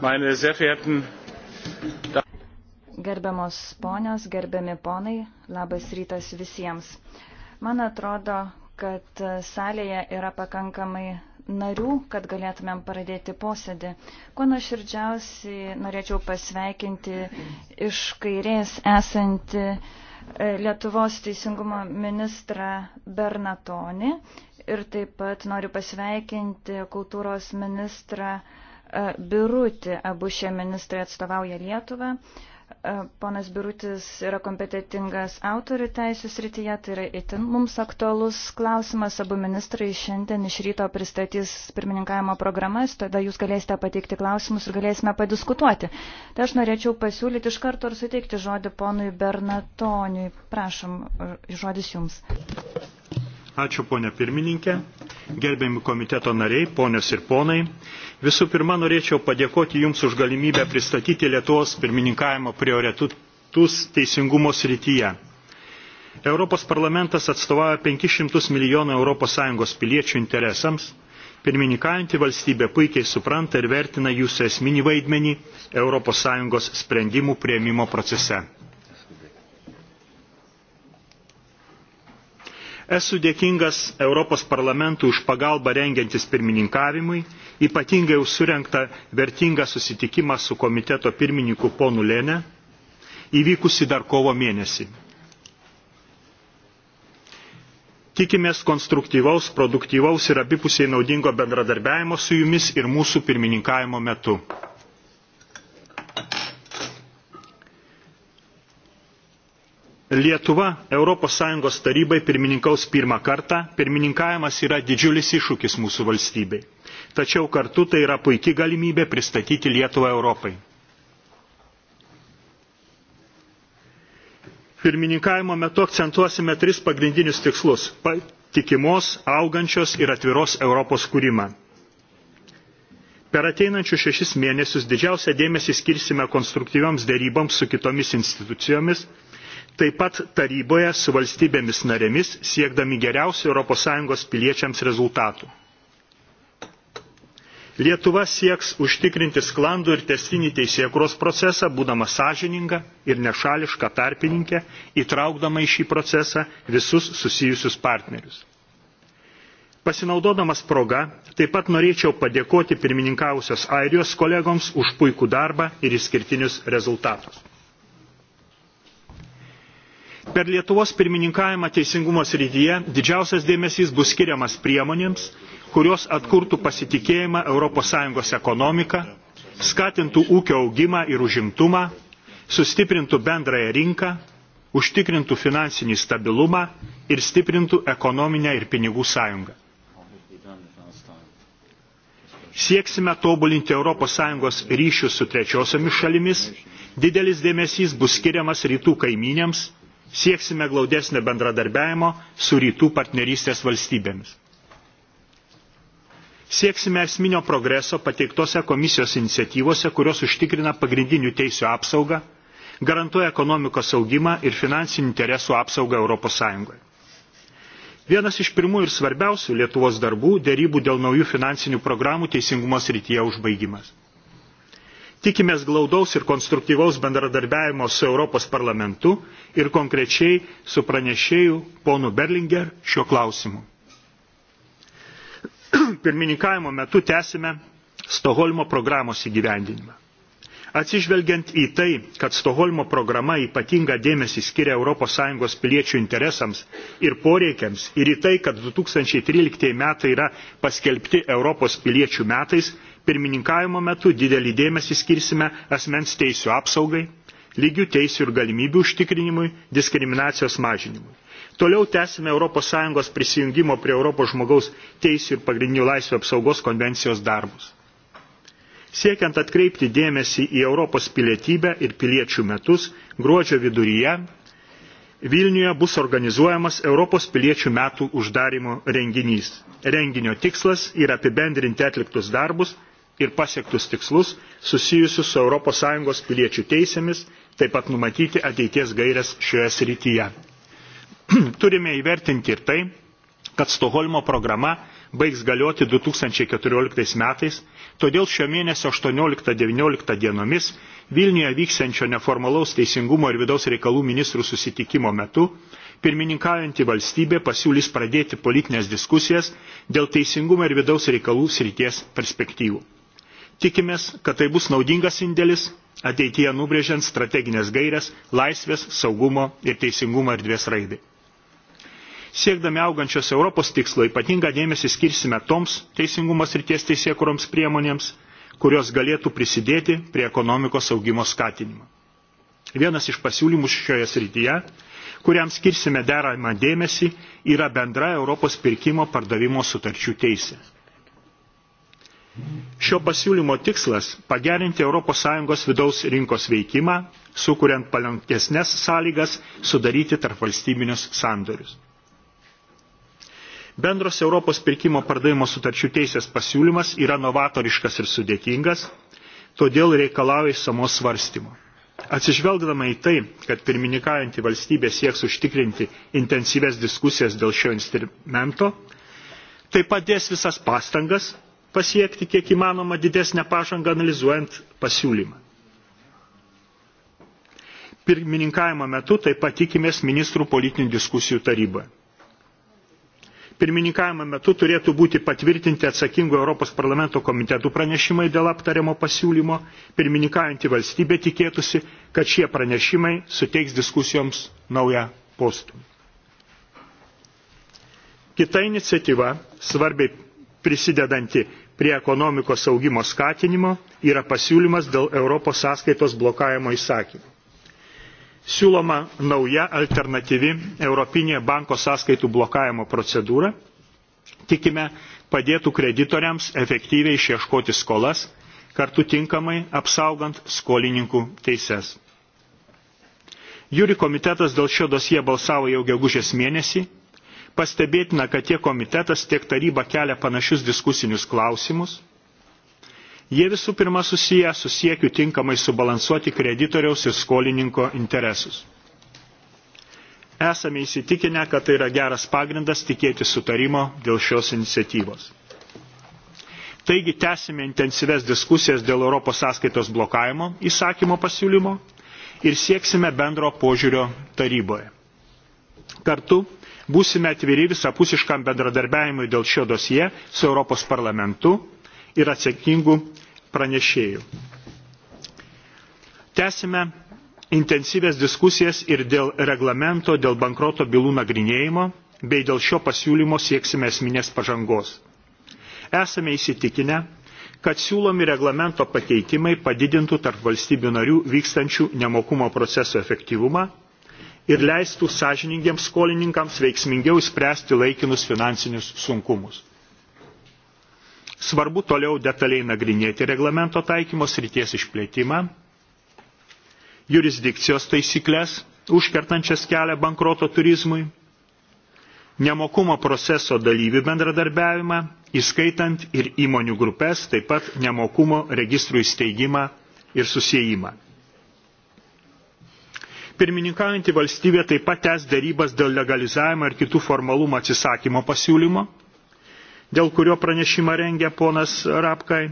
meine sehr verehrten Gerbiamos ponios, gerbiami ponai, labas rytas visiems. Man atrodo, kad salėje yra pakankamai narių, kad galėtumėm pradėti posėdį. Kuo nuoširdžiausiai norėčiau pasveikinti iš kairės esantį e, Lietuvos teisingumo ministrą Bernatonį ir taip pat noriu pasveikinti kultūros ministrą uh, E, Birutį. Abu šie ministrai atstovauja Lietuvą. E, Ponas Birutis yra kompetitingas autorių teisų srityje, tai yra itin mums aktualus klausimas. Abu ministrai šiandien iš ryto pristatys pirmininkavimo programas, tada jūs galėsite pateikti klausimus ir galėsime padiskutuoti. Tai aš norėčiau pasiūlyti iš karto ir suteikti žodį ponui Bernatoniui. Prašom, žodis jums. Ačiū, ponė pirmininkė, gerbėjami komiteto nariai, ponios ir ponai. Visų pirma, norėčiau padėkoti Jums už galimybę pristatyti Lietuvos pirmininkavimo prioritetus teisingumo srityje. Europos parlamentas atstovauja 500 milijonų ES piliečių interesams. Pirmininkaujantį valstybę puikiai supranta ir vertina jūsų esminį vaidmenį ES sprendimų prieimimo procese. Esu dėkingas Europos parlamentui už pagalbą rengiantis pirmininkavimui, ypatingai už surenktą vertingą susitikimą su komiteto pirmininku ponu Lėne, įvykusi dar kovo mėnesį. Tikimės konstruktyvaus, produktyvaus ir abipusiai naudingo bendradarbiavimo su jumis ir mūsų pirmininkavimo metu. Lietuva ES tarybai pirmininkaus pirmą kartą, pirmininkavimas yra didžiulis iššūkis mūsų valstybei. Tačiau kartu tai yra puikia galimybė pristatyti Lietuvą Europai. Pirmininkavimo metu akcentuosime tris pagrindinius tikslus – patikimos, augančios ir atviros Europos kūrimą. Per ateinančius šešis mėnesius didžiausią dėmesį skirsime konstruktyvioms dėryboms su kitomis institucijomis – taip pat taryboje su valstybėmis narėmis siekdami geriausių ES piliečiams rezultatų. Lietuva sieks užtikrinti sklandų ir testinį teisėkuros procesą, būdama sąžininga ir nešališka tarpininkė, įtraukdama į šį procesą visus susijusius partnerius. Pasinaudodamas proga, taip pat norėčiau padėkoti pirmininkausios Airijos kolegoms už puikų darbą ir išskirtinius rezultatus. Per Lietuvos pirmininkavimą teisingumo srityje didžiausias dėmesys bus skiriamas priemonėms, kurios atkurtų pasitikėjimą ES ekonomiką, skatintų ūkio augimą ir užimtumą, sustiprintų bendrąją rinką, užtikrintų finansinį stabilumą ir stiprintų ekonominę ir pinigų sąjungą. Sieksime tobulinti ES ryšius su trečiosiomis šalimis, didelis dėmesys bus skiriamas rytų kaiminėms sieksime glaudesnio bendradarbiajimo su rytų partnerystės valstybėmis. Sieksime esminio progreso pateiktose komisijos iniciatyvose, kurios užtikrina pagrindinių teisų apsaugą, garantuoja ekonomikos augimą ir finansinių interesų apsaugą ES. Vienas iš pirmų ir svarbiausių Lietuvos darbų dėrybų dėl naujų finansinių programų teisingumo srityje užbaigimas tikimės glaudaus ir konstruktyvaus bendradarbiavimo su Europos parlamentu ir konkrečiai su pranešėju ponu Berlinger šiuo klausimu. Pirmininkavimo metu tęsime Stoholmo programos įgyvendinimą. Atsižvelgiant į tai, kad Stoholmo programa ypatingą dėmesį skiria ES piliečių interesams ir poreikiams ir į tai, kad 2013 metai yra paskelbti Europos piliečių metais, pirmininkavimo metu didelį dėmesį skirsime asmens teisų apsaugai, lygių teisų ir galimybių užtikrinimui, diskriminacijos mažinimui. Toliau tęsime ES prisijungimo prie Europos žmogaus teisų ir pagrindinių laisvių apsaugos konvencijos darbus. Siekiant atkreipti dėmesį į Europos pilietybę ir piliečių metus, gruodžio viduryje Vilniuje bus organizuojamas Europos piliečių metų uždarimo renginys. Renginio tikslas yra apibendrinti atliktus darbus ir pasiektus tikslus susijusius su ES piliečių teisėmis, taip pat numatyti ateities gairias šioje srityje. Turime įvertinti ir tai, kad Stoholmo programa baigs galioti 2014 metais, todėl šio mėnesio 18-19 dienomis Vilniuje vyksiančio neformalaus teisingumo ir vidaus reikalų ministrų susitikimo metu pirmininkaujantį valstybę pasiūlys pradėti politinės diskusijas dėl teisingumo ir vidaus reikalų srities perspektyvų. Tikimės, kad tai bus naudingas indėlis ateityje nubrėžiant strateginės gairias laisvės, saugumo ir teisingumo erdvės raidai. Siekdami augančios Europos tikslo ypatingą dėmesį skirsime toms teisingumos ir ties teisėkuroms priemonėms, kurios galėtų prisidėti prie ekonomikos augimo skatinimo. Vienas iš pasiūlymų šioje srityje, kuriam skirsime deramą dėmesį, yra bendra Europos pirkimo pardavimo sutarčių teisė. Šio pasiūlymo tikslas – pagerinti ES vidaus rinkos veikimą, sukuriant palankesnės sąlygas sudaryti tarpvalstybinius sandorius. Bendros Europos pirkimo pardavimo sutarčių teisės pasiūlymas yra novatoriškas ir sudėtingas, todėl reikalauja samos svarstymo. Atsižvelgdama į tai, kad pirmininkaujantį valstybę sieks užtikrinti intensyves diskusijas dėl šio instrumento, tai padės visas pastangas, pasiekti kiek įmanoma didesnę pažangą analizuojant pasiūlymą. Pirmininkavimo metu taip pat tikimės ministrų politinių diskusijų taryboje. Pirmininkavimo metu turėtų būti patvirtinti atsakingų Europos parlamento komitetų pranešimai dėl aptariamo pasiūlymo. Pirmininkaujantį valstybę tikėtųsi, kad šie pranešimai suteiks diskusijoms naują postumį. Kita iniciatyva, svarbiai prisidedanti prie ekonomikos augimo skatinimo yra pasiūlymas dėl Europos sąskaitos blokavimo įsakymo. Siūloma nauja alternatyvi Europinė banko sąskaitų blokavimo procedūra, tikime, padėtų kreditoriams efektyviai išieškoti skolas, kartu tinkamai apsaugant skolininkų teises. Jūri komitetas dėl šio dosie balsavo jau gegužės mėnesį Pastebėtina, kad tiek komitetas, tiek taryba kelia panašius diskusinius klausimus. Jie visų pirma susiję su siekiu tinkamai subalansuoti kreditoriaus ir skolininko interesus. Esame įsitikinę, kad tai yra geras pagrindas tikėti sutarimo dėl šios iniciatyvos. Taigi tęsime intensyves diskusijas dėl Europos sąskaitos blokavimo įsakymo pasiūlymo ir sieksime bendro požiūrio taryboje. Kartu būsime atviri visapusiškam bendradarbiavimui dėl šio dosie su Europos parlamentu ir atsakingų pranešėjų. Tęsime intensyvės diskusijas ir dėl reglamento, dėl bankroto bylų nagrinėjimo, bei dėl šio pasiūlymo sieksime esminės pažangos. Esame įsitikinę, kad siūlomi reglamento pakeitimai padidintų tarp valstybių narių vykstančių nemokumo proceso efektyvumą ir leistų sąžiningiems skolininkams veiksmingiau spręsti laikinus finansinius sunkumus. Svarbu toliau detaliai nagrinėti reglamento taikymo srities išplėtimą, jurisdikcijos taisyklės, užkertančias kelią bankroto turizmui, nemokumo proceso dalyvių bendradarbiavimą, įskaitant ir įmonių grupės, taip pat nemokumo registrų įsteigimą ir susijimą. Pirmininkaujantį valstybę taip pat tęs darybas dėl legalizavimo ir kitų formalumų atsisakymo pasiūlymo, dėl kurio pranešimą rengia ponas Rapkai.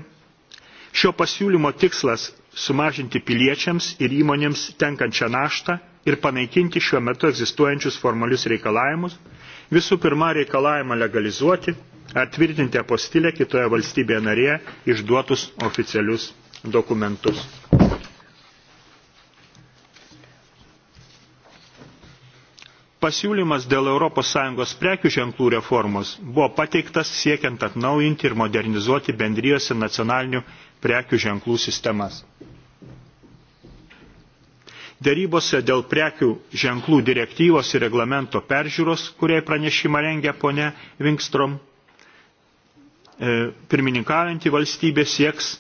Šio pasiūlymo tikslas - sumažinti piliečiams ir įmonėms tenkančią naštą ir panaikinti šiuo metu egzistuojančius formalius reikalavimus, visų pirma reikalavimą legalizuoti ar tvirtinti apostilę kitoje valstybėje narėje išduotus oficialius dokumentus. Pasiūlymas dėl ES prekių ženklų reformos buvo pateiktas siekiant atnaujinti ir modernizuoti bendrijos ir nacionalinių prekių ženklų sistemas. Dėrybose dėl prekių ženklų direktyvos ir reglamento peržiūros, kuriai pranešimą rengia ponė Vinkstrom, e, pirmininkaujantį valstybę sieks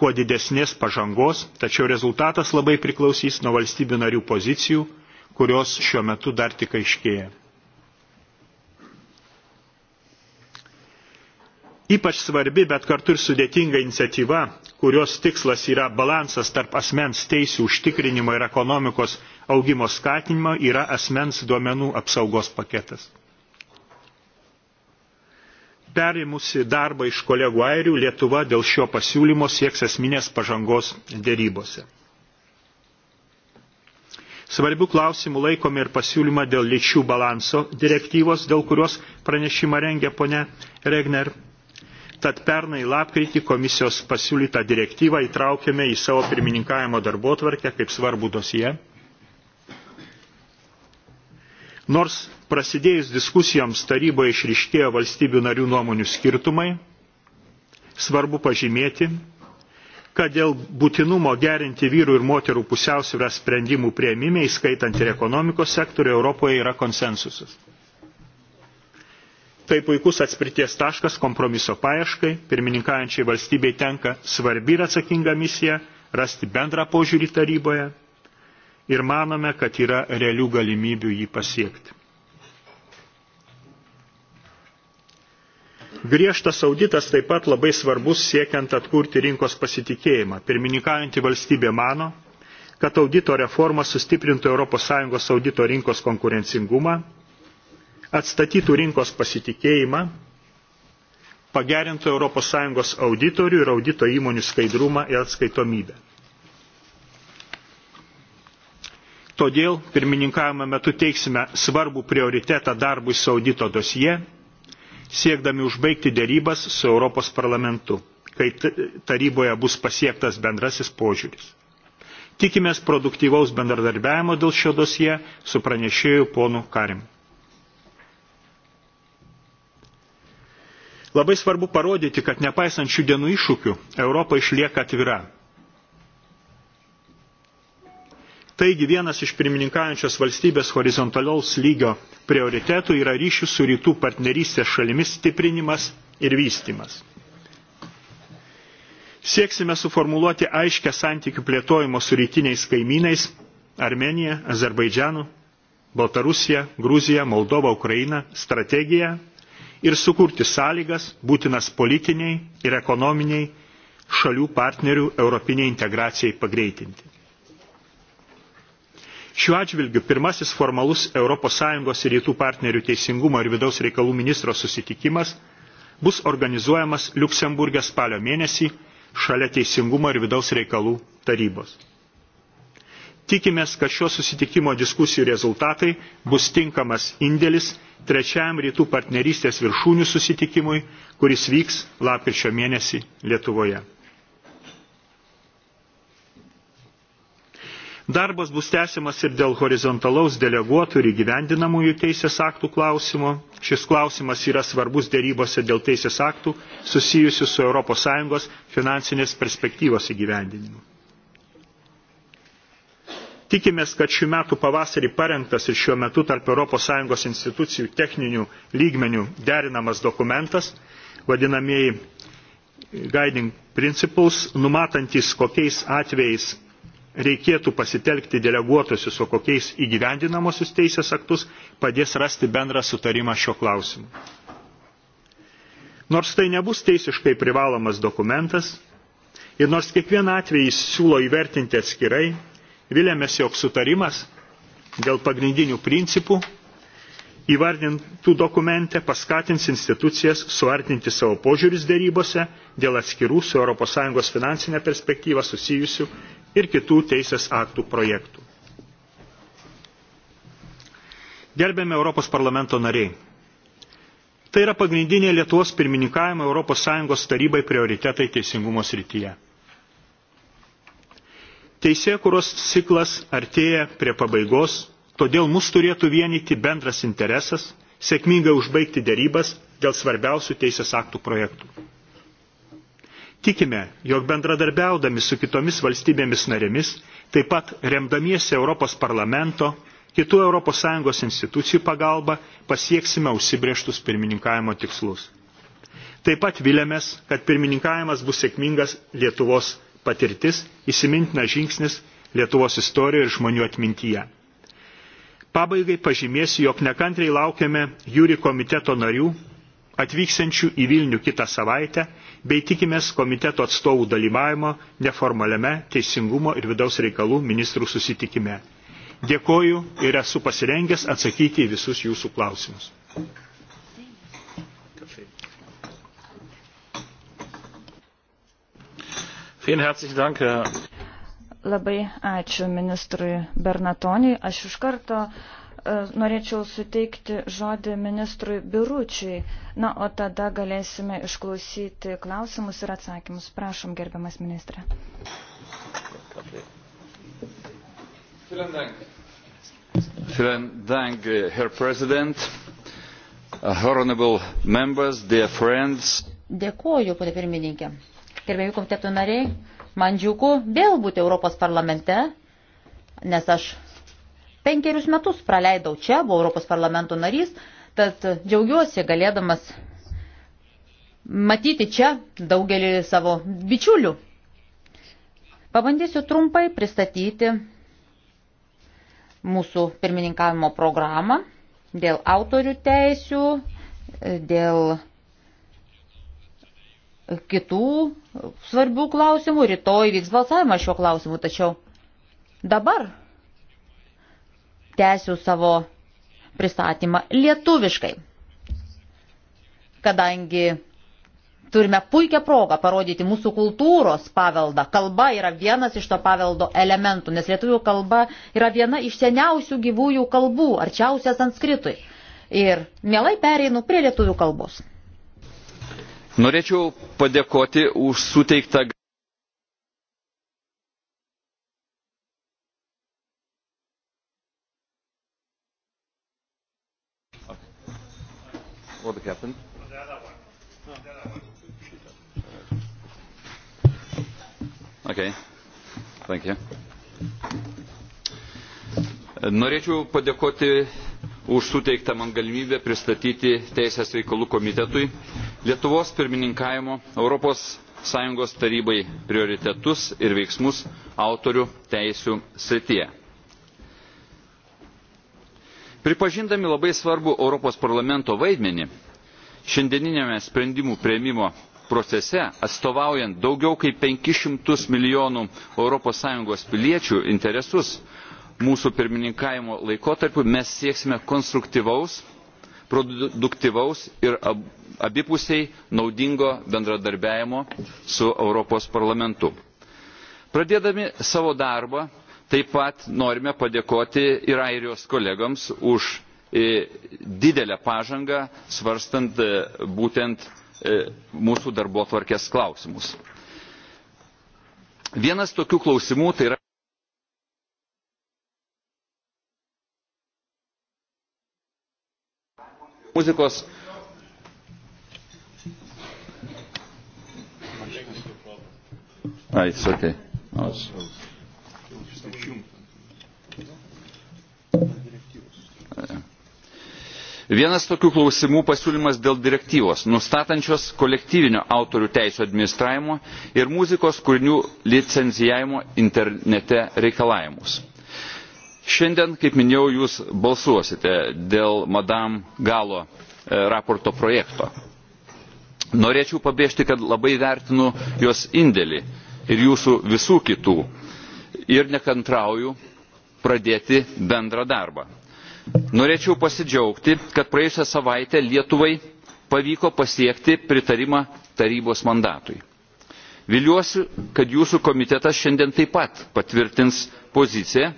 kuo didesnės pažangos, tačiau rezultatas labai priklausys nuo valstybių narių pozicijų kurios šiuo metu dar tik aiškėja. Ypač svarbi, bet kartu ir sudėtinga iniciatyva, kurios tikslas yra balansas tarp asmens teisų užtikrinimo ir ekonomikos augimo skatinimo, yra asmens duomenų apsaugos paketas. Perimusi darbą iš kolegų airių, Lietuva dėl šio pasiūlymo sieks esminės pažangos dėrybose. Svarbių klausimų laikome ir pasiūlymą dėl lyčių balanso direktyvos, dėl kurios pranešimą rengia ponia Regner. Tad pernai lapkritį komisijos pasiūlytą direktyvą įtraukėme į savo pirmininkavimo darbo tvarkę kaip svarbų dosiją. Nors prasidėjus diskusijoms taryboje išriškėjo valstybių narių nuomonių skirtumai, svarbu pažymėti, kad dėl būtinumo gerinti vyrų ir moterų pusiausvyrą sprendimų prieimime, įskaitant ir ekonomikos sektorių, Europoje yra konsensusas. Tai puikus atspirties taškas kompromiso paieškai, pirmininkaujančiai valstybei tenka svarbi ir atsakinga misija rasti bendrą požiūrį taryboje ir manome, kad yra realių galimybių jį pasiekti. Griežtas auditas taip pat labai svarbus siekiant atkurti rinkos pasitikėjimą. Pirmininkaujantį valstybė mano, kad audito reforma sustiprintų ES audito rinkos konkurencingumą, atstatytų rinkos pasitikėjimą, pagerintų ES auditorių ir audito įmonių skaidrumą ir atskaitomybę. Todėl pirmininkavimo metu teiksime svarbų prioritetą darbui su audito dosie siekdami užbaigti dėrybas su Europos parlamentu, kai taryboje bus pasiektas bendrasis požiūris. Tikimės produktyvaus bendradarbiavimo dėl šio dosie su pranešėju ponu Karim. Labai svarbu parodyti, kad nepaisant šių dienų iššūkių, Europa išlieka atvira Taigi vienas iš pirmininkaujančios valstybės horizontalaus lygio prioritetų yra ryšių su rytų partnerystės šalimis stiprinimas ir vystimas. Sieksime suformuluoti aiškę santykių plėtojimo su rytiniais kaimynais Armenija, Azerbaidžianu, Baltarusija, Gruzija, Moldova, Ukraina strategiją ir sukurti sąlygas būtinas politiniai ir ekonominiai šalių partnerių europiniai integracijai pagreitinti. Šiuo atžvilgiu pirmasis formalus ES ir rytų partnerių teisingumo ir vidaus reikalų ministro susitikimas bus organizuojamas Luksemburgė spalio mėnesį šalia teisingumo ir vidaus reikalų tarybos. Tikimės, kad šio susitikimo diskusijų rezultatai bus tinkamas indėlis trečiajam rytų partnerystės viršūnių susitikimui, kuris vyks lapkričio mėnesį Lietuvoje. Darbas bus tęsiamas ir dėl horizontalaus deleguotų ir įgyvendinamųjų teisės aktų klausimo. Šis klausimas yra svarbus dėrybose dėl teisės aktų susijusių su ES finansinės perspektyvos įgyvendinimu. Tikimės, kad šių metų pavasarį parengtas ir šiuo metu tarp ES institucijų techninių lygmenių derinamas dokumentas, vadinamieji guiding principles, numatantis kokiais atvejais reikėtų pasitelkti deleguotusius, o kokiais įgyvendinamosius teisės aktus, padės rasti bendrą sutarimą šio klausimu. Nors tai nebus teisiškai privalomas dokumentas ir nors kiekvieną atvejį siūlo įvertinti atskirai, vilėmės, jog sutarimas dėl pagrindinių principų įvardintų dokumente paskatins institucijas suartinti savo požiūris dėrybose dėl atskirų su ES finansinė perspektyva susijusių ir kitų teisės aktų projektų. Gerbėme Europos parlamento nariai. Tai yra pagrindinė Lietuvos pirmininkavimo ES tarybai prioritetai teisingumo srityje. Teisė, kurios ciklas artėja prie pabaigos, todėl mus turėtų vienyti bendras interesas sėkmingai užbaigti dėrybas dėl svarbiausių teisės aktų projektų. Tikime, jog bendradarbiaudami su kitomis valstybėmis narėmis, taip pat remdamiesi Europos parlamento, kitų ES institucijų pagalba pasieksime užsibrieštus pirmininkavimo tikslus. Taip pat vilėmės, kad pirmininkavimas bus sėkmingas Lietuvos patirtis, įsimintina žingsnis Lietuvos istorijoje ir žmonių atmintyje. Pabaigai pažymėsiu, jog nekantriai laukiame jūri komiteto narių atvyksiančių į Vilnių kitą savaitę bei tikimės komiteto atstovų dalyvavimo neformaliame teisingumo ir vidaus reikalų ministrų susitikime. Dėkoju ir esu pasirengęs atsakyti į visus jūsų klausimus. Labai ačiū ministrui Bernatoniui. Aš iš karto E, norėčiau suteikti žodį ministrui Biručiui, na, o tada galėsime išklausyti klausimus ir atsakymus. Prašom, gerbiamas ministrė. Vielen Dank, Herr President, honorable members, dear friends. Dėkuoju, ponė pirmininkė. Gerbėjų komiteto nariai, man džiugu vėl būti Europos parlamente, nes aš Penkerius metus praleidau čia, buvau Europos parlamento narys, tad džiaugiuosi galėdamas matyti čia daugelį savo bičiulių. Pabandysiu trumpai pristatyti mūsų pirmininkavimo programą dėl autorių teisių, dėl kitų svarbių klausimų. Rytoj vyks balsavimas šiuo klausimu, tačiau dabar tęsiu savo pristatymą lietuviškai, kadangi turime puikią progą parodyti mūsų kultūros paveldą. Kalba yra vienas iš to paveldo elementų, nes lietuvių kalba yra viena iš seniausių gyvųjų kalbų, arčiausia sanskritui. Ir mielai pereinu prie lietuvių kalbos. Norėčiau padėkoti už suteiktą. what happened? No, the other one. No, the other one. Okay. Thank you. Norėčiau padėkoti už suteiktą man galimybę pristatyti Teisės reikalų komitetui Lietuvos pirmininkavimo Europos Sąjungos tarybai prioritetus ir veiksmus autorių teisių srityje. Pripažindami labai svarbu Europos parlamento vaidmenį, šiandieninėme sprendimų prieimimo procese, atstovaujant daugiau kaip 500 milijonų ES piliečių interesus, mūsų pirmininkavimo laikotarpiu mes sieksime konstruktyvaus, produktyvaus ir abipusiai naudingo bendradarbiajimo su Europos parlamentu. Pradėdami savo darbą Taip pat norime padėkoti ir airijos kolegams už e, didelę pažangą svarstant e, būtent e, mūsų darbo tvarkės klausimus. Vienas tokių klausimų tai yra muzikos Ai, it's okay. No, it's... Vienas tokių klausimų pasiūlymas dėl direktyvos, nustatančios kolektyvinio autorių teisų administravimo ir muzikos kūrinių licenzijavimo internete reikalavimus. Šiandien, kaip minėjau, jūs balsuosite dėl Madame Galo e, raporto projekto. Norėčiau pabrėžti, kad labai vertinu jos indėlį ir jūsų visų kitų ir nekantrauju pradėti bendrą darbą. Norėčiau pasidžiaugti, kad praėjusią savaitę Lietuvai pavyko pasiekti pritarimą tarybos mandatui. Viliuosi, kad jūsų komitetas šiandien taip pat patvirtins poziciją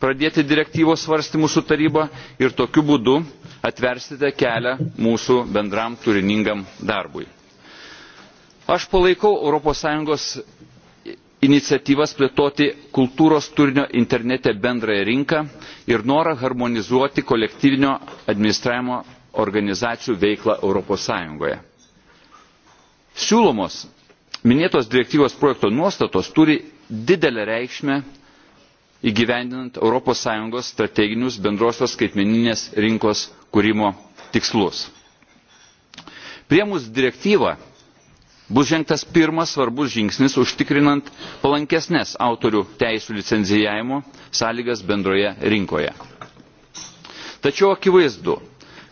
pradėti direktyvos svarstymų su taryba ir tokiu būdu atversite kelią mūsų bendram turiningam darbui. Aš palaikau ES iniciatyvas plėtoti kultūros turinio internete bendrąją rinką ir norą harmonizuoti kolektyvinio administravimo organizacijų veiklą Europos Sąjungoje. Siūlomos minėtos direktyvos projekto nuostatos turi didelę reikšmę įgyvendinant Europos Sąjungos strateginius bendrosios skaitmeninės rinkos kūrimo tikslus. Priemus direktyvą bus žengtas pirmas svarbus žingsnis užtikrinant palankesnes autorių teisų licenzijavimo sąlygas bendroje rinkoje. Tačiau akivaizdu,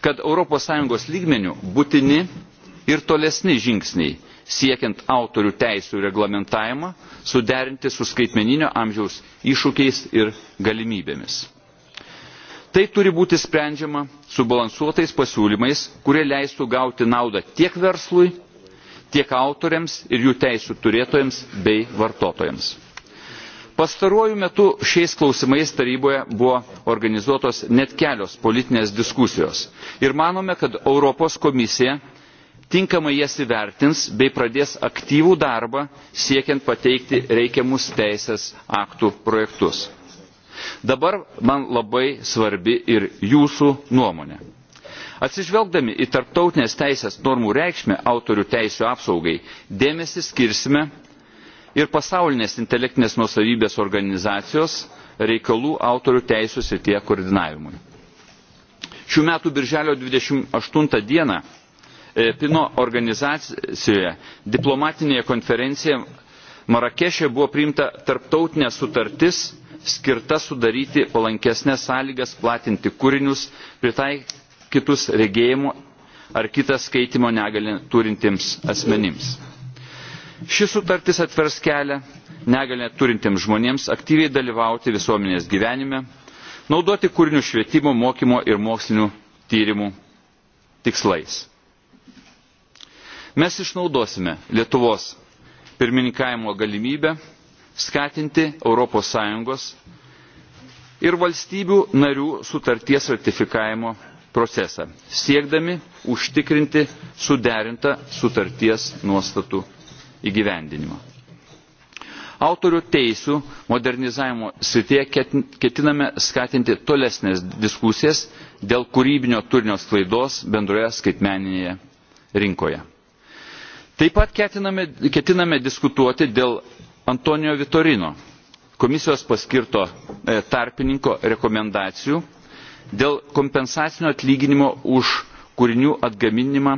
kad ES lygmenių būtini ir tolesni žingsniai siekiant autorių teisų reglamentavimą suderinti su skaitmeninio amžiaus iššūkiais ir galimybėmis. Tai turi būti sprendžiama subalansuotais pasiūlymais, kurie leistų gauti naudą tiek verslui, tiek autoriams ir jų teisų turėtojams bei vartotojams. Pastaruoju metu šiais klausimais taryboje buvo organizuotos net kelios politinės diskusijos ir manome, kad Europos komisija tinkamai jas įvertins bei pradės aktyvų darbą siekiant pateikti reikiamus teisės aktų projektus. Dabar man labai svarbi ir jūsų nuomonė atsižvelgdami į tarptautinės teisės normų reikšmę autorių teisių apsaugai dėmesį skirsime ir pasaulinės intelektinės nuosavybės organizacijos reikalų autorių teisų srityje koordinavimui. Šių metų birželio 28 dieną e, Pino organizacijoje diplomatinėje konferencijoje Marakešė buvo priimta tarptautinė sutartis skirta sudaryti palankesnės sąlygas platinti kūrinius, pritaikyti kitus regėjimų ar kitą skaitimo negalį turintiems asmenims. Ši sutartis atvers kelią negalę turintiems žmonėms aktyviai dalyvauti visuomenės gyvenime, naudoti kūrinių švietimo, mokymo ir mokslinių tyrimų tikslais. Mes išnaudosime Lietuvos pirmininkavimo galimybę skatinti ES ir valstybių narių sutarties ratifikavimo procesą, siekdami užtikrinti suderintą sutarties nuostatų įgyvendinimą. Autorių teisų modernizavimo srityje ketiname skatinti tolesnės diskusijas dėl kūrybinio turinio sklaidos bendroje skaitmeninėje rinkoje. Taip pat ketiname, ketiname diskutuoti dėl Antonijo Vitorino komisijos paskirto e, tarpininko rekomendacijų dėl kompensacinio atlyginimo už kūrinių atgaminimą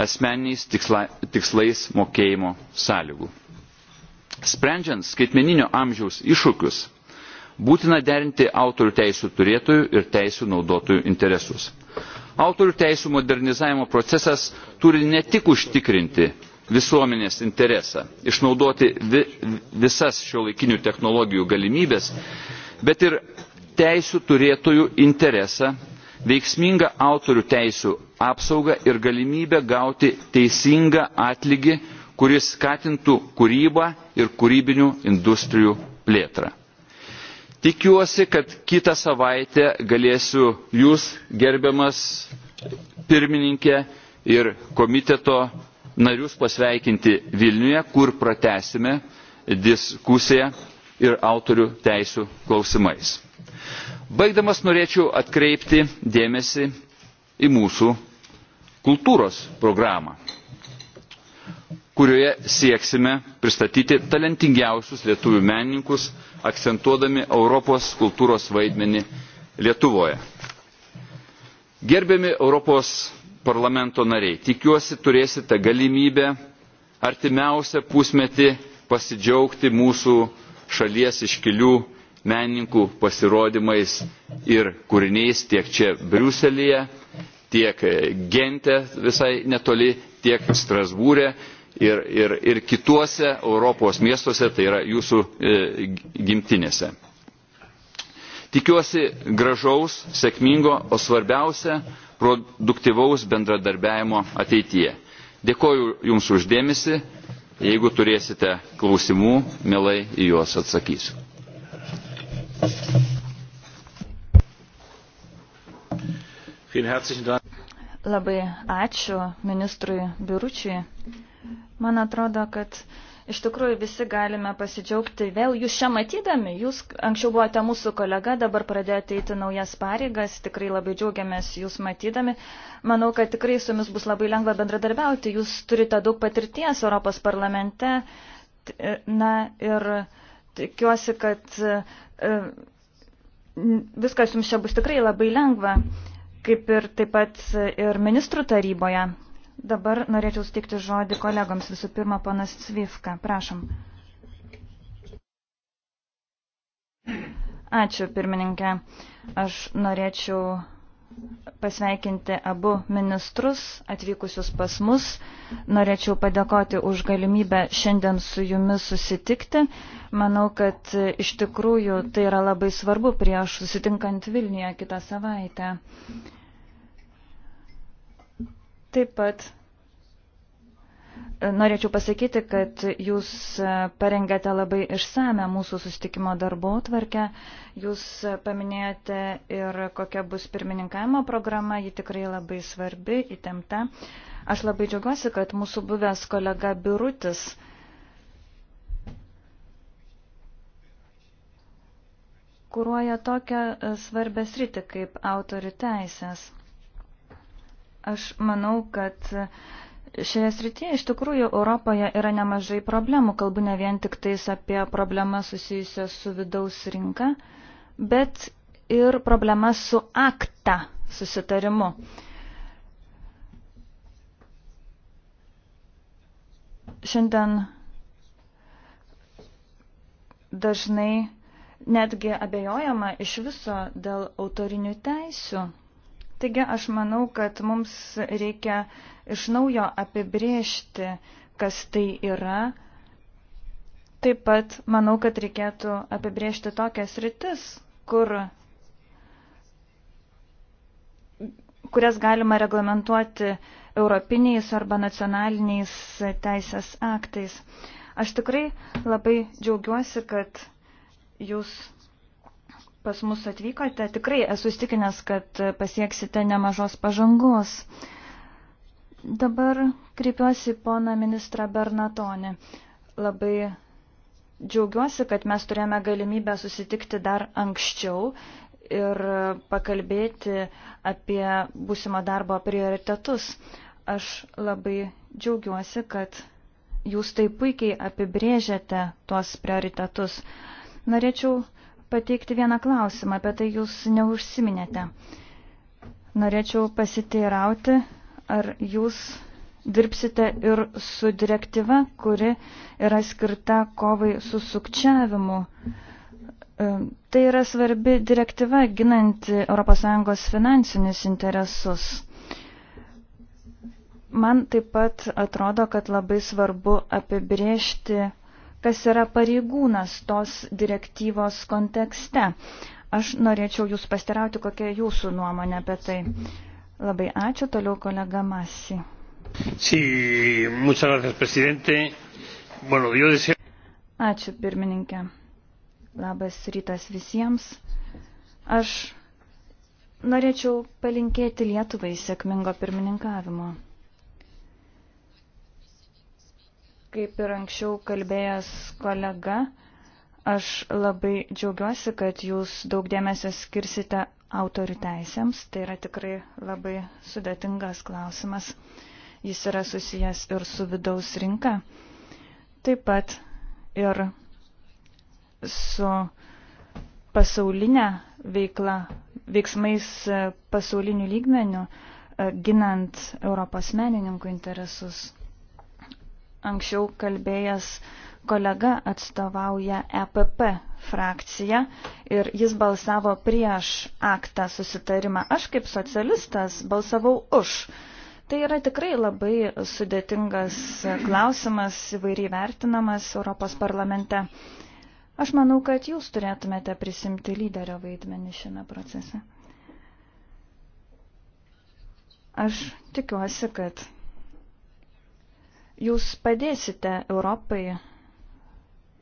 asmeniniais tiksla, tikslais mokėjimo sąlygų. Sprendžiant skaitmeninio amžiaus iššūkius, būtina derinti autorių teisų turėtojų ir teisų naudotojų interesus. Autorių teisų modernizavimo procesas turi ne tik užtikrinti visuomenės interesą, išnaudoti vi, visas šio laikinių technologijų galimybės, bet ir teisių turėtojų interesą, veiksmingą autorių teisių apsaugą ir galimybę gauti teisingą atlygį, kuris skatintų kūrybą ir kūrybinių industrijų plėtrą. Tikiuosi, kad kitą savaitę galėsiu jūs, gerbiamas pirmininkė ir komiteto narius pasveikinti Vilniuje, kur pratesime diskusiją ir autorių teisų klausimais. Baigdamas norėčiau atkreipti dėmesį į mūsų kultūros programą, kurioje sieksime pristatyti talentingiausius lietuvių menininkus, akcentuodami Europos kultūros vaidmenį Lietuvoje. Gerbiami Europos parlamento nariai, tikiuosi turėsite galimybę artimiausią pusmetį pasidžiaugti mūsų šalies iškilių menininkų pasirodymais ir kūriniais tiek čia Briuselėje, tiek e, Gente visai netoli, tiek Strasbūrė ir, ir, ir kituose Europos miestuose, tai yra jūsų e, gimtinėse. Tikiuosi gražaus, sėkmingo, o svarbiausia - produktyvaus bendradarbiajimo ateityje. Dėkoju Jums uždėmesi, jeigu turėsite klausimų, mielai į juos atsakysiu. Labai ačiū ministrui Biručiui. Man atrodo, kad iš tikrųjų visi galime pasidžiaugti vėl jūs čia matydami. Jūs anksčiau buvote mūsų kolega, dabar pradėjote eiti naujas pareigas, tikrai labai džiaugiamės jūs matydami. Manau, kad tikrai su jumis bus labai lengva bendradarbiauti. Jūs turite daug patirties Europos parlamente. Na ir tikiuosi, kad viskas jums čia bus tikrai labai lengva, kaip ir taip pat ir ministrų taryboje. Dabar norėčiau stikti žodį kolegoms. Visų pirma, panas Svifka. Prašom. Ačiū, pirmininkė. Aš norėčiau pasveikinti abu ministrus atvykusius pas mus. Norėčiau padėkoti už galimybę šiandien su jumis susitikti. Manau, kad iš tikrųjų tai yra labai svarbu prieš susitinkant Vilniuje kitą savaitę. Taip pat Norėčiau pasakyti, kad jūs e, parengėte labai išsame mūsų sustikimo darbo tvarkę. Jūs e, paminėjote ir kokia bus pirmininkavimo programa, ji tikrai labai svarbi, įtempta. Aš labai džiaugiuosi, kad mūsų buvęs kolega Birutis kūruoja tokią e, svarbę sritį kaip autorių teisės. Aš manau, kad Šioje srityje iš tikrųjų Europoje yra nemažai problemų, kalbu ne vien tik tais apie problemas susijusias su vidaus rinka, bet ir problemas su akta susitarimu. Šiandien dažnai netgi abejojama iš viso dėl autorinių teisių. Taigi aš manau, kad mums reikia iš naujo apibriežti, kas tai yra. Taip pat manau, kad reikėtų apibriežti tokias rytis, kur, kurias galima reglamentuoti europiniais arba nacionaliniais teisės aktais. Aš tikrai labai džiaugiuosi, kad jūs pas mus atvykote. Tikrai esu įstikinęs, kad pasieksite nemažos pažangos. Dabar kreipiuosi poną ministrą Bernatonį. Labai džiaugiuosi, kad mes turėjome galimybę susitikti dar anksčiau ir pakalbėti apie būsimo darbo prioritetus. Aš labai džiaugiuosi, kad jūs taip puikiai apibrėžiate tuos prioritetus. Norėčiau pateikti vieną klausimą, apie tai jūs neužsiminėte. Norėčiau pasiteirauti, ar jūs dirbsite ir su direktyva, kuri yra skirta kovai su sukčiavimu. E, tai yra svarbi direktyva ginanti ES finansinius interesus. Man taip pat atrodo, kad labai svarbu apibriežti, kas yra pareigūnas tos direktyvos kontekste. Aš norėčiau jūs pastirauti, kokia jūsų nuomonė apie tai. Labai ačiū, toliau kolega Masi. Sí, muchas gracias, presidente. Bueno, yo deseo... Ačiū, pirmininkė. Labas rytas visiems. Aš norėčiau palinkėti Lietuvai sėkmingo pirmininkavimo. Kaip ir anksčiau kalbėjęs kolega, aš labai džiaugiuosi, kad jūs daug dėmesio skirsite autorių teisėms. Tai yra tikrai labai sudėtingas klausimas. Jis yra susijęs ir su vidaus rinka, taip pat ir su pasaulinė veikla, veiksmais pasaulinių lygmenių, e, ginant Europos menininkų interesus. Anksčiau kalbėjęs uh, Kolega atstovauja EPP frakciją ir jis balsavo prieš aktą susitarimą. Aš kaip socialistas balsavau už. Tai yra tikrai labai sudėtingas klausimas, įvairiai vertinamas Europos parlamente. Aš manau, kad jūs turėtumėte prisimti lyderio vaidmenį šiame procese. Aš tikiuosi, kad jūs padėsite Europai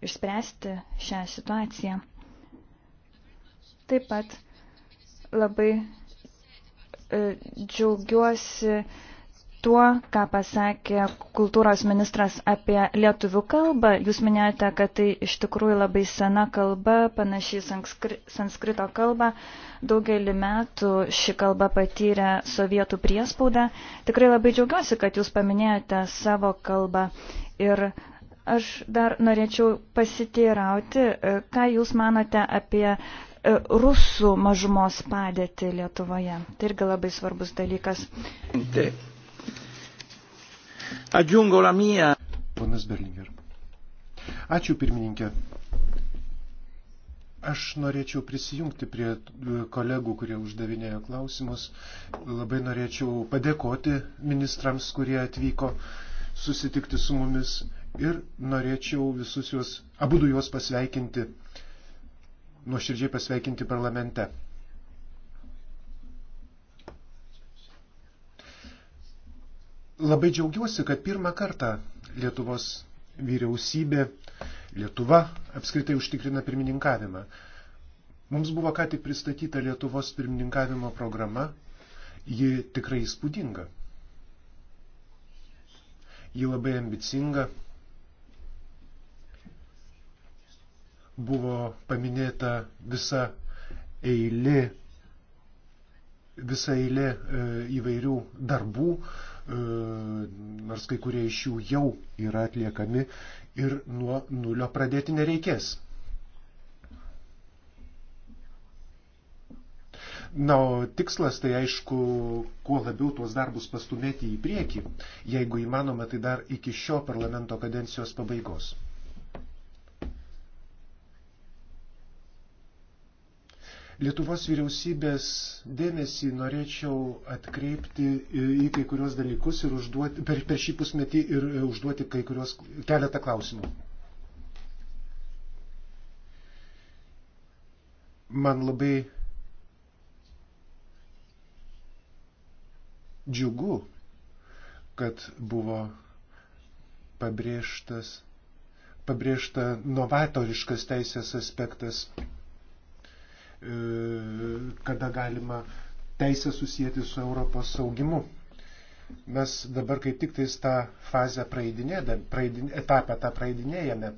išspręsti šią situaciją. Taip pat labai e, džiaugiuosi tuo, ką pasakė kultūros ministras apie lietuvių kalbą. Jūs minėjote, kad tai iš tikrųjų labai sena kalba, panašiai sanskrito kalba. Daugelį metų ši kalba patyrė sovietų priespaudą. Tikrai labai džiaugiuosi, kad jūs paminėjote savo kalbą ir Aš dar norėčiau pasiteirauti, e, ką Jūs manote apie e, rusų mažumos padėtį Lietuvoje. Tai irgi labai svarbus dalykas. Adjungo la mia. Ponas Berlinger. Ačiū pirmininkė. Aš norėčiau prisijungti prie e, kolegų, kurie uždavinėjo klausimus. Labai norėčiau padėkoti ministrams, kurie atvyko susitikti su mumis ir norėčiau visus juos, abu du juos pasveikinti, nuoširdžiai pasveikinti parlamente. Labai džiaugiuosi, kad pirmą kartą Lietuvos vyriausybė, Lietuva apskritai užtikrina pirmininkavimą. Mums buvo ką tik pristatyta Lietuvos pirmininkavimo programa, ji tikrai įspūdinga. Ji labai ambicinga, buvo paminėta visa eilė, visa eilė e, įvairių darbų, e, nors kai kurie iš jų jau yra atliekami ir nuo nulio pradėti nereikės. Na, o tikslas tai aišku, kuo labiau tuos darbus pastumėti į priekį, jeigu įmanoma, tai dar iki šio parlamento kadencijos pabaigos. Lietuvos vyriausybės dėmesį norėčiau atkreipti į kai kurios dalykus ir užduoti, per, per šį pusmetį ir e, užduoti kai kurios keletą klausimų. Man labai džiugu, kad buvo pabrėžtas, pabrėžta novatoriškas teisės aspektas E, kada galima teisę susijęti su Europos saugimu. Mes dabar kaip tik tais tą fazę praeidinėdami, praeidin, etapę tą praeidinėjame.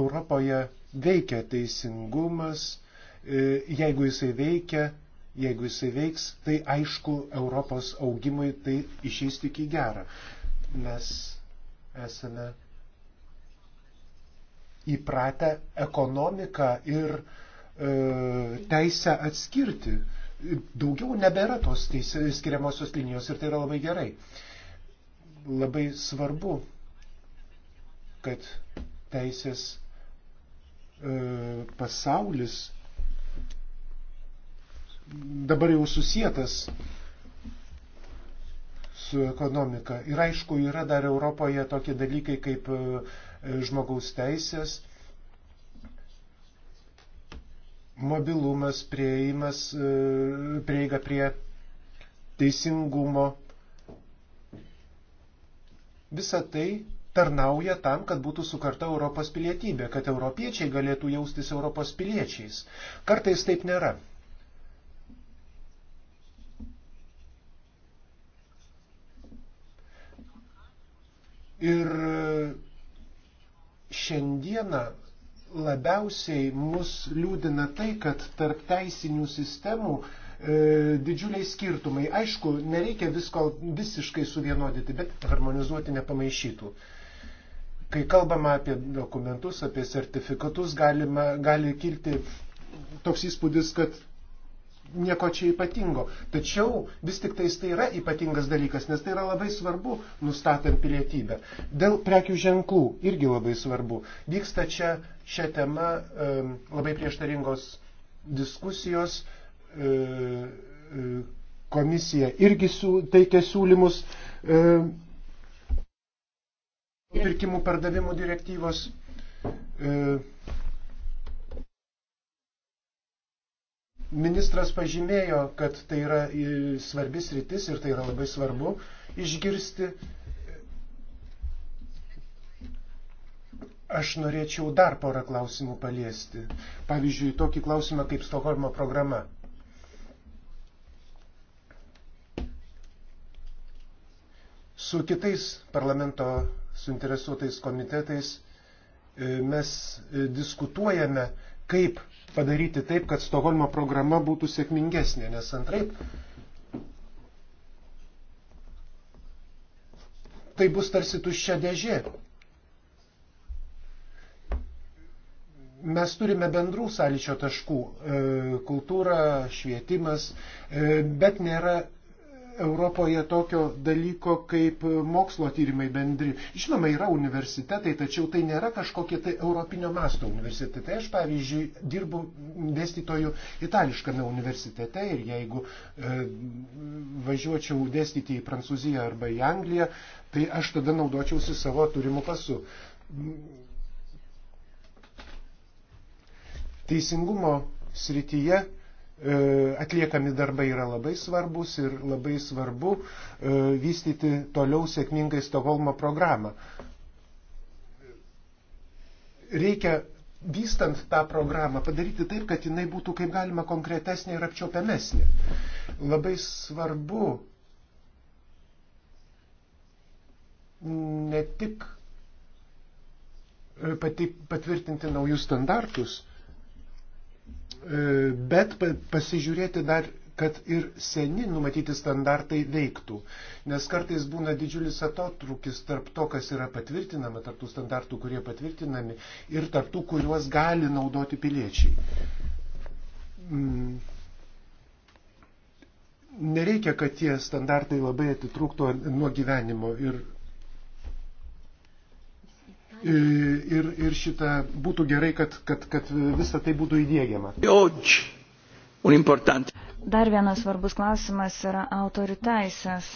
Europoje veikia teisingumas, e, jeigu jisai veikia, jeigu jisai veiks, tai aišku, Europos augimui tai išeis tik į gerą. Mes esame įpratę ekonomiką ir e, teisę atskirti. Daugiau nebėra tos teisė, skiriamosios linijos ir tai yra labai gerai. Labai svarbu, kad teisės e, pasaulis dabar jau susijęs su ekonomika. Ir aišku, yra dar Europoje tokie dalykai kaip e, E, žmogaus teisės, mobilumas, prieimas, e, prieiga prie teisingumo. Visa tai tarnauja tam, kad būtų sukarta Europos pilietybė, kad europiečiai galėtų jaustis Europos piliečiais. Kartais taip nėra. Ir šiandieną labiausiai mus liūdina tai, kad tarp teisinių sistemų e, didžiuliai skirtumai. Aišku, nereikia visko visiškai suvienodyti, bet harmonizuoti nepamaišytų. Kai kalbama apie dokumentus, apie sertifikatus, galima, gali kilti toks įspūdis, kad nieko čia ypatingo. Tačiau vis tik tais tai yra ypatingas dalykas, nes tai yra labai svarbu nustatant pilietybę. Dėl prekių ženklų irgi labai svarbu. Vyksta čia šią temą e, labai prieštaringos diskusijos. E, e, komisija irgi siū, teikia siūlymus e, pirkimų pardavimų direktyvos. E, Ministras pažymėjo, kad tai yra e, svarbis rytis ir tai yra labai svarbu išgirsti. Aš norėčiau dar porą klausimų paliesti. Pavyzdžiui, tokį klausimą kaip Stokholmo programa. Su kitais parlamento suinteresuotais komitetais e, mes e, diskutuojame, kaip padaryti taip, kad Stokholmo programa būtų sėkmingesnė, nes antraip tai bus tarsi tuščia dėžė. Mes turime bendrų sąlyčio taškų e, - kultūra, švietimas, e, bet nėra Europoje tokio dalyko kaip mokslo tyrimai bendri. Žinoma, yra universitetai, tačiau tai nėra kažkokie tai europinio masto universitetai. Aš, pavyzdžiui, dirbu dėstytoju itališkame universitete ir jeigu e, važiuočiau dėstyti į Prancūziją arba į Angliją, tai aš tada naudočiausi savo turimu pasu. Teisingumo srityje E, atliekami darbai yra labai svarbus ir labai svarbu e, vystyti toliau sėkmingai Stokholmo programą. Reikia vystant tą programą padaryti taip, kad jinai būtų kaip galima konkretesnė ir apčiopiamesnė. Labai svarbu ne tik e, patvirtinti naujus standartus, E, bet pasižiūrėti dar, kad ir seni numatyti standartai veiktų. Nes kartais būna didžiulis atotrukis tarp to, kas yra patvirtinama, tarp tų standartų, kurie patvirtinami ir tarp tų, kuriuos gali naudoti piliečiai. Mm. Nereikia, kad tie standartai labai atitrūktų nuo gyvenimo ir E, ir, ir šitą būtų gerai, kad, kad, kad visa tai būtų įdėgiama. E Dar vienas svarbus klausimas yra autorių teisės.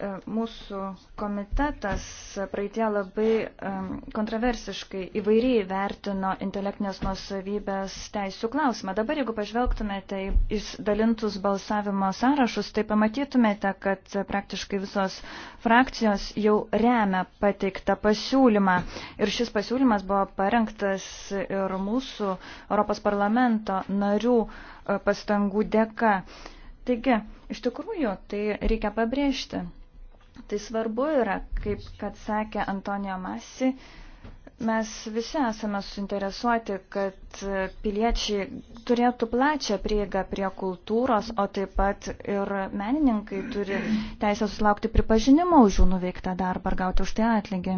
E, mūsų komitetas praeitie labai e, kontroversiškai įvairiai vertino intelektinės nuosavybės teisų klausimą. Dabar, jeigu pažvelgtumėte į išdalintus balsavimo sąrašus, tai pamatytumėte, kad praktiškai visos frakcijos jau remia pateiktą pasiūlymą. Ir šis pasiūlymas buvo parengtas ir mūsų Europos parlamento narių e, pastangų dėka. Taigi, iš tikrųjų, tai reikia pabrėžti. Tai svarbu yra, kaip kad sakė Antonio Masi, mes visi esame suinteresuoti, kad piliečiai turėtų plačią prieigą prie kultūros, o taip pat ir menininkai turi teisę susilaukti pripažinimo už jų nuveiktą darbą ar gauti už tai atlygį.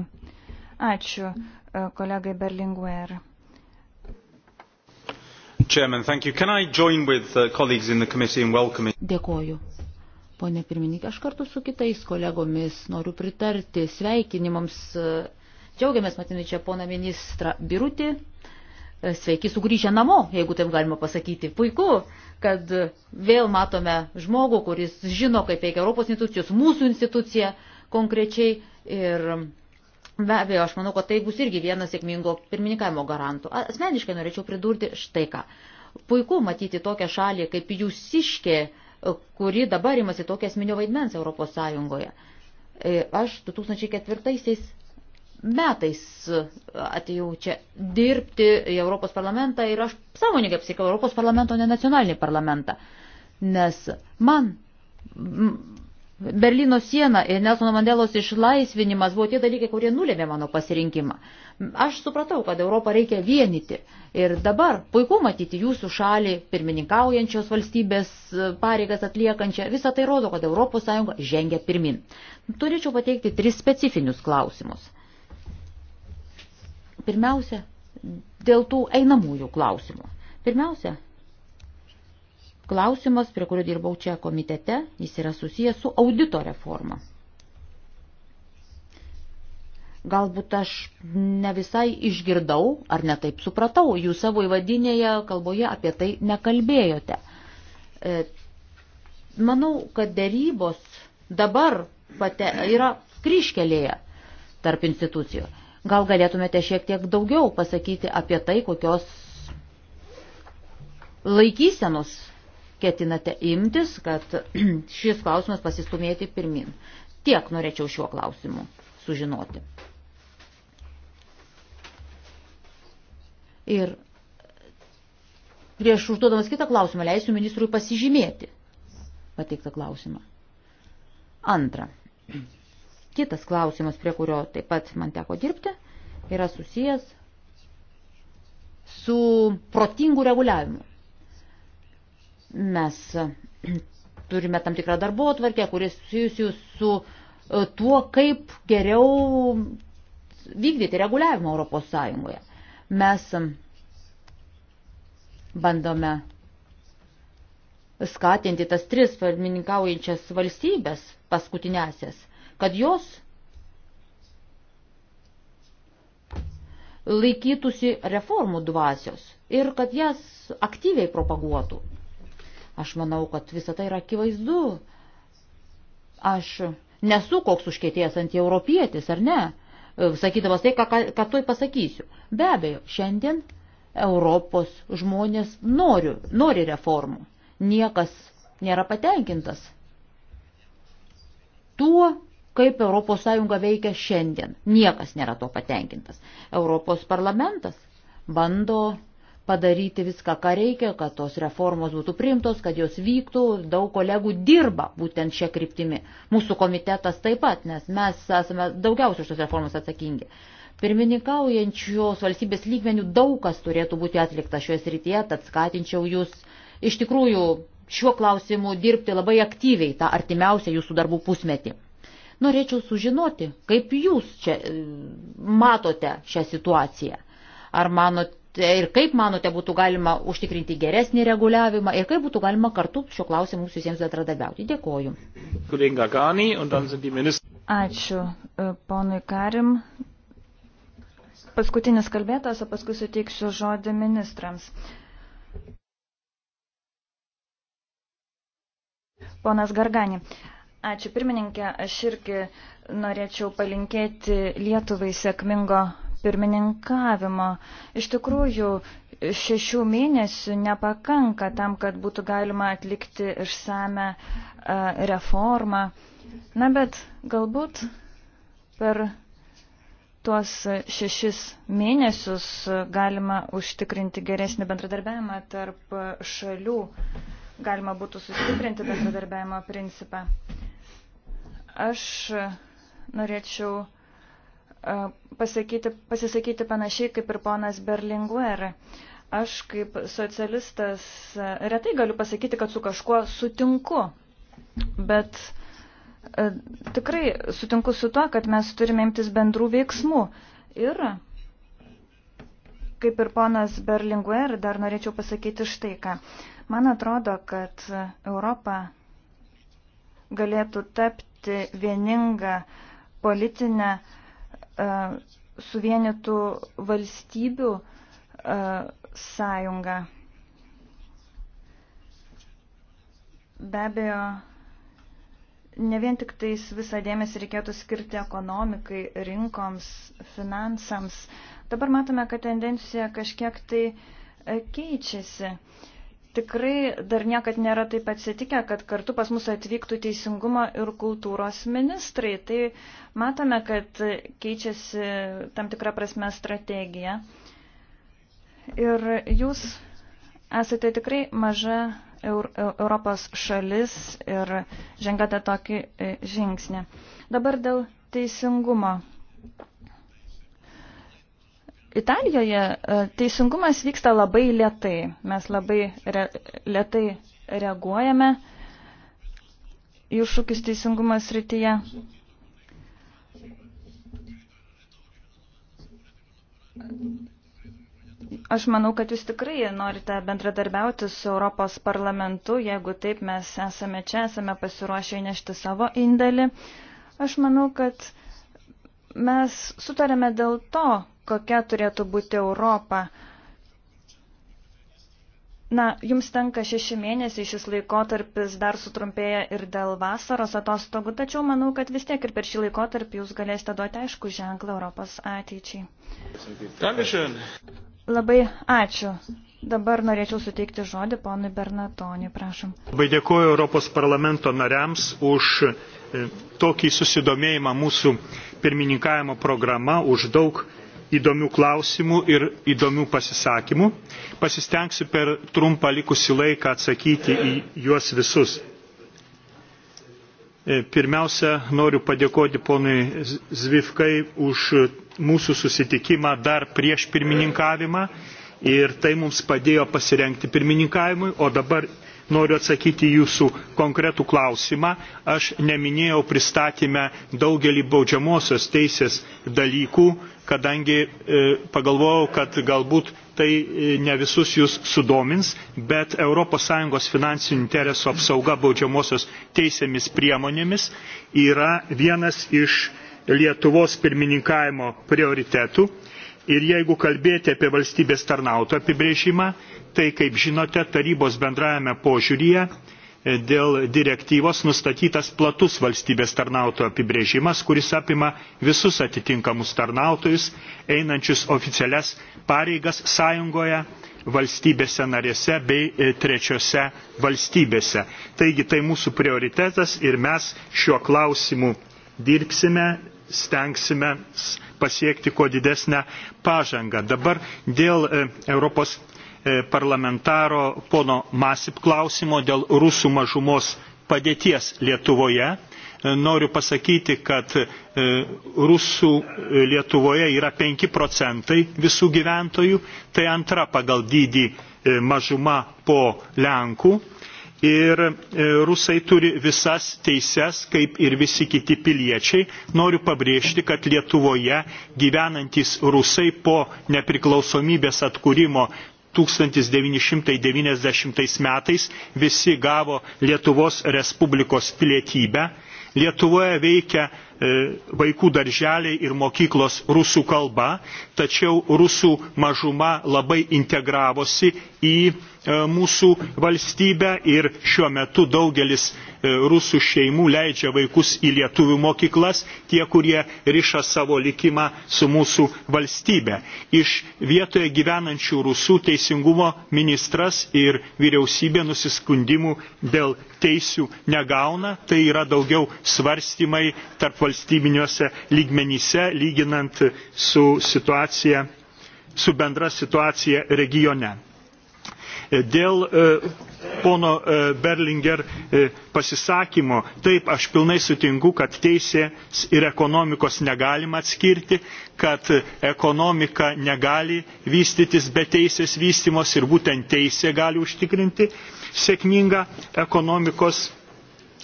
Ačiū e, kolegai Berlinguer. Chairman, thank you. Can I join with uh, colleagues in the committee in welcoming? Dėkoju. Pone pirmininkė, aš kartu su kitais kolegomis noriu pritarti sveikinimams. Džiaugiamės, matėme čia poną ministrą Birutį. Sveiki sugrįžę namo, jeigu taip galima pasakyti. Puiku, kad vėl matome žmogų, kuris žino, kaip veikia Europos institucijos, mūsų institucija konkrečiai. Ir be abejo, aš manau, kad tai bus irgi vienas sėkmingo pirmininkavimo garantų. Asmeniškai norėčiau pridurti štai ką. Puiku matyti tokią šalį kaip jūsiškė kuri dabar imasi tokia esminio vaidmens Europos Sąjungoje. E, aš 2004 metais e, atėjau čia dirbti į Europos parlamentą ir aš sąmoningai apsikau Europos parlamento, ne nacionalinį parlamentą. Nes man Berlyno siena ir Nelsono Mandelos išlaisvinimas buvo tie dalykai, kurie nulėmė mano pasirinkimą. Aš supratau, kad Europą reikia vienyti. Ir dabar puiku matyti jūsų šalį, pirmininkaujančios valstybės e, pareigas atliekančią. Visą tai rodo, kad ES žengia pirmin. Turėčiau pateikti tris specifinius klausimus. Pirmiausia, dėl tų einamųjų klausimų. Pirmiausia, klausimas, prie kurio dirbau čia komitete, jis yra susijęs su audito reforma. Galbūt aš ne visai išgirdau ar netaip supratau, jūs savo įvadinėje kalboje apie tai nekalbėjote. E, manau, kad dėrybos dabar pate, yra kryškelėje tarp institucijų. Gal galėtumėte šiek tiek daugiau pasakyti apie tai, kokios laikysenos ketinate imtis, kad šis klausimas pasistumėti pirmin. Tiek norėčiau šiuo klausimu sužinoti. Ir prieš užduodamas kitą klausimą leisiu ministrui pasižymėti pateiktą klausimą. Antra. Kitas klausimas, prie kurio taip pat man teko dirbti, yra susijęs su protingų reguliavimu. Mes turime tam tikrą darbo atvarkę, kuris susijusiu su e, tuo, kaip geriau vykdyti reguliavimą Europos Sąjungoje. Mes bandome skatinti tas tris pirmininkaujančias valstybės paskutinėsias, kad jos laikytųsi reformų dvasios ir kad jas aktyviai propaguotų. Aš manau, kad visa tai yra akivaizdu. Aš nesu koks užkėtėjęs ant europietis, ar ne? E, sakydamas tai, ką, ką, ką tuoj pasakysiu. Be abejo, šiandien Europos žmonės nori, nori reformų. Niekas nėra patenkintas tuo, kaip ES veikia šiandien. Niekas nėra to patenkintas. Europos parlamentas bando padaryti viską, ką reikia, kad tos reformos būtų priimtos, kad jos vyktų. Daug kolegų dirba būtent šią kryptimį. Mūsų komitetas taip pat, nes mes esame daugiausiai už tos reformos atsakingi. Pirmininkaujančios valstybės lygmenių daug kas turėtų būti atlikta šioje srityje, tad skatinčiau jūs iš tikrųjų šiuo klausimu dirbti labai aktyviai tą artimiausią jūsų darbų pusmetį. Norėčiau sužinoti, kaip jūs čia e, matote šią situaciją. Ar manote, ir kaip manote būtų galima užtikrinti geresnį reguliavimą ir kaip būtų galima kartu šiuo klausimu mums visiems atradabiauti. Dėkoju. Ačiū e, ponui Karim. Paskutinis kalbėtas, o paskui suteiksiu žodį ministrams. Ponas Gargani. Ačiū pirmininkė, aš irgi norėčiau palinkėti Lietuvai sėkmingo pirmininkavimo. Iš tikrųjų, šešių mėnesių nepakanka tam, kad būtų galima atlikti išsame e, reformą. Na, bet galbūt per tuos šešis mėnesius galima užtikrinti geresnį bendradarbiavimą tarp šalių, galima būtų sustiprinti bendradarbiavimo principą. Aš norėčiau pasakyti, pasisakyti panašiai kaip ir ponas Berlinguer. Aš kaip socialistas retai galiu pasakyti, kad su kažkuo sutinku, bet tikrai sutinku su tuo, kad mes turime imtis bendrų veiksmų. Ir kaip ir ponas Berlinguer, dar norėčiau pasakyti štai ką. Man atrodo, kad Europa galėtų tapti vieningą politinę uh, E, suvienytų valstybių e, sąjunga. Be abejo, ne vien tik tais visą dėmesį reikėtų skirti ekonomikai, rinkoms, finansams. Dabar matome, kad tendencija kažkiek tai e, keičiasi. Uh, Tikrai dar niekad nėra taip atsitikę, kad kartu pas mus atvyktų teisingumo ir kultūros ministrai. Tai matome, kad keičiasi tam tikrą prasme strategija. Ir jūs esate tikrai maža Europos šalis ir žengate tokį e, žingsnį. Dabar dėl teisingumo Italijoje e, teisingumas vyksta labai lietai. Mes labai re, lietai reaguojame iššūkis teisingumas rytyje. Aš manau, kad jūs tikrai norite bendradarbiauti su Europos parlamentu, jeigu taip mes esame čia, esame pasiruošę įnešti savo indėlį. Aš manau, kad mes sutarėme dėl to, kokia turėtų būti Europa. Na, jums tenka šeši mėnesiai, šis laikotarpis dar sutrumpėja ir dėl vasaros atostogų, tačiau manau, kad vis tiek ir per šį laikotarpį jūs galėsite duoti aišku ženklą Europos ateičiai. Dankeschön. Labai ačiū. Dabar norėčiau suteikti žodį ponui Bernatoni, prašom. Labai dėkuoju Europos parlamento nariams už e, tokį susidomėjimą mūsų pirmininkavimo programa, už daug įdomių klausimų ir įdomių pasisakymų. Pasistengsiu per trumpą likusį laiką atsakyti į juos visus. E, pirmiausia, noriu padėkoti ponui Zvifkai už mūsų susitikimą dar prieš pirmininkavimą ir tai mums padėjo pasirenkti pirmininkavimui, o dabar noriu atsakyti jūsų konkretų klausimą. Aš neminėjau pristatymę daugelį baudžiamosios teisės dalykų, kadangi e, pagalvojau, kad galbūt tai e, ne visus jūs sudomins, bet ES finansinių interesų apsauga baudžiamosios teisėmis priemonėmis yra vienas iš Lietuvos pirmininkavimo prioritetų. Ir jeigu kalbėti apie valstybės tarnauto apibrėžimą, tai, kaip žinote, tarybos bendrajame požiūryje E, dėl direktyvos nustatytas platus valstybės tarnautojo apibrėžimas, kuris apima visus atitinkamus tarnautojus, einančius oficialias pareigas sąjungoje, valstybėse narėse bei e, trečiose valstybėse. Taigi tai mūsų prioritetas ir mes šiuo klausimu dirbsime, stengsime pasiekti kuo didesnę pažangą. Dabar dėl e, Europos E, parlamentaro pono Masip klausimo dėl rusų mažumos padėties Lietuvoje. E, noriu pasakyti, kad e, rusų Lietuvoje yra 5 procentai visų gyventojų, tai antra pagal dydį mažuma po Lenkų. Ir rusai turi visas teises, kaip ir visi kiti piliečiai. Noriu pabrėžti, kad Lietuvoje gyvenantis rusai po nepriklausomybės atkūrimo 1990 metais visi gavo Lietuvos Respublikos pilietybę. Lietuvoje veikia E, vaikų darželiai ir mokyklos rusų kalba, tačiau rusų mažuma labai integravosi į e, mūsų valstybę ir šiuo metu daugelis e, rusų šeimų leidžia vaikus į lietuvių mokyklas, tie, kurie riša savo likimą su mūsų valstybė. Iš vietoje gyvenančių rusų teisingumo ministras ir vyriausybė nusiskundimų dėl teisių negauna, tai yra daugiau svarstymai tarp valstybės valstybiniuose lygmenyse, lyginant su, situacija, su bendra situacija regione. Dėl e, pono e, Berlinger e, pasisakymo, taip aš pilnai sutinku, kad teisės ir ekonomikos negalima atskirti, kad ekonomika negali vystytis be teisės vystimos ir būtent teisė gali užtikrinti sėkmingą ekonomikos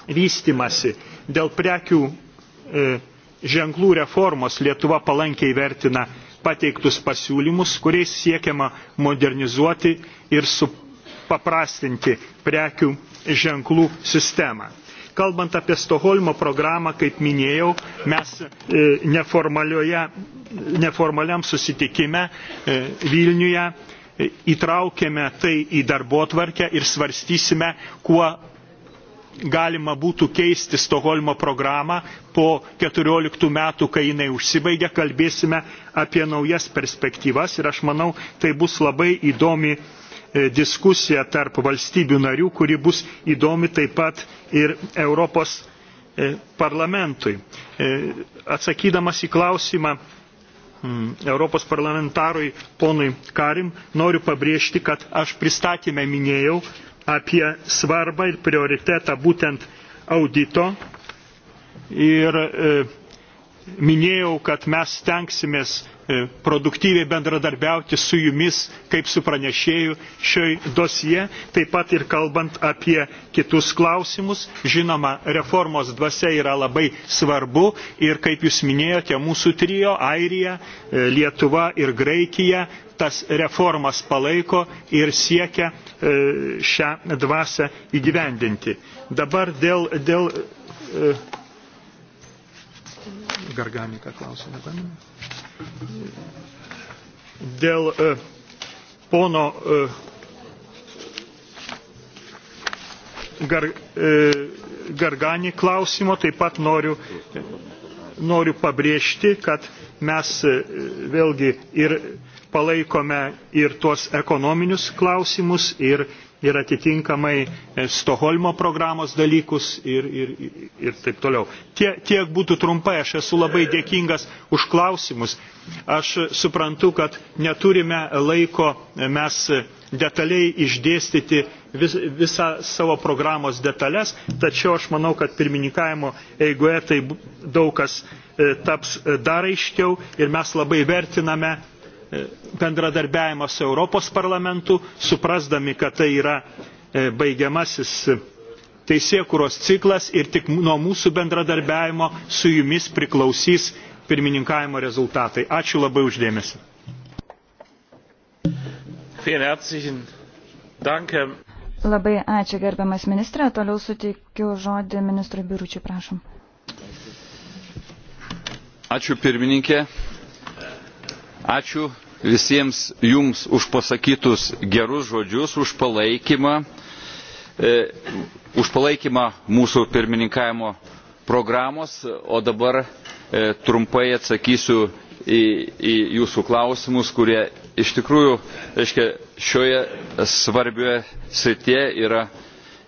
vystimasi. Dėl prekių E, ženklų reformos Lietuva palankiai vertina pateiktus pasiūlymus, kuriais siekiama modernizuoti ir supaprastinti prekių ženklų sistemą. Kalbant apie Stoholmo programą, kaip minėjau, mes e, neformaliam susitikime e, Vilniuje įtraukėme tai į darbo tvarkę ir svarstysime, kuo galima būtų keisti Stoholmo programą po 14 metų, kai jinai užsibaigia, kalbėsime apie naujas perspektyvas ir aš manau, tai bus labai įdomi e, diskusija tarp valstybių narių, kuri bus įdomi taip pat ir Europos e, parlamentui. E, atsakydamas į klausimą mm, Europos parlamentarui ponui Karim, noriu pabrėžti, kad aš pristatymę minėjau, apie svarbą ir prioritetą būtent audito ir e, minėjau, kad mes tenksimės e, produktyviai bendradarbiauti su jumis kaip su pranešėju šioj dosie, taip pat ir kalbant apie kitus klausimus. Žinoma, reformos dvasia yra labai svarbu ir, kaip jūs minėjote, mūsų trijo Airija, e, Lietuva ir Graikija tas reformas palaiko ir siekia e, šią dvasę įgyvendinti. Dabar dėl, dėl Garganiką klausimą. Dėl e, pono e, gar, e, Garganį klausimo taip pat noriu, noriu pabrėžti, kad mes e, vėlgi ir palaikome ir tuos ekonominius klausimus, ir ir atitinkamai e, Stoholmo programos dalykus ir, ir, ir taip toliau. Tie, tiek būtų trumpai, aš esu labai dėkingas už klausimus. Aš suprantu, kad neturime laiko e, mes detaliai išdėstyti vis, visą savo programos detalės, tačiau aš manau, kad pirmininkavimo eigoje tai daug kas e, taps dar aiškiau ir mes labai vertiname E, bendradarbiavimą su Europos parlamentu, suprasdami, kad tai yra e, baigiamasis teisėkuros ciklas ir tik nuo mūsų bendradarbiavimo su jumis priklausys pirmininkavimo rezultatai. Ačiū labai uždėmesi. Labai ačiū gerbiamas ministrė. Toliau suteikiu žodį ministrui Biručiui, prašom. Ačiū pirmininkė. Ačiū visiems jums už pasakytus gerus žodžius, už palaikymą, e, už palaikymą mūsų pirmininkavimo programos, o dabar e, trumpai atsakysiu į, į jūsų klausimus, kurie iš tikrųjų, aiškia, šioje svarbioje srityje yra,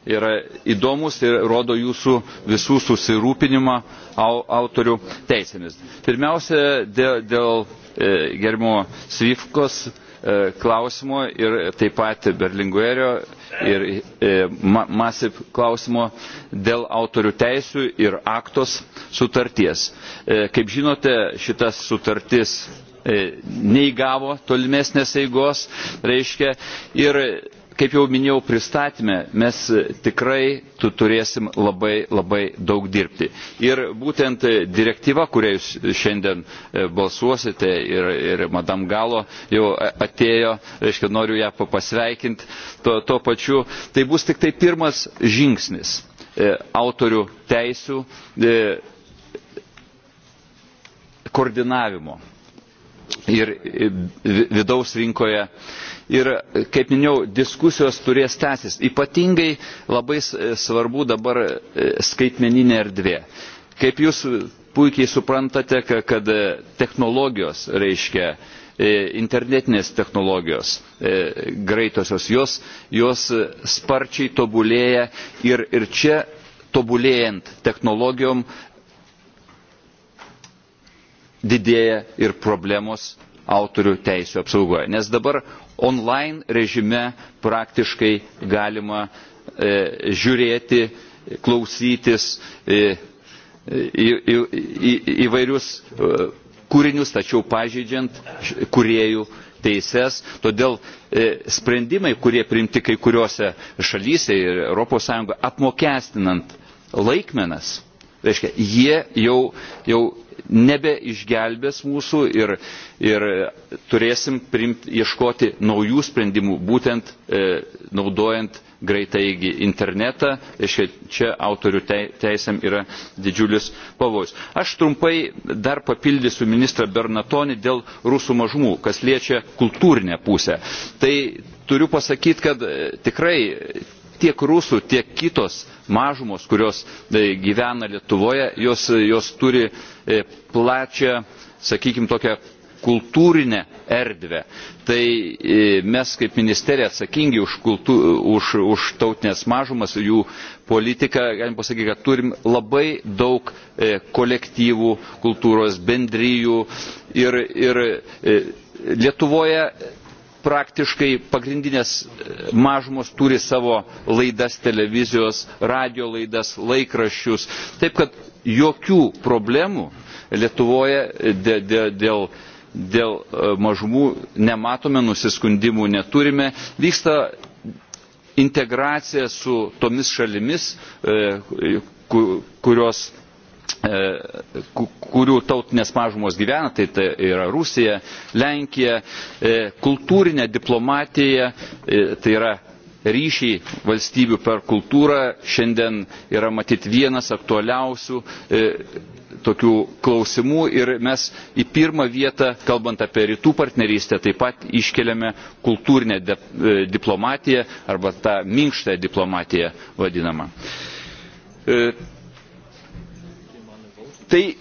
yra įdomus ir rodo jūsų visų susirūpinimą au, autorių teisėmis. Pirmiausia, dėl, dėl E, gerimo Svifkos e, klausimo ir taip pat Berlinguerio ir e, Masip klausimo dėl autorių teisų ir aktos sutarties. Kaip žinote, šitas sutartis neįgavo tolimesnės eigos, reiškia, ir kaip jau minėjau pristatymę, mes e, tikrai turėsim labai labai daug dirbti. Ir būtent e, direktyva, kurią jūs šiandien e, balsuosite ir, ir Madam Galo jau atėjo, reiškia, noriu ją pasveikinti to, to pačiu, tai bus tik tai pirmas žingsnis autorių teisių koordinavimo ir vidaus rinkoje. Ir, kaip minėjau, diskusijos turės tęsis. Ypatingai labai svarbu dabar e, skaitmeninė erdvė. Kaip jūs puikiai suprantate, kad e, technologijos reiškia e, internetinės technologijos greitosios, jos, jos sparčiai tobulėja ir, ir čia tobulėjant technologijom didėja ir problemos autorių teisų apsaugoje. Nes dabar online režime praktiškai galima e, žiūrėti, klausytis e, e į, į, į, įvairius e, kūrinius, tačiau pažydžiant kuriejų teises. Todėl e, sprendimai, kurie priimti kai kuriuose šalyse ir ES apmokestinant laikmenas, reiškia, jie jau, jau nebeišgelbės mūsų ir, ir turėsim primt, ieškoti naujų sprendimų, būtent e, naudojant greitaigi internetą. Tai Šia, čia autorių teisėm yra didžiulis pavojus. Aš trumpai dar papildysiu ministrą Bernatonį dėl rusų mažumų, kas liečia kultūrinę pusę. Tai turiu pasakyti, kad e, tikrai tiek rusų, tiek kitos mažumos, kurios e, gyvena Lietuvoje, jos, e, jos turi e, plačią, sakykime, tokią kultūrinę erdvę. Tai mes kaip ministerija atsakingi už, kultu, už, už tautinės mažumas, jų politiką, galim pasakyti, kad turim labai daug kolektyvų, kultūros bendryjų ir, ir Lietuvoje praktiškai pagrindinės e, mažumos turi savo laidas televizijos, radio laidas, laikraščius. Taip kad jokių problemų Lietuvoje e, dėl, dėl, dėl e, mažumų nematome, nusiskundimų neturime. Vyksta integracija su tomis šalimis, kurios E, kurių tautinės mažumos gyvena, tai, tai yra Rusija, Lenkija, e, kultūrinė diplomatija, e, tai yra ryšiai valstybių per kultūrą šiandien yra matyti vienas aktualiausių e, tokių klausimų ir mes į pirmą vietą, kalbant apie rytų partnerystę, taip pat iškeliame kultūrinę de, e, diplomatiją arba tą minkštąją diplomatiją vadinamą. E, Tai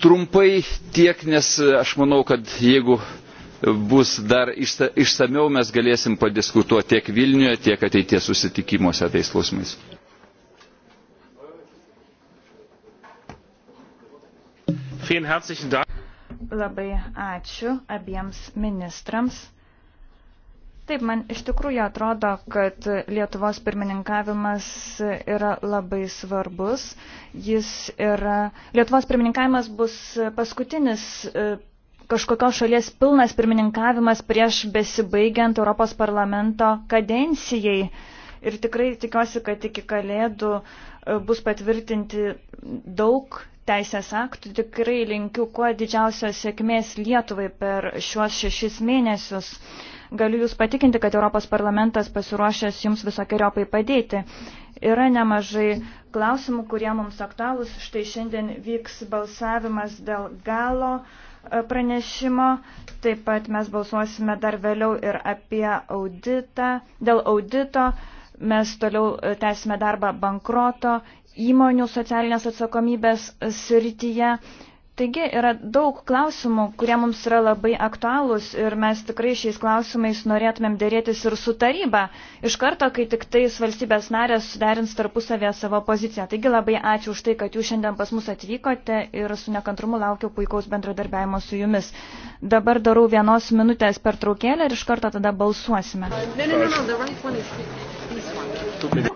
trumpai tiek, nes e, aš manau, kad jeigu bus dar išsameu, mes galėsim padiskutuoti tiek Vilniuje, tiek ateities susitikimuose tais klausimais. Labai ačiū abiems ministrams. Taip, man iš tikrųjų atrodo, kad Lietuvos pirmininkavimas yra labai svarbus. Jis yra, Lietuvos pirmininkavimas bus paskutinis e, kažkokios šalies pilnas pirmininkavimas prieš besibaigiant Europos parlamento kadencijai. Ir tikrai tikiuosi, kad iki kalėdų e, bus patvirtinti daug teisės aktų. Tikrai linkiu kuo didžiausios sėkmės Lietuvai per šiuos šešis mėnesius. Galiu Jūs patikinti, kad Europos parlamentas pasiruošęs Jums visokiojopai padėti. Yra nemažai klausimų, kurie mums aktualūs. Štai šiandien vyks balsavimas dėl galo e, pranešimo. Taip pat mes balsuosime dar vėliau ir apie auditą. Dėl audito mes toliau e, tęsime darbą bankroto įmonių socialinės atsakomybės srityje. Taigi yra daug klausimų, kurie mums yra labai aktualūs ir mes tikrai šiais klausimais norėtumėm dėrėtis ir su taryba iš karto, kai tik tais valstybės narės suderins tarpusavėje savo poziciją. Taigi labai ačiū už tai, kad jūs šiandien pas mus atvykote ir su nekantrumu laukiu puikaus bendradarbiavimo su jumis. Dabar darau vienos minutės per traukėlę ir iš karto tada balsuosime. No, no, no, no, the right one is this one.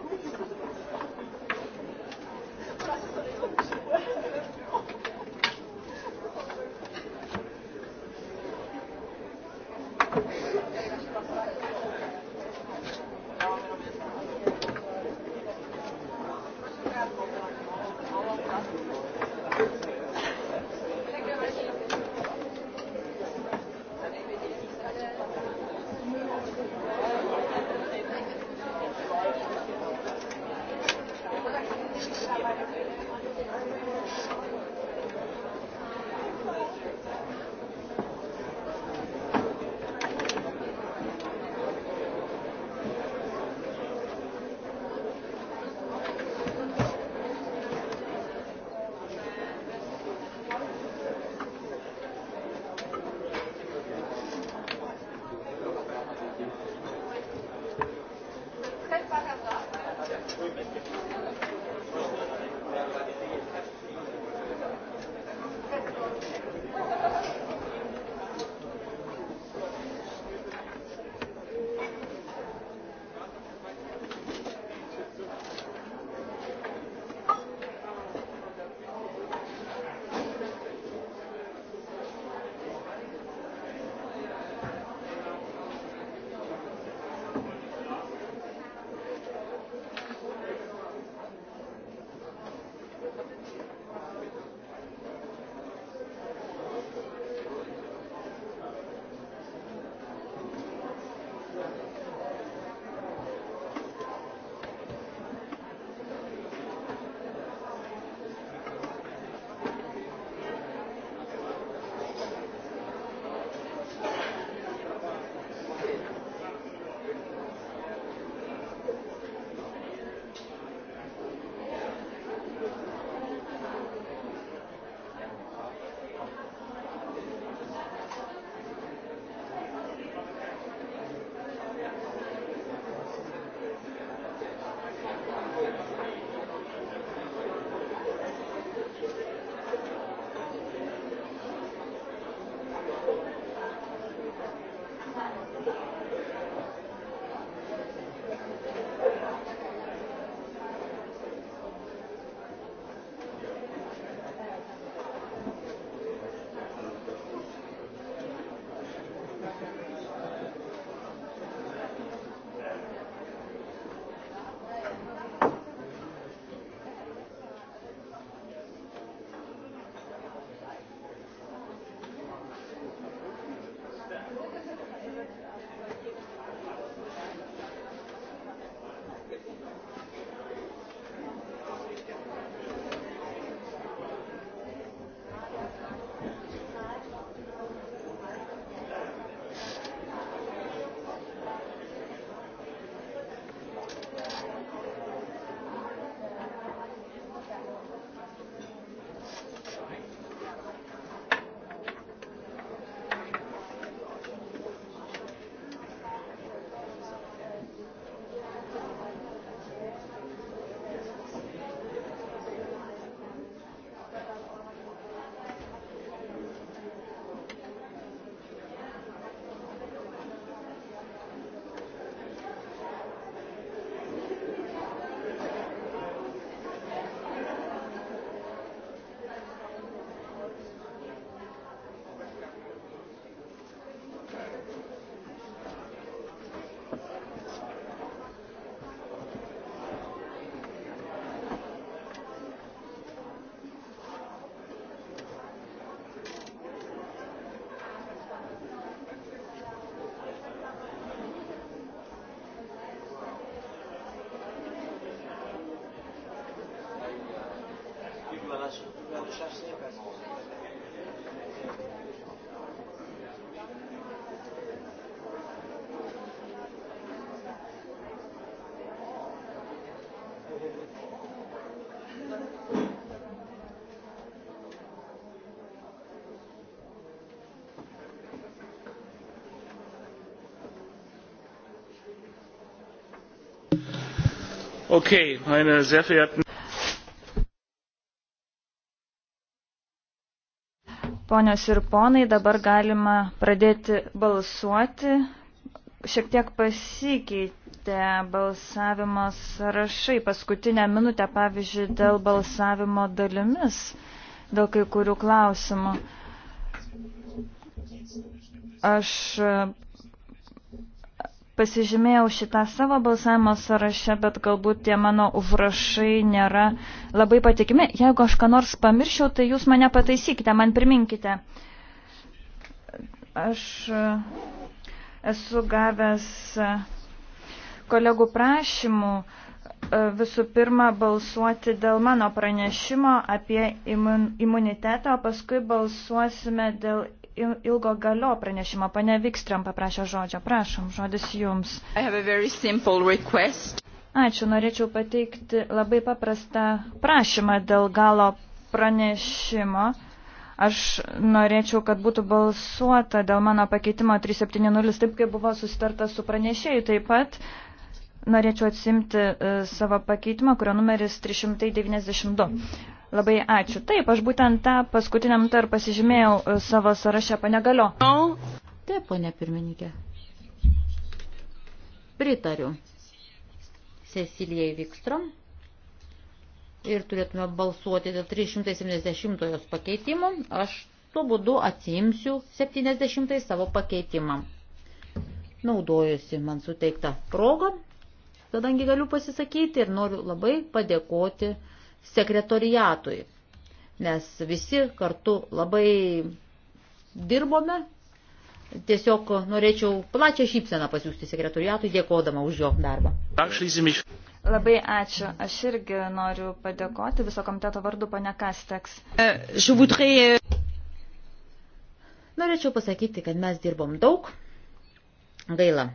Okay, meine sehr verehrten. Ponios ir ponai, dabar galima pradėti balsuoti. Šiek tiek pasikeitė balsavimo sąrašai. Paskutinę minutę, pavyzdžiui, dėl balsavimo dalimis, dėl kai kurių klausimų. Aš pasižymėjau šitą savo balsavimo sąrašą, bet galbūt tie mano užrašai nėra labai patikimi. Jeigu aš ką nors pamiršiau, tai jūs mane pataisykite, man priminkite. Aš e, esu gavęs e, kolegų prašymų e, visų pirma balsuoti dėl mano pranešimo apie imun, imunitetą, o paskui balsuosime dėl ilgo galio pranešimą. Pane Vikstram paprašė žodžio. Prašom, žodis jums. Ačiū, norėčiau pateikti labai paprastą prašymą dėl galo pranešimo. Aš norėčiau, kad būtų balsuota dėl mano pakeitimo 370, taip kaip buvo susitarta su pranešėjai. Taip pat norėčiau atsimti e, savo pakeitimą, kurio numeris 392. Labai ačiū. Taip, aš būtent tą paskutiniam tar pasižymėjau e, savo sąrašę panegalio. Taip, ponė pirmininkė. Pritariu. Cecilijai Vikstrom. Ir turėtume balsuoti dėl 370 pakeitimų. Aš tuo būdu atsimsiu 70 savo pakeitimą. Naudojusi man suteiktą progą, kadangi galiu pasisakyti ir noriu labai padėkoti sekretoriatui, nes visi kartu labai dirbome. Tiesiog norėčiau plačią šypseną pasiūsti sekretoriatui, dėkodama už jo darbą. Labai ačiū. Aš irgi noriu padėkoti viso komiteto vardu, pane Kasteks. Euh, euh, norėčiau pasakyti, kad mes dirbom daug. Gaila,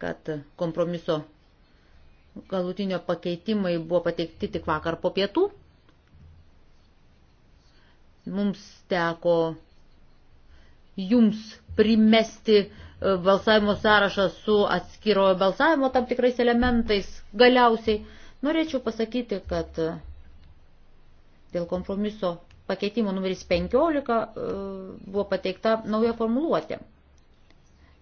kad kompromiso galutinio pakeitimai buvo pateikti tik vakar po pietų. Mums teko jums primesti e, balsavimo sąrašą su atskirojo balsavimo tam tikrais elementais. Galiausiai norėčiau pasakyti, kad e, dėl kompromiso pakeitimo numeris 15 e, buvo pateikta nauja formuluotė.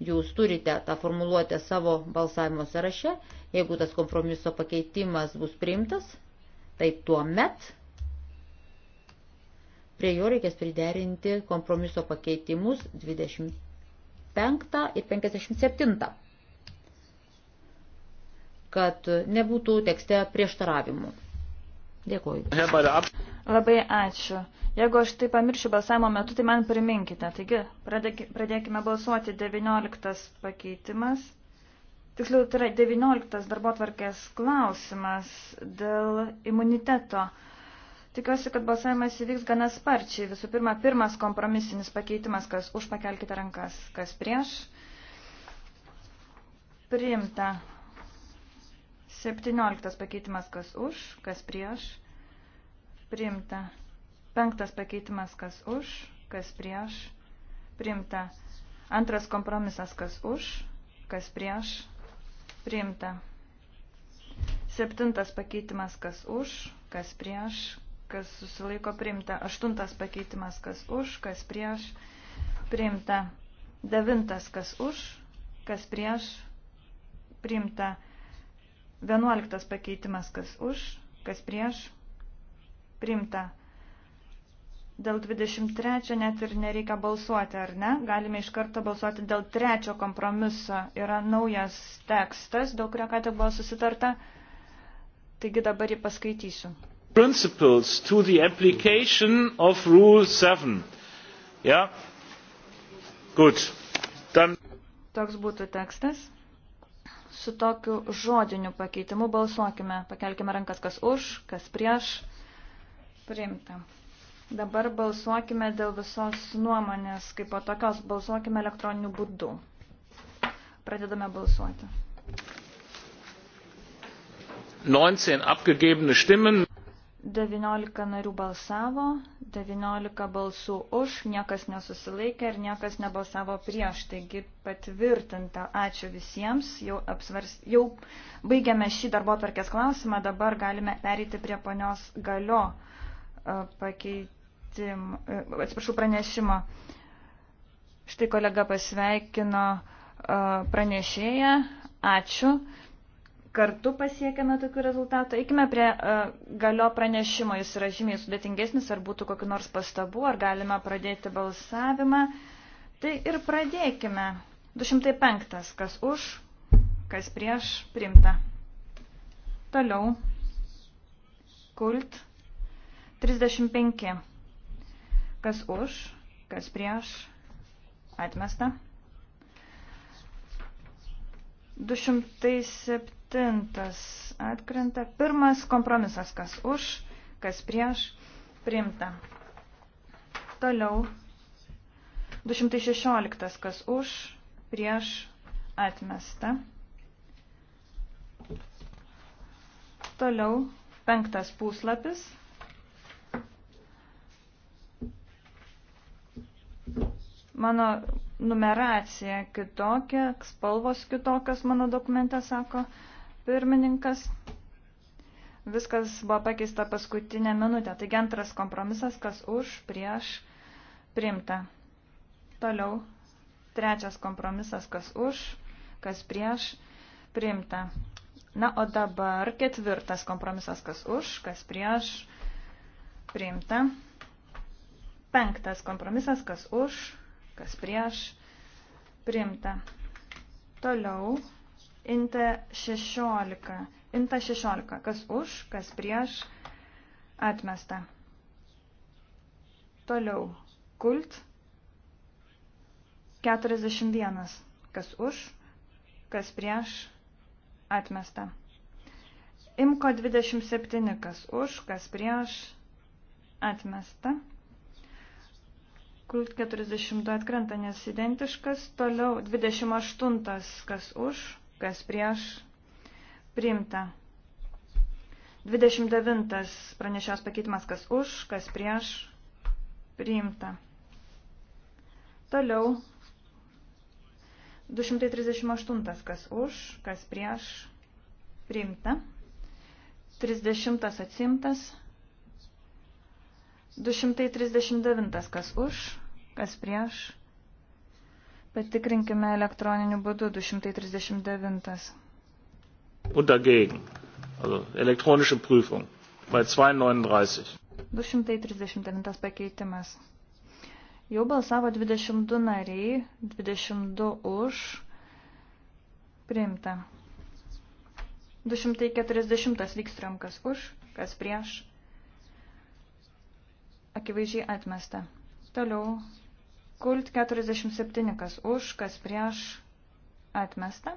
Jūs turite tą formuluotę savo balsavimo sąraše. Jeigu tas kompromiso pakeitimas bus priimtas, tai tuo met prie jo reikės priderinti kompromiso pakeitimus 25 ir 57, kad nebūtų tekste prieštaravimų. Dėkuoju. Labai ačiū. Jeigu aš tai pamiršiu balsavimo metu, tai man priminkite. Taigi, pradėkime balsuoti 19 pakeitimas. Tiksliau, tai yra 19 darbo tvarkės klausimas dėl imuniteto. Tikiuosi, kad balsavimas įvyks gana sparčiai. Visų pirma, pirmas kompromisinis pakeitimas, kas už pakelkite rankas, kas prieš. Priimta. 17 pakeitimas kas už, kas prieš, priimta. 5 pakeitimas kas už, kas prieš, priimta. Antras kompromisas kas už, kas prieš, priimta. 7 pakeitimas kas už, kas prieš, kas susilaiko priimta. 8 pakeitimas kas už, kas prieš, priimta. 9 kas už, kas prieš, priimta. 11 pakeitimas, kas už, kas prieš, primta. Dėl 23 net ir nereikia balsuoti, ar ne? Galime iš karto balsuoti dėl trečio kompromiso. Yra naujas tekstas, dėl kurio ką tik buvo susitarta. Taigi dabar jį paskaitysiu. Principles to the application of Rule 7. Ja? Gut. Dann... Toks būtų tekstas su tokiu žodiniu pakeitimu balsuokime. Pakelkime rankas, kas už, kas prieš. Priimta. Dabar balsuokime dėl visos nuomonės, kaip po tokios balsuokime elektroniniu būdu. Pradedame balsuoti. 19 abgegebene Stimmen. 19 narių balsavo, 19 balsų už, niekas nesusilaikė ir niekas nebalsavo prieš. Taigi patvirtinta. Ačiū visiems. Jau, apsvars... jau baigiame šį darbo tvarkės klausimą. Dabar galime pereiti prie ponios galio e, pakeitim... E, atsiprašau, pranešimo. Štai kolega pasveikino e, pranešėją. Ačiū kartu pasiekėme tokių rezultatų. Eikime prie uh, galio pranešimo, jis yra žymiai sudėtingesnis, ar būtų kokiu nors pastabu, ar galime pradėti balsavimą. Tai ir pradėkime. 205. Kas už, kas prieš, primta. Toliau. Kult. 35. Kas už, kas prieš, atmesta. 207 Septintas atkrenta. Pirmas kompromisas, kas už, kas prieš, priimta. Toliau. 216, kas už, prieš, atmesta. Toliau. Penktas puslapis. Mano numeracija kitokia, spalvos kitokios mano dokumente, sako pirmininkas. Viskas buvo pakeista paskutinę minutę. Taigi antras kompromisas, kas už, prieš, primta. Toliau trečias kompromisas, kas už, kas prieš, primta. Na, o dabar ketvirtas kompromisas, kas už, kas prieš, priimta. Penktas kompromisas, kas už, kas prieš, priimta. Toliau Inta 16. Inta 16. Kas už, kas prieš, atmesta. Toliau. Kult. 41. Kas už, kas prieš, atmesta. Imko 27. Kas už, kas prieš, atmesta. Kult 42 atkrenta, nes identiškas. Toliau 28. Kas už, kas prieš, priimta. 29 pranešios pakeitimas, kas už, kas prieš, priimta. Toliau 238, kas už, kas prieš, priimta. 30 atsimtas. 239, kas už, kas prieš, Patikrinkime elektroniniu būdu 239. Und dagegen. Also elektronische Prüfung bei 239. 239 pakeitimas. Jau balsavo 22 nariai, 22 už. Priimta. 240 vykstriom kas už, kas prieš. Akivaizdžiai atmesta. Toliau Kult 47, kas už, kas prieš, atmesta.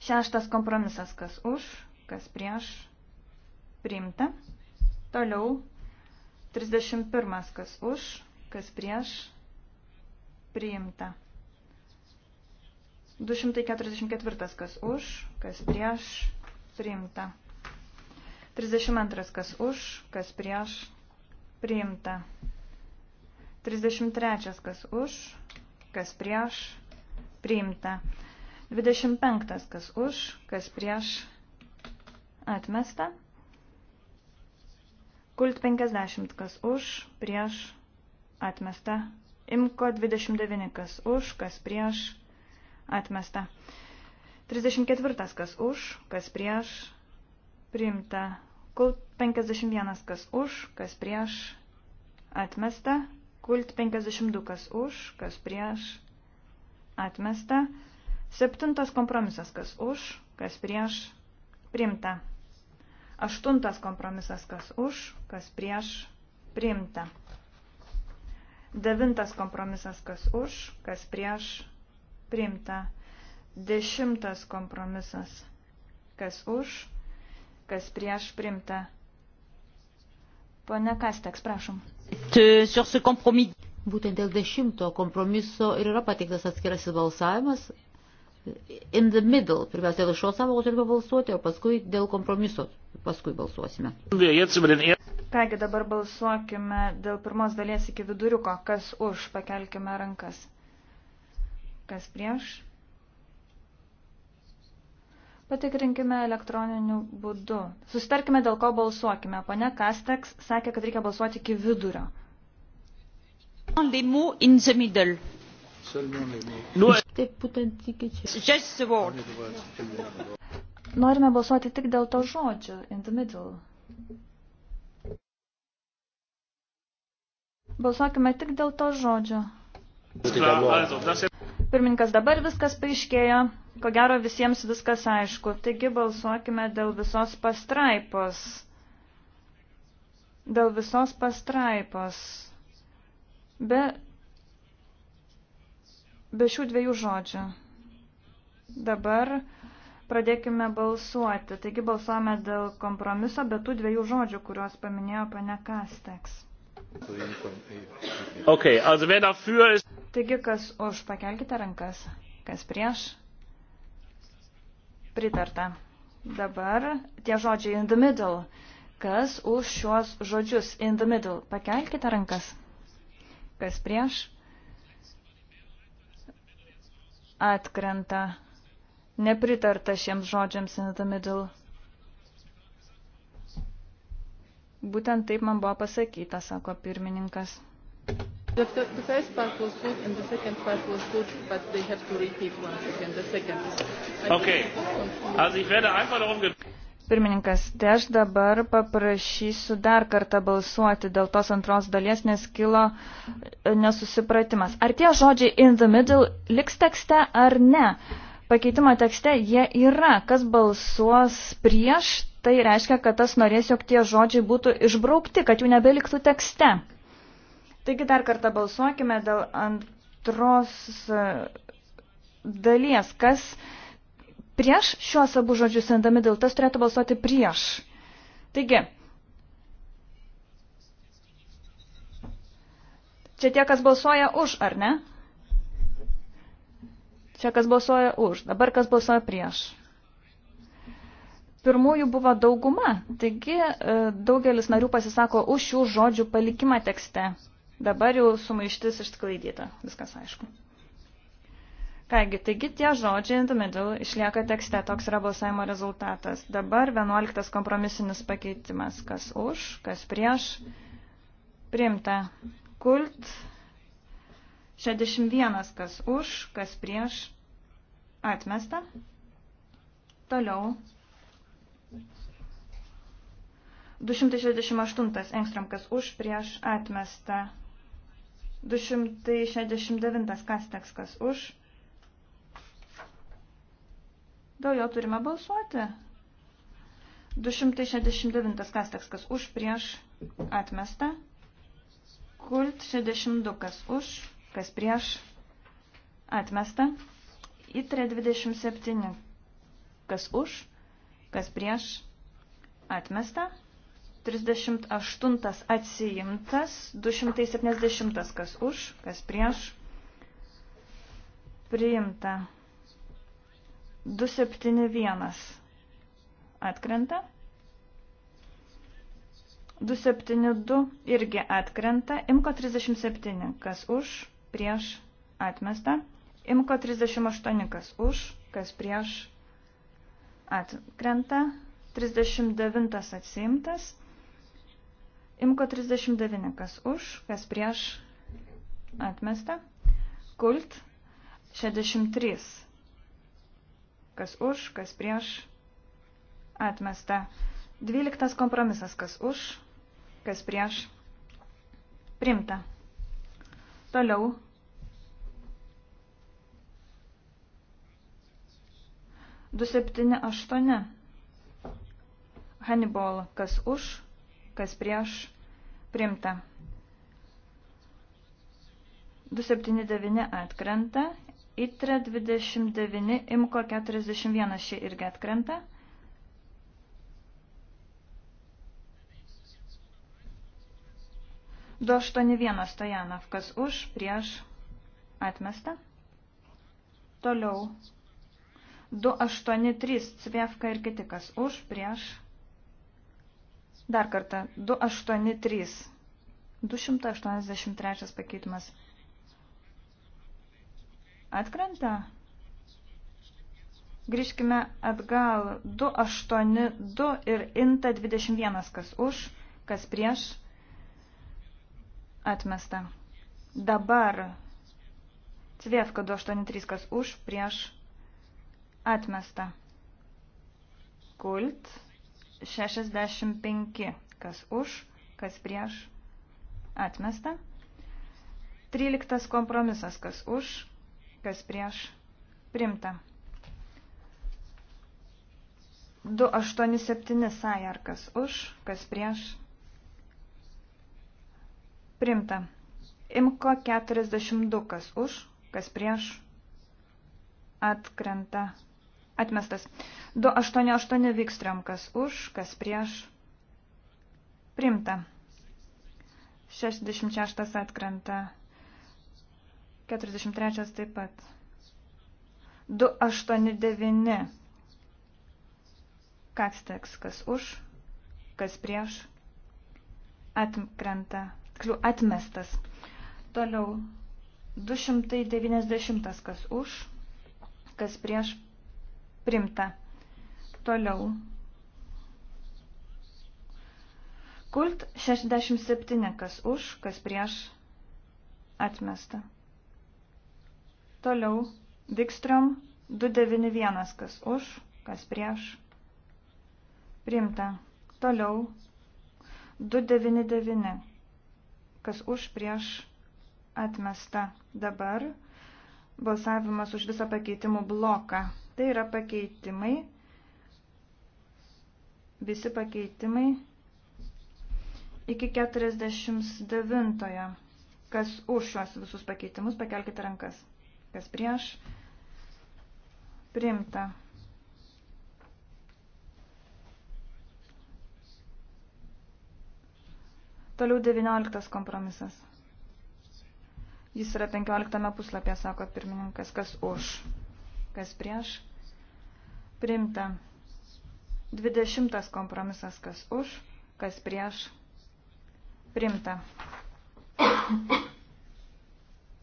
Šeštas kompromisas, kas už, kas prieš, priimta. Toliau 31, kas už, kas prieš, priimta. 244, kas už, kas prieš, priimta. 32, kas už, kas prieš, priimta. 33 kas už, kas prieš, priimta. 25 kas už, kas prieš, atmesta. Kult 50 kas už, prieš, atmesta. Imko 29 kas už, kas prieš, atmesta. 34 kas už, kas prieš, priimta. Kult 51 kas už, kas prieš, atmesta. Kult 52, kas už, kas prieš, atmesta. Septintas kompromisas, kas už, kas prieš, primta. Aštuntas kompromisas, kas už, kas prieš, primta. Devintas kompromisas, kas už, kas prieš, primta. Dešimtas kompromisas, kas už, kas prieš, primta. Pone Kasteks, prašom. Būtent dėl dešimto kompromiso ir yra pateiktas atskirasis balsavimas. In the middle, pirmiausia, dėl šios savo turime balsuoti, o paskui dėl kompromiso paskui balsuosime. Kągi dabar balsuokime dėl pirmos dalies iki viduriuko, kas už, pakelkime rankas. Kas prieš? Patikrinkime elektroniniu būdu. Sustarkime, dėl ko balsuokime. Pane Kasteks sakė, kad reikia balsuoti iki vidurio. Euh, Taip, būtent iki čia. Norime balsuoti tik dėl to žodžio, in the middle. Balsuokime tik dėl to žodžio. Pirmininkas dabar viskas paaiškėjo. Ko gero visiems viskas aišku. Taigi balsuokime dėl visos pastraipos. Dėl visos pastraipos. Be, be šių dviejų žodžių. Dabar pradėkime balsuoti. Taigi balsuojame dėl kompromiso, bet tų dviejų žodžių, kuriuos paminėjo pane Kasteks. Okay, also wer dafür ist... Taigi, kas už, pakelkite rankas. Kas prieš? Pritarta. Dabar tie žodžiai in the middle. Kas už šiuos žodžius in the middle? Pakelkite rankas. Kas prieš? Atkrenta. Nepritarta šiems žodžiams in the middle. Būtent taip man buvo pasakyta, sako pirmininkas. The, the, the first part was good and the second part was good, but they have to repeat once again the second. I okay. Also ich werde einfach darum Pirmininkas, tai aš dabar paprašysiu dar kartą balsuoti dėl tos antros dalies, nes kilo e, nesusipratimas. Ar tie žodžiai in the middle liks tekste ar ne? Pakeitimo tekste jie yra. Kas balsuos prieš, tai reiškia, kad tas norės, jog tie žodžiai būtų išbraukti, kad jų nebeliktų tekste. Taigi dar kartą balsuokime dėl antros e, dalies. Kas prieš šiuos abu žodžius sendami dėl tas turėtų balsuoti prieš. Taigi, čia tie, kas balsuoja už, ar ne? Čia kas balsuoja už, dabar kas balsuoja prieš. Pirmųjų buvo dauguma, taigi e, daugelis narių pasisako už šių žodžių palikimą tekste. Dabar jau sumaištis išsklaidyta, viskas aišku. Kągi, taigi tie žodžiai in the middle išlieka tekste, toks yra balsavimo rezultatas. Dabar 11 kompromisinis pakeitimas, kas už, kas prieš, priimta. Kult 61, kas už, kas prieš, atmesta. Toliau 268 engstram, kas už prieš atmestą. 269 kas tekstas už. Dėl jo turime balsuoti. 269 kas tekstas už prieš atmestą. Kult 62 kas už, kas prieš atmestą. Įtrė 27 kas už, kas prieš atmestą. 38 atsiimtas, 270 kas už, kas prieš, priimta. 271 atkrenta. 272 irgi atkrenta. Imko 37, kas už, prieš, atmesta. Imko 38, kas už, kas prieš, atkrenta. 39 atsimtas. Imko 39, kas už, kas prieš, atmesta. Kult 63, kas už, kas prieš, atmesta. 12 kompromisas, kas už, kas prieš, primta. Toliau. Du septyni aštuoni. Hannibal, kas už, kas prieš, primta. 279 atkrenta, ITRE 29, IMKO 41 šį irgi atkrenta. Du 81 Stojanov, kas už, prieš, atmesta. Toliau. 283 Cvėvka ir kiti, kas už, prieš, Dar kartą. 283. 283 pakeitimas. Atkrenta? Grįžkime atgal. 282 ir inta 21. Kas už, kas prieš. Atmesta. Dabar. Cvievka 283. Kas už, prieš. Atmesta. Kult. 65. Kas už, kas prieš, atmesta. 13. Kompromisas. Kas už, kas prieš, primta. 287 sajar, kas už, kas prieš. Primta. Imko 42, kas už, kas prieš. Atkrenta Atmestas. 288 Vikstriom, kas už, kas prieš. Primta. 66 atkrenta. 43 taip pat. 289. Kaksteks, kas už, kas prieš. Atkrenta. Kliu, atmestas. Toliau. 290 kas už, kas prieš Primta. Toliau. Kult 67, kas už, kas prieš, atmesta. Toliau. Vikstrom 291, kas už, kas prieš, primta. Toliau. 299, kas už, prieš, atmesta. Dabar balsavimas už visą pakeitimų bloką. Tai yra pakeitimai, visi pakeitimai iki 49. Kas už šios visus pakeitimus, pakelkite rankas. Kas prieš, priimta. Toliau 19 kompromisas. Jis yra 15 puslapė, sako pirmininkas, kas už kas prieš, priimta. 20 kompromisas, kas už, kas prieš, priimta.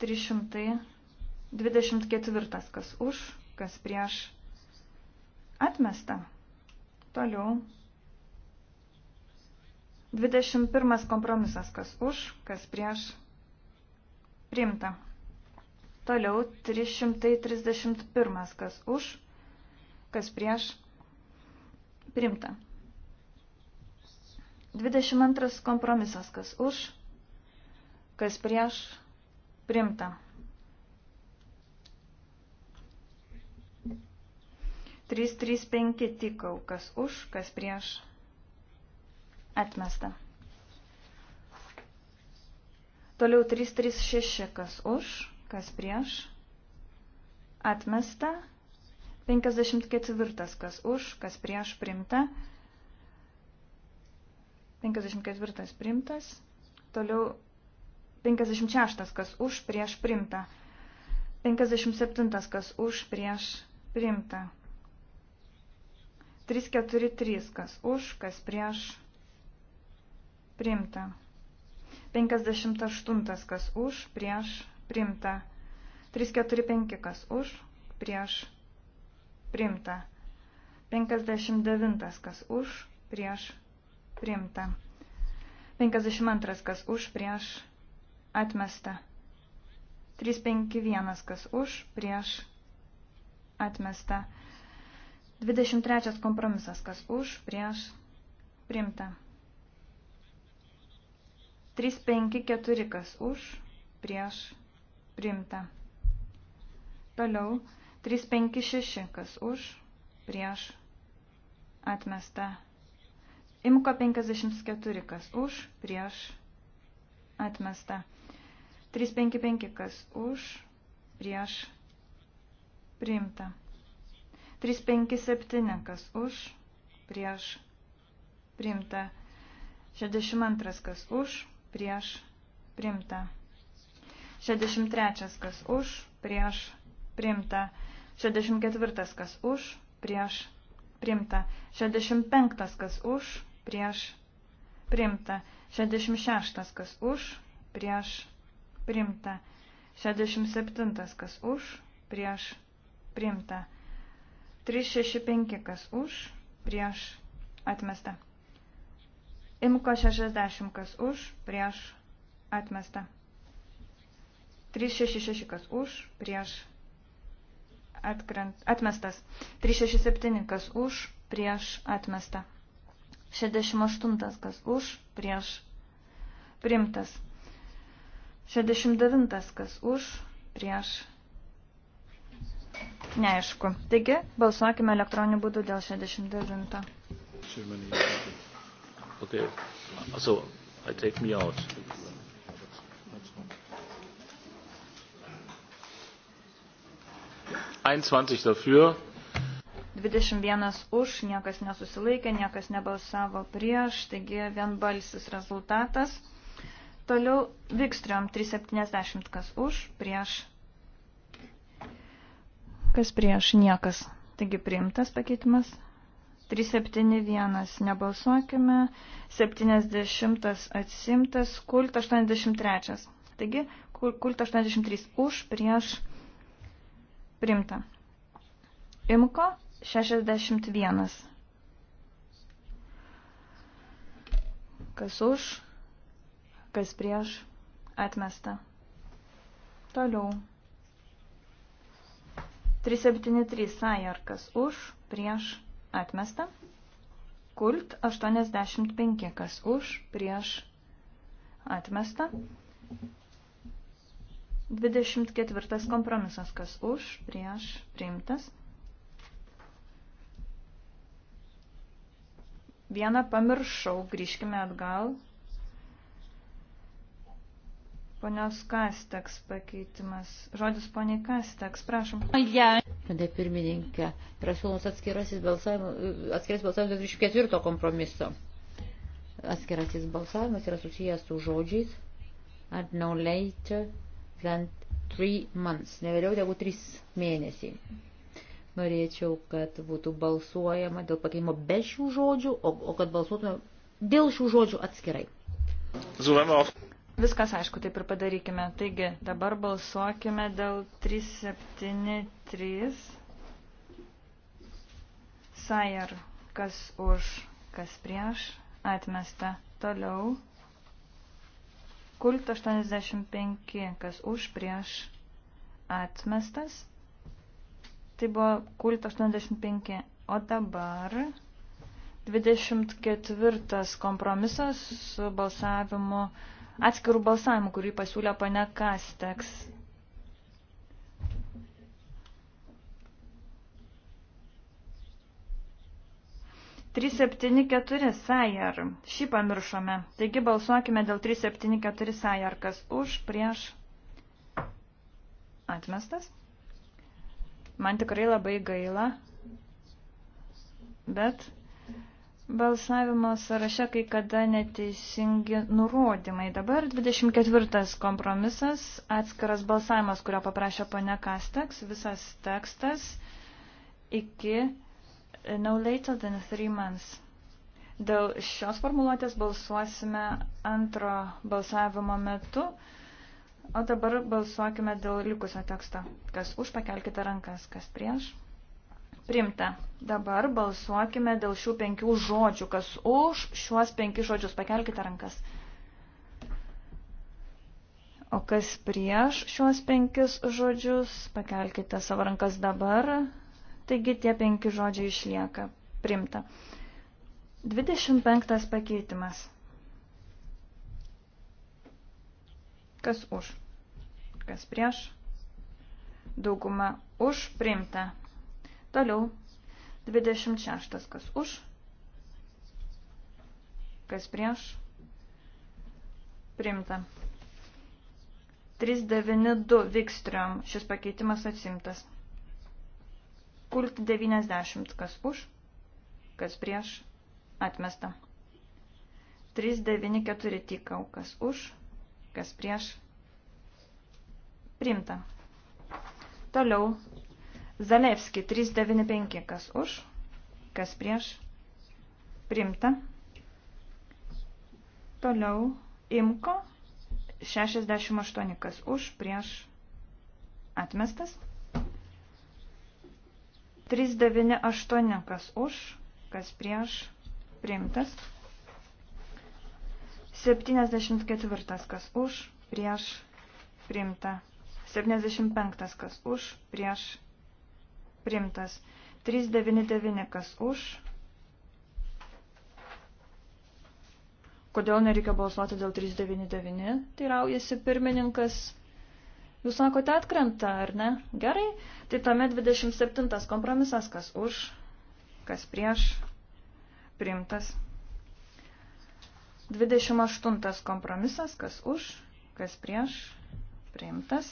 324, kas už, kas prieš, atmesta. Toliau. 21 kompromisas, kas už, kas prieš, priimta. Toliau 331. Kas už, kas prieš. Primta. 22. Kompromisas. Kas už, kas prieš. Primta. 335 tikau, kas už, kas prieš. Atmesta. Toliau 336, kas už, kas prieš, atmesta. 54 kas už, kas prieš, primta. 54 primtas. Toliau 56 kas už, prieš, primta. 57 kas už, prieš, primta. 343 kas už, kas prieš, primta. 58 kas už, prieš, primta primta. 345 kas už, prieš, primta. 59 kas už, prieš, primta. 52 kas už, prieš, atmesta. 351 kas už, prieš, atmesta. 23 kompromisas kas už, prieš, primta. 354 kas už, prieš, atmesta priimta. Toliau 356, kas už, prieš, atmesta. Imko 54, kas už, prieš, atmesta. 355, kas už, prieš, priimta. 357, kas už, prieš, priimta. 62, kas už, prieš, priimta. 63 kas už, prieš primta. 64 kas už, prieš primta. 65 kas už, prieš primta. 66 kas už, prieš primta. 67 kas už, prieš primta. 365 kas už, prieš atmesta. Imko 60 kas už, prieš atmesta. 366 kas už, prieš atkrent, atmestas. 367 kas už, prieš atmestą. 68 kas už, prieš primtas. 69 kas už, prieš neaišku. Taigi, balsuokime elektroniniu būdu dėl 69. Okay. So, I take me out. 21 dafür. 21 už, niekas nesusilaikė, niekas nebalsavo prieš, taigi vienbalsis rezultatas. Toliau Vikstriom 370, kas už, prieš, kas prieš, niekas. Taigi priimtas pakeitimas. 371 nebalsuokime, 70 atsimtas, kult 83. Taigi kult 83 už, prieš, Primta. Imko 61. Kas už, kas prieš, atmesta. Toliau. 373 sajar, kas už, prieš, atmesta. Kult 85, kas už, prieš, atmesta. 24 kompromisas, kas už, prieš, priimtas. Vieną pamiršau, grįžkime atgal. Ponios Kasteks pakeitimas. Žodis poniai Kasteks, prašom. Pane pirmininkė, yra siūlomas atskirasis balsavimas, atskiras balsavimas 24 kompromiso. Atskirasis balsavimas yra susijęs su žodžiais. At no later than three months, ne vėliau negu trys mėnesiai. Norėčiau, kad būtų balsuojama dėl pakeimo be šių žodžių, o, o kad balsuotume dėl šių žodžių atskirai. Zuvenov. Viskas aišku, taip ir padarykime. Taigi, dabar balsuokime dėl 373. Sajer, kas už, kas prieš, atmesta. Toliau. Kult 85, kas už prieš atmestas. Tai buvo kult 85. O dabar 24 kompromisas su balsavimu, atskirų balsavimu, kurį pasiūlė pane Kasteks. 374 Sajar. Šį pamiršome. Taigi balsuokime dėl 374 Sajar. Kas už, prieš, atmestas. Man tikrai labai gaila, bet balsavimo sąraše kai kada neteisingi nurodymai. Dabar 24 kompromisas, atskiras balsavimas, kurio paprašė ponia Kasteks, visas tekstas iki no later than three months. Dėl šios formuluotės balsuosime antro balsavimo metu, o dabar balsuokime dėl likusio teksto. Kas už, pakelkite rankas, kas prieš. Primta. Dabar balsuokime dėl šių penkių žodžių. Kas už šiuos penki žodžius, pakelkite rankas. O kas prieš šiuos penkis žodžius, pakelkite savo rankas dabar. Taigi tie penki žodžiai išlieka. Primta. 25 pakeitimas. Kas už? Kas prieš? Dauguma už primta. Toliau 26. Kas už? Kas prieš? Primta. 392 Vikstriom. Šis pakeitimas atsimtas. Kult 90, kas už, kas prieš, atmesta. 394 tikau, kas už, kas prieš, primta. Toliau, Zalevski 395, kas už, kas prieš, primta. Toliau, Imko 68, kas už, prieš, atmestas. 398, kas už, kas prieš, priimtas. 74, kas už, prieš, priimta. 75, kas už, prieš, priimtas. 399, kas už. Kodėl nereikia balsuoti dėl 399, tai raujasi pirmininkas. Jūs sakote atkrenta, ar ne? Gerai. Tai tame 27 kompromisas, kas už, kas prieš, priimtas. 28 kompromisas, kas už, kas prieš, priimtas.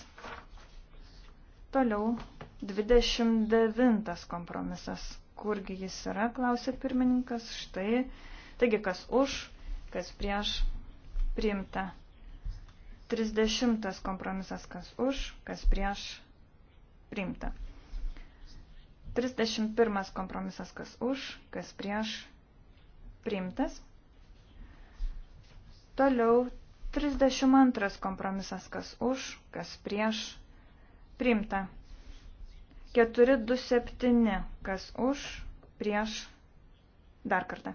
Toliau 29 kompromisas. Kurgi jis yra, klausė pirmininkas. Štai. Taigi, kas už, kas prieš, priimta. 30 kompromisas kas už, kas prieš priimta. 31 kompromisas kas už, kas prieš priimtas. Toliau 32 kompromisas kas už, kas prieš priimta. 427 kas už, prieš dar kartą.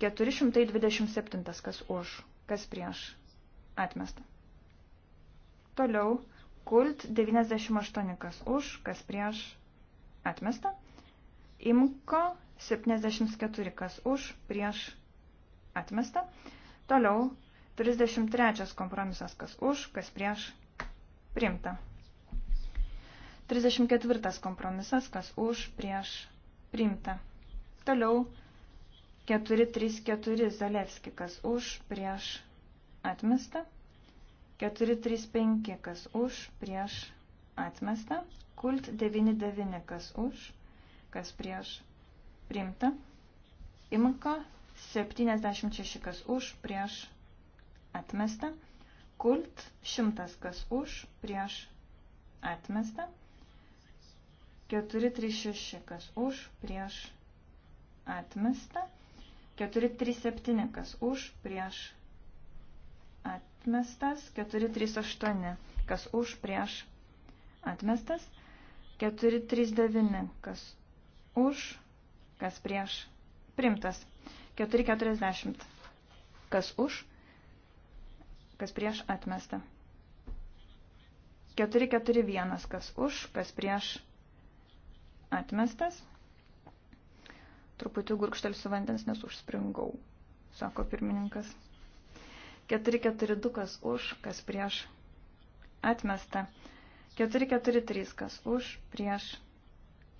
427 kas už, kas prieš atmesta. Toliau kult 98, kas už, kas prieš atmesta. Imko 74, kas už, prieš atmesta. Toliau 33 kompromisas, kas už, kas prieš priimta. 34 kompromisas, kas už, prieš priimta. Toliau 434 Zalevski, kas už, prieš atmesta. 435 kas už, prieš atmesta. Kult 99 kas už, kas prieš priimta. Imka 76 kas už, prieš atmesta. Kult 100 kas už, prieš atmesta. 436 kas už, prieš atmesta. 437 kas už, prieš atmesta atmestas, 438, kas už prieš atmestas, 439, kas už, kas prieš primtas, 440, kas už, kas prieš atmesta. 441, kas už, kas prieš atmestas. Truputį gurkštelsiu vandens, nes užspringau, sako pirmininkas. 442 kas už, kas prieš. Atmesta. 443 kas už, prieš.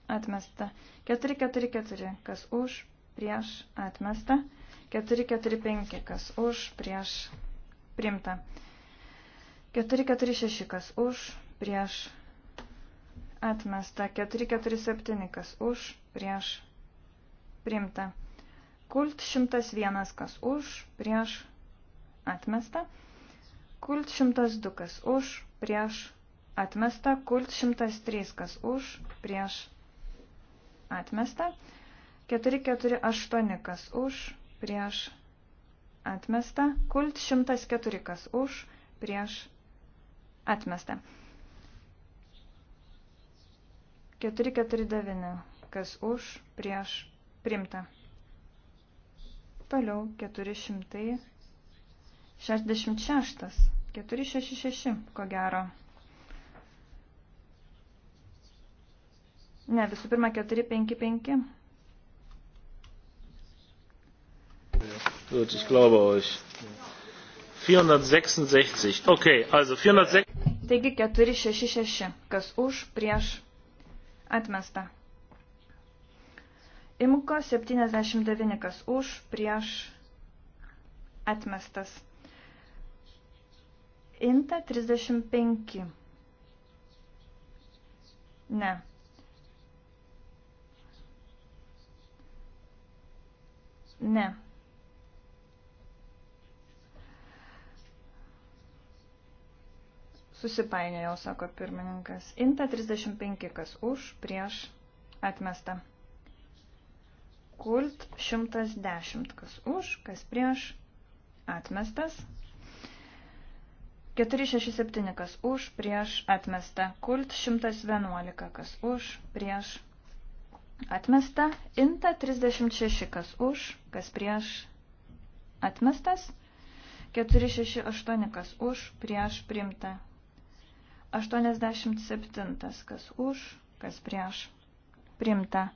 Atmesta. 444 kas už, prieš. Atmesta. 445 kas už, prieš. Primta. 446 kas už, prieš. Atmesta. 447 kas už, prieš. Primta. Kult 101 kas už, prieš atmesta. Kult 102, kas už, prieš, atmesta. Kult 103, kas už, prieš, atmesta. 448, kas už, prieš, atmesta. Kult 104, kas už, prieš, atmesta. 449, kas už, prieš, primta. Toliau 400. 66. 466, ko gero. Ne, visų pirma 455. Gut, ich glaube euch. 466. Okay, also 406. Taigi 466. Kas už, prieš, atmesta. Imko 79. Kas už, prieš, atmestas. Inta 35. Ne. Ne. Susipainėjau, sako pirmininkas. Inta 35, kas už, prieš, atmesta. Kult 110, kas už, kas prieš, atmestas. 467 kas už, prieš atmesta. Kult 111 kas už, prieš atmesta. Inta 36 kas už, kas prieš atmestas. 468 kas už, prieš primta. 87 kas už, kas prieš primta.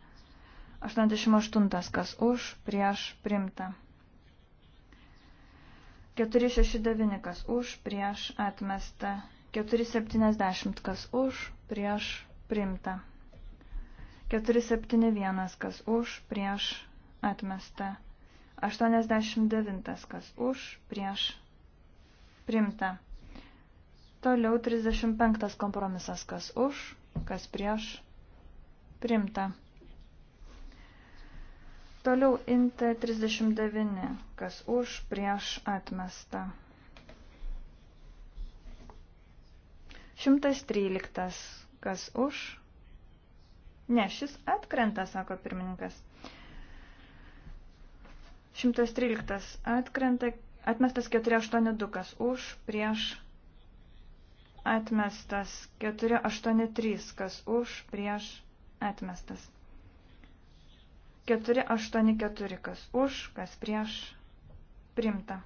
88 kas už, prieš primta. 469 kas už, prieš atmesta. 470 kas už, prieš primta. 471 kas už, prieš atmesta. 89 kas už, prieš primta. Toliau 35 kompromisas kas už, kas prieš primta. Toliau int 39, kas už prieš atmestą. 113, kas už. Ne, šis atkrenta, sako pirmininkas. 113 atkrenta, atmestas 482, kas už, prieš, atmestas 483, kas už, prieš, atmestas. 484, kas už, kas prieš, primta.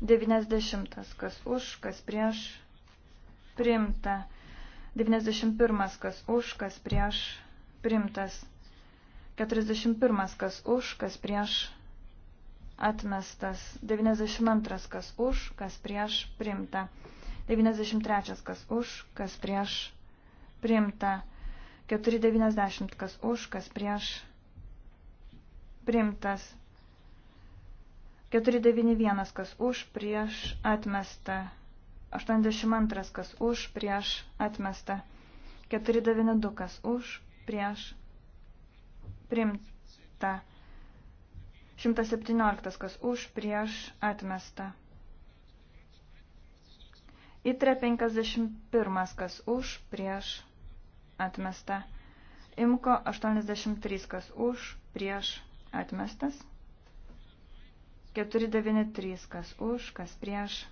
90, kas už, kas prieš, primta. 91, kas už, kas prieš, primtas. 41, kas už, kas prieš, atmestas. 92, kas už, kas prieš, primta. 93, kas už, kas prieš, primta. 490, kas už, kas prieš, primtas. 491, kas už, prieš, atmesta. 82, kas už, prieš, atmesta. 492, kas už, prieš, primta. 117, kas už, prieš, atmesta. Įtre 51, kas už, prieš, atmesta atmesta. Imko 83, kas už, prieš, atmestas. 493, kas už, kas prieš,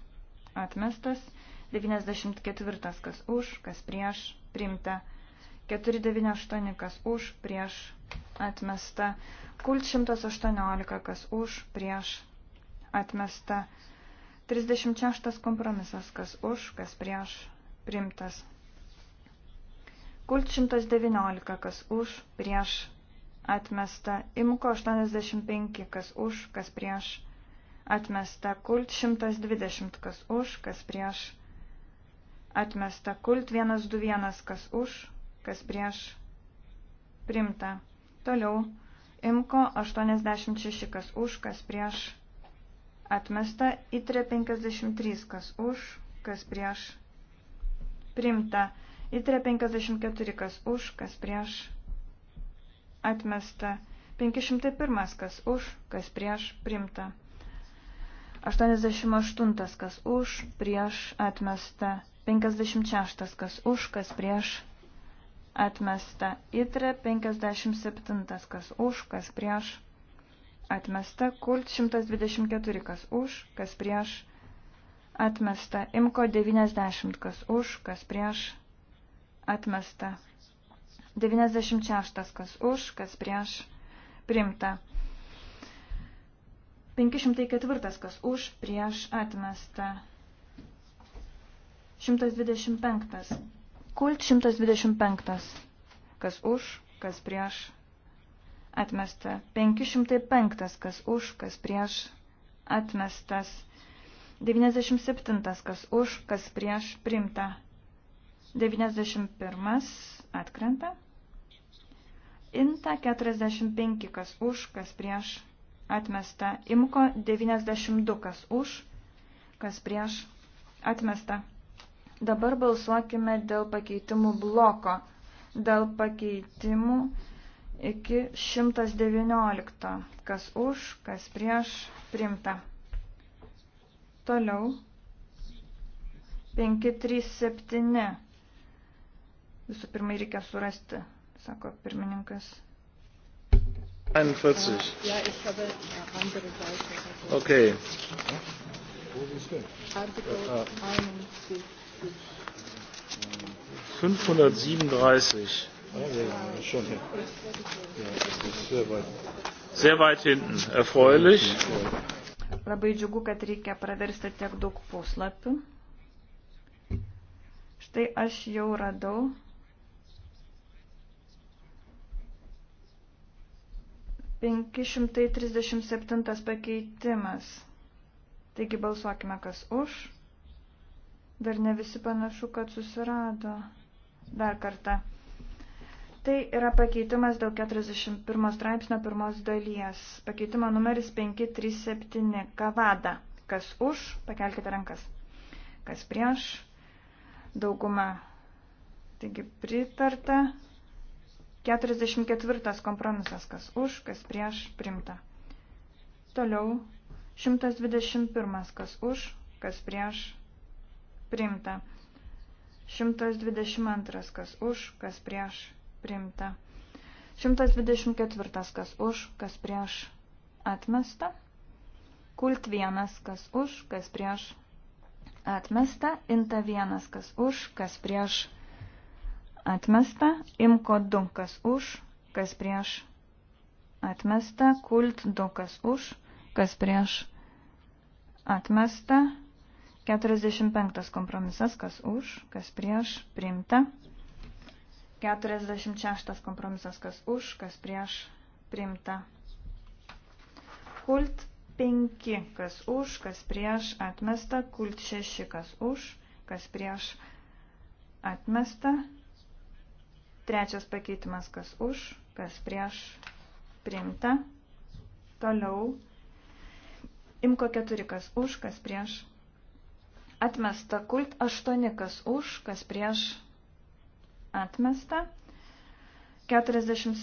atmestas. 94, kas už, kas prieš, primta. 498, kas už, prieš, atmesta. Kult 118, kas už, prieš, atmesta. 36 kompromisas, kas už, kas prieš, primtas. Kult 119, kas už, prieš, atmesta. Imko 85, kas už, kas prieš, atmesta. Kult 120, kas už, kas prieš, atmesta. Kult 121, kas už, kas prieš, primta. Toliau. Imko 86, kas už, kas prieš, atmesta. Itre 53, kas už, kas prieš, primta. Įtrė 54, kas už, kas prieš, atmesta. 501, kas už, kas prieš, primta. 88, kas už, prieš, atmesta. 56, kas už, kas prieš, atmesta. Įtrė 57, kas už, kas prieš, atmesta. Kult 124, kas už, kas prieš, atmesta. Imko 90, kas už, kas prieš, atmesta atmesta. 96. Kas už, kas prieš, primta. 504. Kas už, prieš, atmesta. 125. Kult 125. Kas už, kas prieš, atmesta. 505. Kas už, kas prieš, atmestas. 97. Kas už, kas prieš, primta. 91 atkrenta. Inta 45, kas už, kas prieš, atmesta. Imko 92, kas už, kas prieš, atmesta. Dabar balsuokime dėl pakeitimų bloko, dėl pakeitimų iki 119, kas už, kas prieš, primta. Toliau 537 Visų pirma, reikia surasti, sako pirmininkas. 41. Okay. Artikel 41. 537. Sehr weit hinten. Erfreulich. Labai džiugu, kad reikia praversti tiek daug puslapių. Štai aš jau radau 537 pakeitimas. Taigi balsuokime, kas už. Dar ne visi panašu, kad susirado. Dar kartą. Tai yra pakeitimas dėl 41 straipsnio pirmos dalies. Pakeitimo numeris 537. Kavada. Kas už? Pakelkite rankas. Kas prieš? Dauguma. Taigi pritarta. 44 kompromisas, kas už, kas prieš, primta. Toliau 121, kas už, kas prieš, primta. 122, kas už, kas prieš, primta. 124, kas už, kas prieš, atmesta. Kult vienas, kas už, kas prieš, atmesta. Inta vienas, kas už, kas prieš, atmesta atmesta, imko 2, kas už, kas prieš, atmesta, kult 2, kas už, kas prieš, atmesta, 45 kompromisas, kas už, kas prieš, priimta, 46 kompromisas, kas už, kas prieš, priimta, kult 5, kas už, kas prieš, atmesta, kult 6, kas už, kas prieš, atmesta, Trečias pakeitimas, kas už, kas prieš, priimta. Toliau. Imko keturi, kas už, kas prieš. Atmesta kult aštuoni, kas už, kas prieš. Atmesta. 47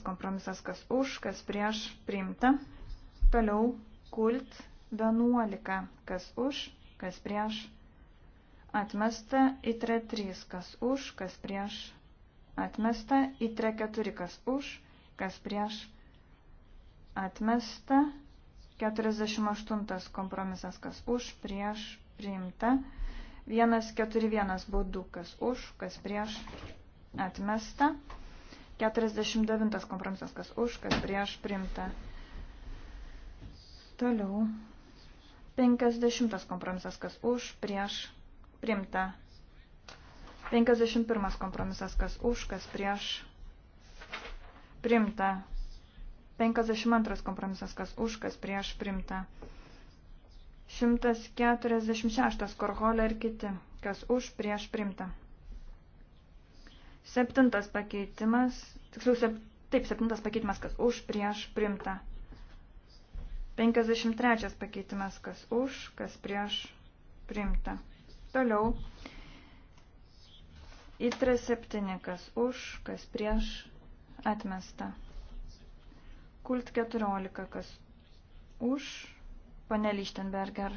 kompromisas, kas už, kas prieš, priimta. Toliau kult 11, kas už, kas prieš, atmesta. Itre 3, kas už, kas prieš, atmesta, įtre 4 kas už, kas prieš atmesta, 48 kompromisas kas už, prieš priimta, 141 baudu kas už, kas prieš atmesta, 49 kompromisas kas už, kas prieš priimta. Toliau. 50 kompromisas kas už, prieš, primta. 51 kompromisas, kas už, kas prieš, primta. 52 kompromisas, kas už, kas prieš, primta. 146 korholė ir kiti, kas už, prieš, primta. Septintas pakeitimas, tiksliau, sep, taip, septintas pakeitimas, kas už, prieš, primta. 53 pakeitimas, kas už, kas prieš, primta. Toliau, Įtre septyni, kas už, kas prieš, atmesta. Kult keturiolika, kas už, pane Lichtenberger.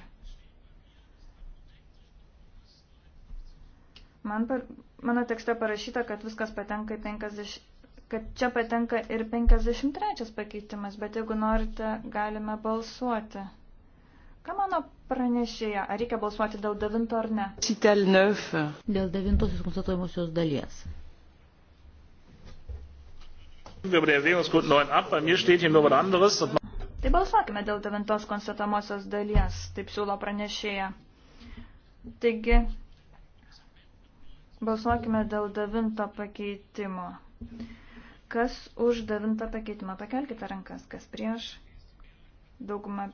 Man par, mano tekste parašyta, kad viskas patenka į 50, kad čia patenka ir 53 pakeitimas, bet jeigu norite, galime balsuoti. Ką mano pranešėja, ar reikia balsuoti dėl devinto ar ne? Dėl devintosios konstatuojamosios dalies. Tai balsuokime dėl devintos konstatuojamosios dalies, taip siūlo pranešėja. Taigi, balsuokime dėl devinto pakeitimo. Kas už devintą pakeitimą? Pakelkite rankas, kas prieš. Dauguma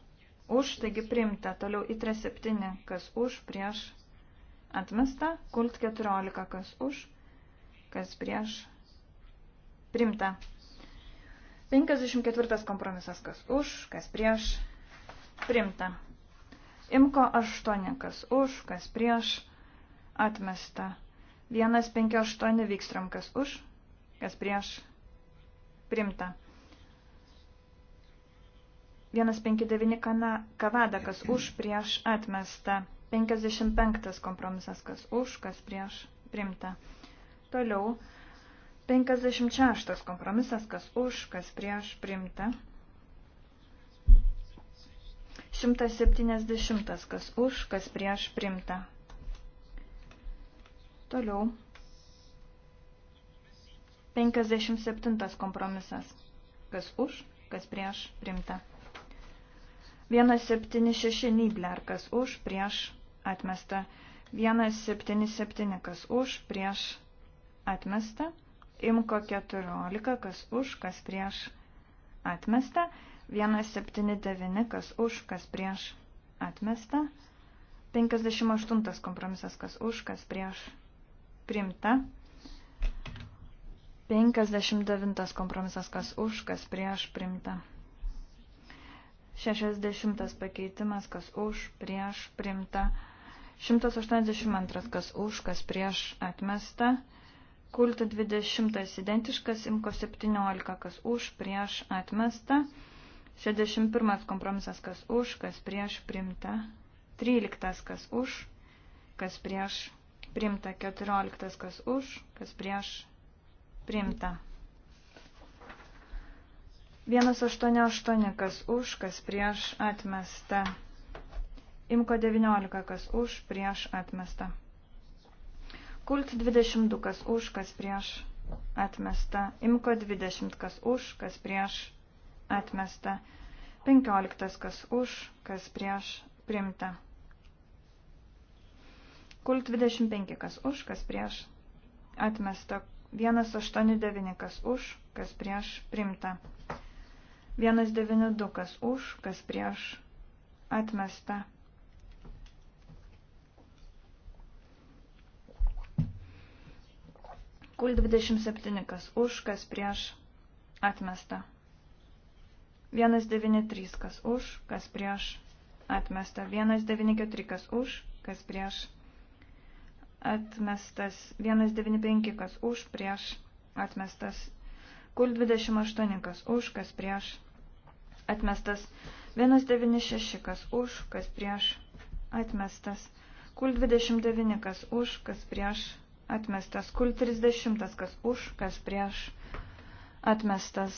Už, taigi primta. Toliau į 37, kas už, prieš, atmesta. Kult 14, kas už, kas prieš, primta. 54 kompromisas, kas už, kas prieš, primta. Imko 8, kas už, kas prieš, atmesta. 158 vykstrom, kas už, kas prieš, primta. 159 kavada, kas už prieš atmesta. 55 kompromisas, kas už, kas prieš primta. Toliau 56 kompromisas, kas už, kas prieš primta. 170 kas už, kas prieš primta. Toliau 57 kompromisas, kas už, kas prieš primta. 176 Nibler, kas už, prieš, atmesta. 177, kas už, prieš, atmesta. Imko 14, kas už, kas prieš, atmesta. 179, kas už, kas prieš, atmesta. 58 kompromisas, kas už, kas prieš, primta. 59 kompromisas, kas už, kas prieš, primta. 60 pakeitimas, kas už, prieš, primta. 182, kas už, kas prieš, atmesta. Kulta 20 identiškas, imko 17, kas už, prieš, atmesta. 61 kompromisas, kas už, kas prieš, primta. 13, kas už, kas prieš, primta. 14, kas už, kas prieš, primta. 188, kas už, kas prieš atmesta. Imko 19, kas už, prieš atmesta. Kult 22, kas už, kas prieš atmesta. Imko 20, kas už, kas prieš atmesta. 15, kas už, kas prieš primta. Kult 25, kas už, kas prieš atmesta. 189, kas už, kas prieš primta. 192, kas už, kas prieš, atmesta. Kul 27, kas už, kas prieš, atmesta. 193, kas už, kas prieš, atmesta. 194, kas už, kas prieš, atmestas. 195, kas už, prieš, atmestas. Kul 28, kas už, kas prieš. Atmestas. 196, kas už, kas prieš. Atmestas. Kul 29, kas už, kas prieš. Atmestas. Kul 30, kas už, kas prieš. Atmestas.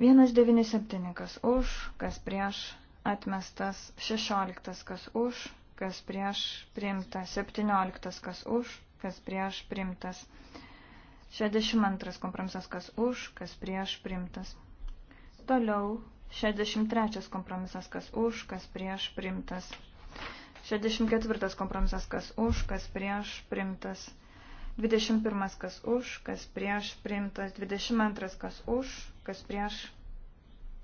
197, kas už, kas prieš. Atmestas. 16, kas už, kas prieš. Priimta. 17, kas už, kas prieš. Priimtas. 62 kompromisas kas už, kas prieš primtas. Toliau 63 kompromisas kas už, kas prieš primtas. 64 kompromisas kas už, kas prieš primtas. 21 kas už, kas prieš primtas. 22 kas už, kas prieš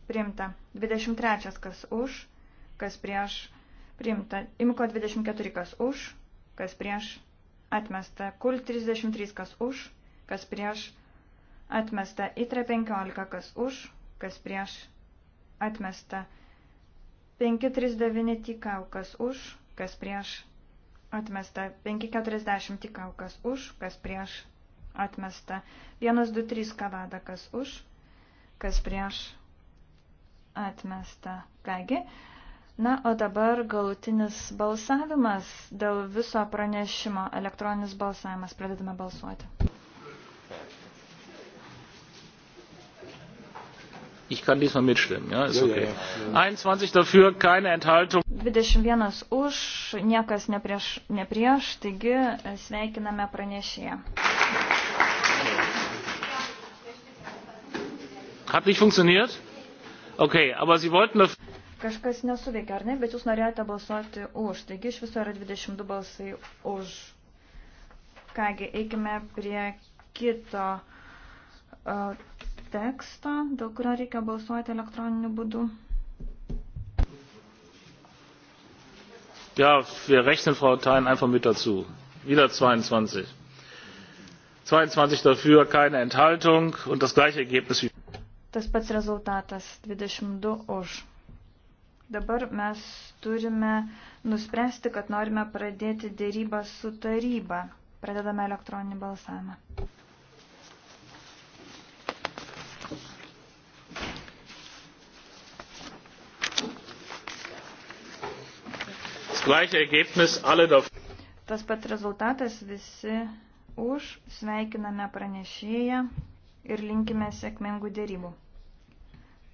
primta. 23 kas už, kas prieš primta. Imko 24 kas už, kas prieš atmesta. Kul 33 kas už, kas prieš, atmesta įtre 15, kas už, kas prieš, atmesta 539 tikau, kas už, kas prieš, atmesta 540 tikau, kas už, kas prieš, atmesta 123 kavada, kas už, kas prieš, atmesta. Kągi, Na, o dabar galutinis balsavimas dėl viso pranešimo, elektroninis balsavimas, pradedame balsuoti. Ich kann diesmal mitstimmen, ja, ist okay. 21 dafür, keine Enthaltung. 21 už, niekas neprieš, neprieš taigi e, sveikiname pranešėją. Hat nicht funktioniert? Okay, aber Sie wollten das... Kažkas nesuveikia, ar ne, bet jūs norėjote balsuoti už. Taigi iš viso yra 22 balsai už. Kągi, eikime prie kito. Uh, teksto, dėl kurio reikia balsuoti elektroniniu būdu. Ja, wir rechnen Frau Thein einfach mit dazu. Wieder 22. 22 dafür, keine Enthaltung und das gleiche Ergebnis wie. Tas pats rezultatas 22 už. Dabar mes turime nuspręsti, kad norime pradėti dėrybą su taryba. Pradedame elektroninį balsavimą. Tas pat rezultatas visi už, sveikiname pranešėją ir linkime sėkmingų dėrybų.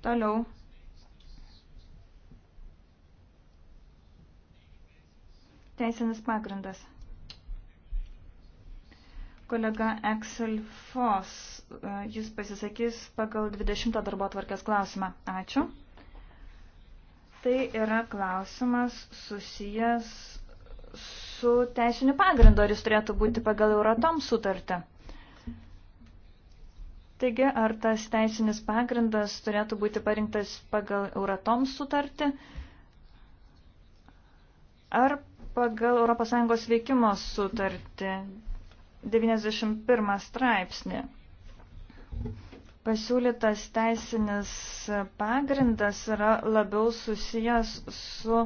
Toliau. Teisinis pagrindas. Kolega Axel Foss, e, jis pasisakys pagal 20 darbo tvarkės klausimą. Ačiū. Tai yra klausimas susijęs su teisiniu pagrindu, ar jis turėtų būti pagal Euratom sutartį. Taigi, ar tas teisinis pagrindas turėtų būti parinktas pagal Euratom sutartį, ar pagal ES veikimo sutartį 91 straipsnį pasiūlytas teisinis pagrindas yra labiau susijęs su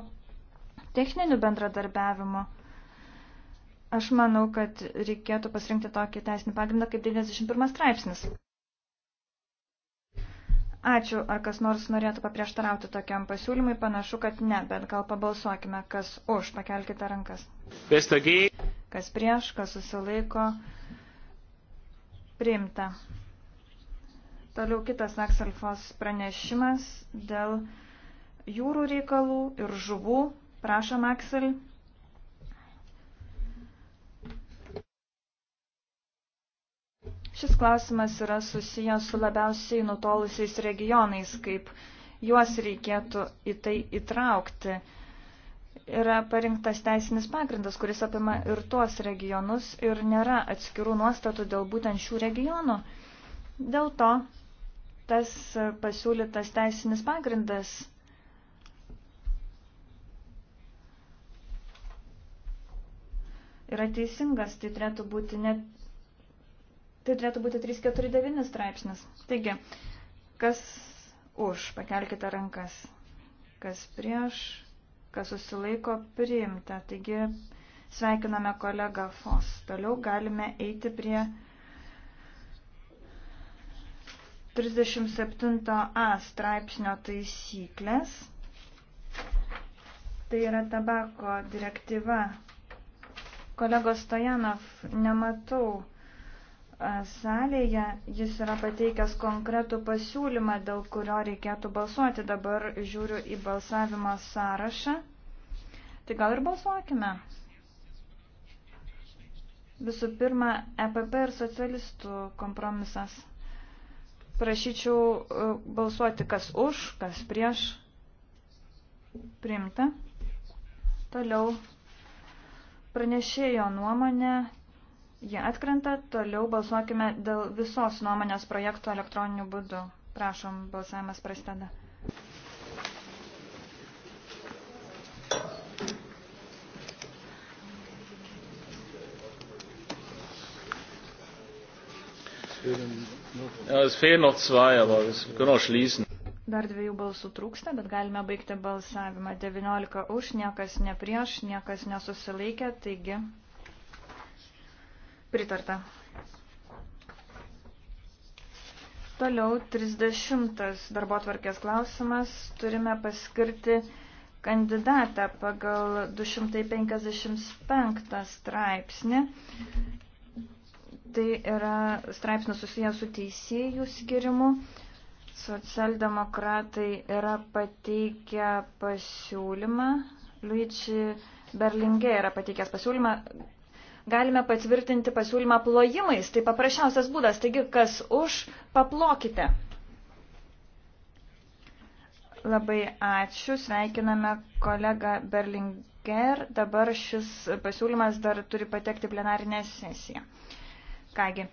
techniniu bendradarbiavimu. Aš manau, kad reikėtų pasirinkti tokį teisinį pagrindą kaip 91 straipsnis. Ačiū, ar kas nors norėtų paprieštarauti tokiam pasiūlymui, panašu, kad ne, bet gal pabalsuokime, kas už, pakelkite rankas. Kas prieš, kas susilaiko, priimta. Toliau kitas Naksalfos pranešimas dėl jūrų reikalų ir žuvų. Prašom, Aksel. Šis klausimas yra susijęs su labiausiai nutolusiais regionais, kaip juos reikėtų į tai įtraukti. Yra parinktas teisinis pagrindas, kuris apima ir tuos regionus ir nėra atskirų nuostatų dėl būtent šių regionų. Dėl to tas pasiūlytas teisinis pagrindas. Yra teisingas, tai turėtų būti net. Tai turėtų būti 349 straipsnis. Taigi, kas už, pakelkite rankas. Kas prieš, kas susilaiko, priimta. Taigi, sveikiname kolegą Fos. Toliau galime eiti prie 37a straipsnio taisyklės. Tai yra tabako direktyva. Kolegos Stojanov, nematau salėje. Jis yra pateikęs konkretų pasiūlymą, dėl kurio reikėtų balsuoti. Dabar žiūriu į balsavimo sąrašą. Tai gal ir balsuokime. Visų pirma, EPP ir socialistų kompromisas. Prašyčiau e, balsuoti kas už, kas prieš. Priimta. Toliau pranešėjo nuomonė. Jie atkrenta. Toliau balsuokime dėl visos nuomonės projekto elektroniniu būdu. Prašom, balsavimas prasideda. Turim Dar dviejų balsų trūksta, bet galime baigti balsavimą. 19 už, niekas ne prieš, niekas nesusilaikė, taigi pritarta. Toliau 30 darbo tvarkės klausimas. Turime paskirti kandidatą pagal 255 straipsnį. Tai yra straipsnis susijęs su teisėjų skirimu. Socialdemokratai yra pateikę pasiūlymą. Luigi Berlingė yra pateikęs pasiūlymą. Galime patvirtinti pasiūlymą plojimais. Tai paprasčiausias būdas. Taigi, kas už, paplokite. Labai ačiū. Sveikiname kolegą Berlinger. Dabar šis pasiūlymas dar turi patekti plenarinę sesiją. Kągi.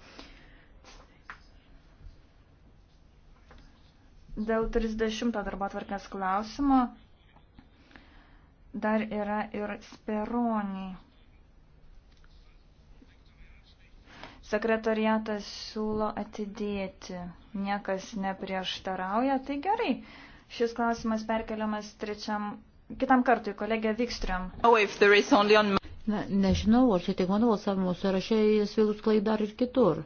Dėl 30 darbo atvarkės klausimo dar yra ir speroniai. Sekretariatas siūlo atidėti. Niekas neprieštarauja, tai gerai. Šis klausimas perkeliamas trečiam, kitam kartui, kolegė Vikstriom. Oh, Na, nežinau, aš tai tik manau, savo sąraše jis vėl sklaida dar ir kitur.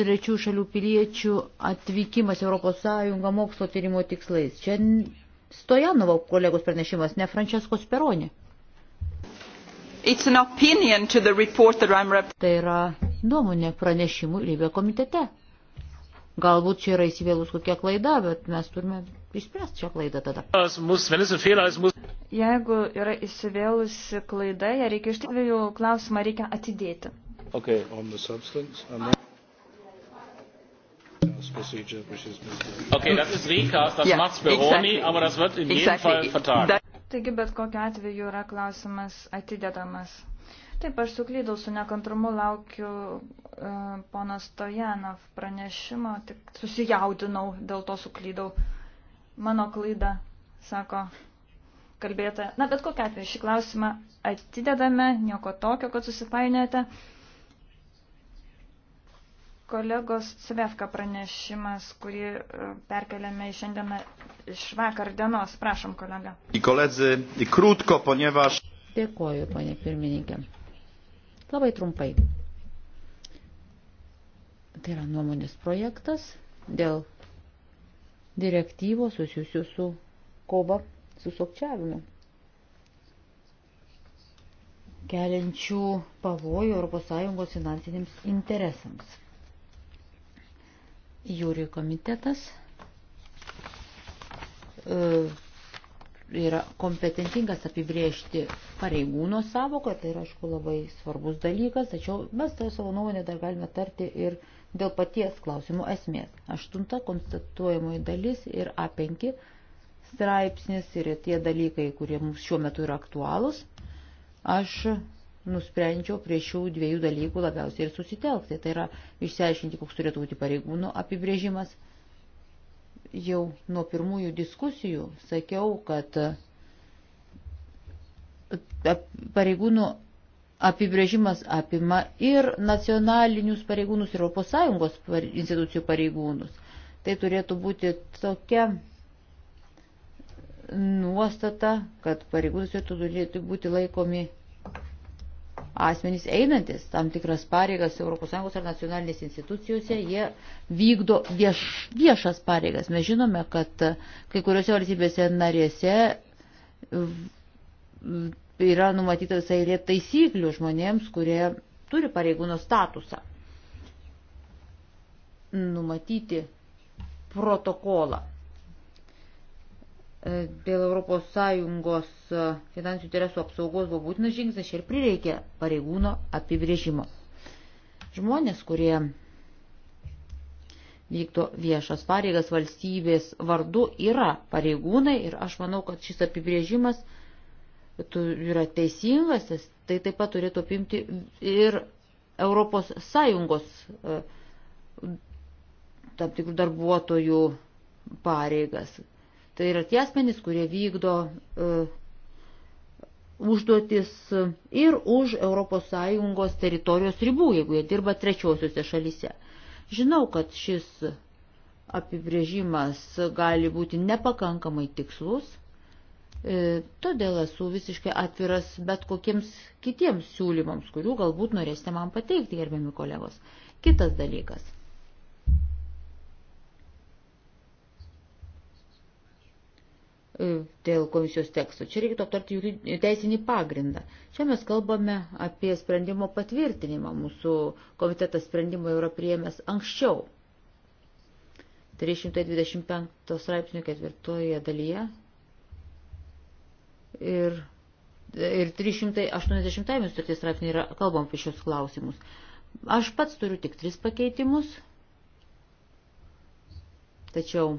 Trečių šalių piliečių atvykimas Europos Sąjunga mokslo tyrimo tikslais. Čia Stojanovo kolegos pranešimas, ne Francesco Speroni. Tai yra nuomonė pranešimų lygio komitete. Galbūt čia yra įsivėlus kokia klaida, bet mes turime išspręsti šią klaidą tada. Jeigu yra įsivėlusi klaida, ją reikia iš tikrųjų klausimą reikia atidėti. Okay, on the substance and then procedure which is Okay, das ist Recast, das yeah, macht's Beroni, exactly. aber das wird in exactly. jedem Fall vertagt. Taigi bet kokiu atveju yra klausimas atidėdamas. Taip, aš suklydau su nekantrumu, laukiu e, pono Stojanov pranešimo, tik susijaudinau, dėl to suklydau. Mano klaida, sako kalbėtoja. Na, bet kokia atveju, šį klausimą atidedame, nieko tokio, kad susipainėjote. Kolegos Svefka pranešimas, kurį e, perkeliame iš šiandieną, iš vakar dienos. Prašom, kolega. Į koledzy, į krūtko, ponieważ... Dėkoju, ponė pirmininkė. Labai trumpai. Tai yra nuomonės projektas dėl direktyvos susijusių su kova su sokčiavimu. Keliančių pavojų ES finansiniams interesams. Jūri komitetas. E, yra kompetentingas apibriežti pareigūno savoką, tai yra, aišku, labai svarbus dalykas, tačiau mes tai savo nuomonę dar galime tarti ir dėl paties klausimo esmės. Aštunta konstatuojamoji dalis ir A5 straipsnis yra tie dalykai, kurie mums šiuo metu yra aktualūs. Aš nusprendžiau prie šių dviejų dalykų labiausiai ir susitelkti. Tai yra išsiaiškinti, koks turėtų būti pareigūnų apibrėžimas jau nuo pirmųjų diskusijų sakiau, kad e, pareigūnų apibrėžimas apima ir nacionalinius pareigūnus, ir ES institucijų pareigūnus. Tai turėtų būti tokia nuostata, kad pareigūnus turėtų būti laikomi asmenys einantis tam tikras pareigas ES ar nacionalinės institucijose, jie vykdo vieš, viešas pareigas. Mes žinome, kad kai kuriuose valstybėse narėse yra numatyta visai lė taisyklių žmonėms, kurie turi pareigūno statusą. Numatyti protokolą E, dėl ES e, finansinių interesų apsaugos buvo būtinas žingsnis ir prireikė pareigūno apibrėžimo. Žmonės, kurie vykdo viešas pareigas valstybės vardu, yra pareigūnai ir aš manau, kad šis apibrėžimas yra teisingas, tai taip pat turėtų apimti ir ES e, tam tikrų darbuotojų pareigas, Tai yra tie asmenys, kurie vykdo uh, užduotis ir už ES teritorijos ribų, jeigu jie dirba trečiosiuose šalyse. Žinau, kad šis apibrėžimas gali būti nepakankamai tikslus, e, todėl esu visiškai atviras bet kokiems kitiems siūlymams, kurių galbūt norėsite man pateikti, gerbiami kolegos. Kitas dalykas. E, dėl komisijos teksto. Čia reikėtų aptarti teisinį pagrindą. Čia mes kalbame apie sprendimo patvirtinimą. Mūsų komitetas sprendimą yra priėmęs anksčiau. 325 straipsnio ketvirtoje dalyje ir, ir 380 sutarties straipsnė yra kalbam apie šios klausimus. Aš pats turiu tik tris pakeitimus, tačiau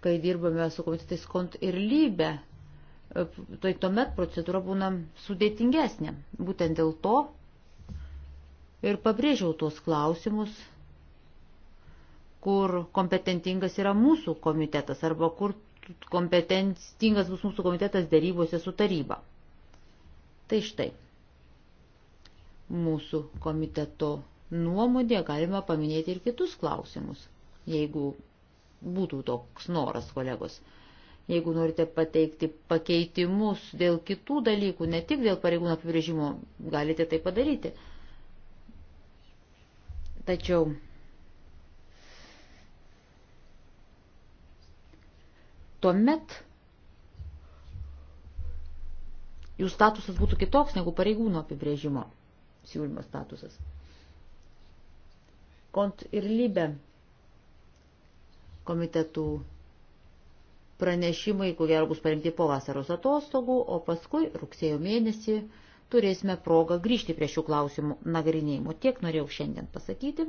kai dirbame su komitetais kont ir lybe, tai tuomet procedūra būna sudėtingesnė. Būtent dėl to ir pabrėžiau tuos klausimus, kur kompetentingas yra mūsų komitetas arba kur kompetentingas bus mūsų komitetas dėrybose su taryba. Tai štai mūsų komiteto nuomonė galima paminėti ir kitus klausimus, jeigu būtų toks noras, kolegos. Jeigu norite pateikti pakeitimus dėl kitų dalykų, ne tik dėl pareigūno apibrėžimo, galite tai padaryti. Tačiau tuomet jų statusas būtų kitoks negu pareigūno apibrėžimo siūlymo statusas. Kont ir lybė komitetų pranešimai, ko gero bus parengti po vasaros atostogų, o paskui rugsėjo mėnesį turėsime progą grįžti prie šių klausimų nagrinėjimo. Tiek norėjau šiandien pasakyti.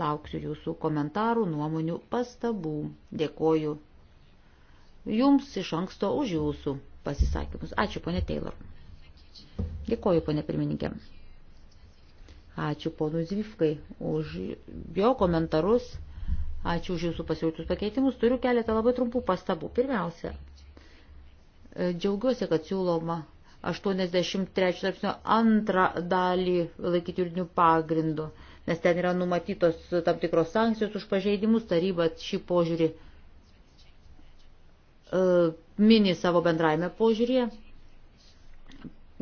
Lauksiu jūsų komentarų, nuomonių, pastabų. Dėkoju jums iš anksto už jūsų pasisakymus. Ačiū, ponė Taylor. Dėkoju, ponė pirmininkė. Ačiū ponui Zvifkai už jo komentarus Ačiū už Jūsų pasiūlytus pakeitimus. Turiu keletą labai trumpų pastabų. Pirmiausia, e, džiaugiuosi, kad siūloma 83 straipsnio antrą dalį laikyti juridinių pagrindų, nes ten yra numatytos tam tikros sankcijos už pažeidimus. Taryba šį požiūrį e, mini savo bendraime požiūrėje.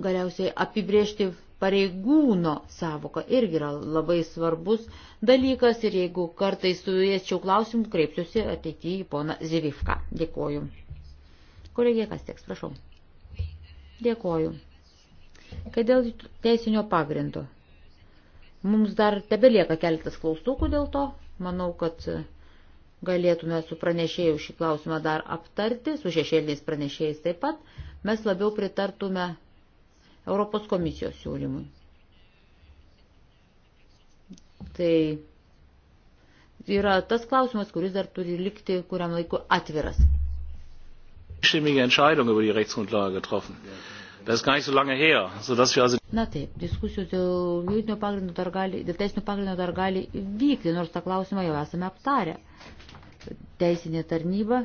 Galiausiai apibriežti pareigūno savoka irgi yra labai svarbus dalykas ir jeigu kartais turėčiau klausimų, kreipsiuosi ateityje į poną Zivifką. Dėkoju. Kolegė Kasteks, prašau. Dėkoju. Kai dėl teisinio pagrindo. Mums dar tebelieka keletas klaustukų dėl to. Manau, kad galėtume su pranešėjų šį klausimą dar aptarti, su šešėliniais pranešėjais taip pat. Mes labiau pritartume Europos komisijos siūlymui. Tai yra tas klausimas, kuris dar turi likti kuriam laiku atviras. Na taip, diskusijos dėl juridinio pagrindo dar gali, dėl teisinio pagrindo dar gali vykti, nors tą klausimą jau esame aptarę. Teisinė tarnyba,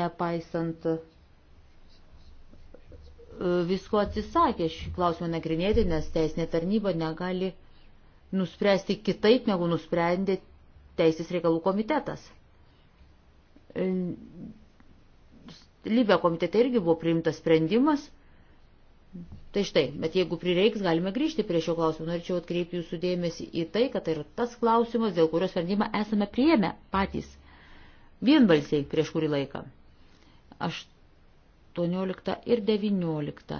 nepaisant visko atsisakė šį klausimą nagrinėti, nes teisinė tarnyba negali nuspręsti kitaip, negu nusprendė Teisės reikalų komitetas. Lybė komitete irgi buvo priimtas sprendimas. Tai štai, bet jeigu prireiks, galime grįžti prie šio klausimo. Norėčiau atkreipti jūsų dėmesį į tai, kad tai yra tas klausimas, dėl kurio sprendimą esame priėmę patys. Vienbalsiai prieš kurį laiką. Aš 18 ir 19.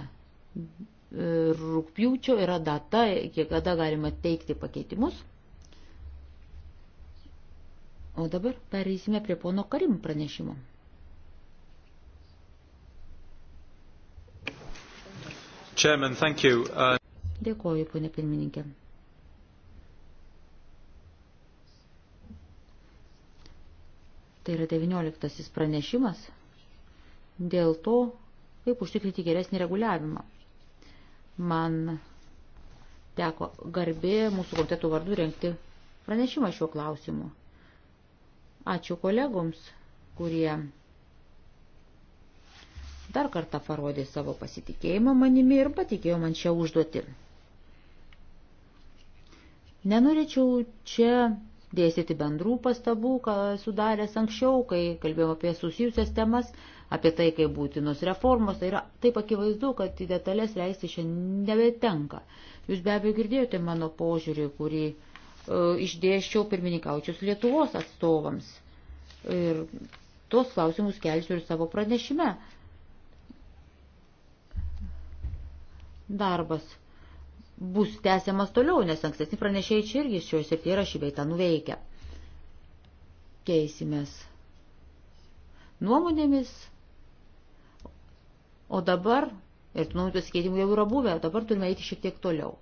Rūpjūčio yra data, iki kada galima teikti pakeitimus. O dabar pereisime prie pono Karim pranešimo. Chairman, thank you. Uh... Dėkoju, ponė pirmininkė. Tai yra 19 pranešimas dėl to, kaip užtikrinti geresnį reguliavimą. Man teko garbė mūsų komitetų vardu renkti pranešimą šiuo klausimu. Ačiū kolegoms, kurie dar kartą parodė savo pasitikėjimą manimi ir patikėjo man šią užduotį. Nenorėčiau čia dėstyti bendrų pastabų, ką sudaręs anksčiau, kai kalbėjome apie susijusias temas, apie tai, kaip būtinos reformos. Tai yra taip akivaizdu, kad į detalės leisti šiandien nebetenka. Jūs be abejo girdėjote mano požiūrį, kurį e, išdėščiau pirmininkaučius Lietuvos atstovams. Ir tuos klausimus kelsiu ir savo pranešime. Darbas bus tęsiamas toliau, nes ankstesni pranešėjai čia irgi šioje srityje yra šį beitą nuveikę. Keisimės nuomonėmis, o dabar, ir nuomonių pasikeitimų jau yra buvę, dabar turime eiti šiek tiek toliau.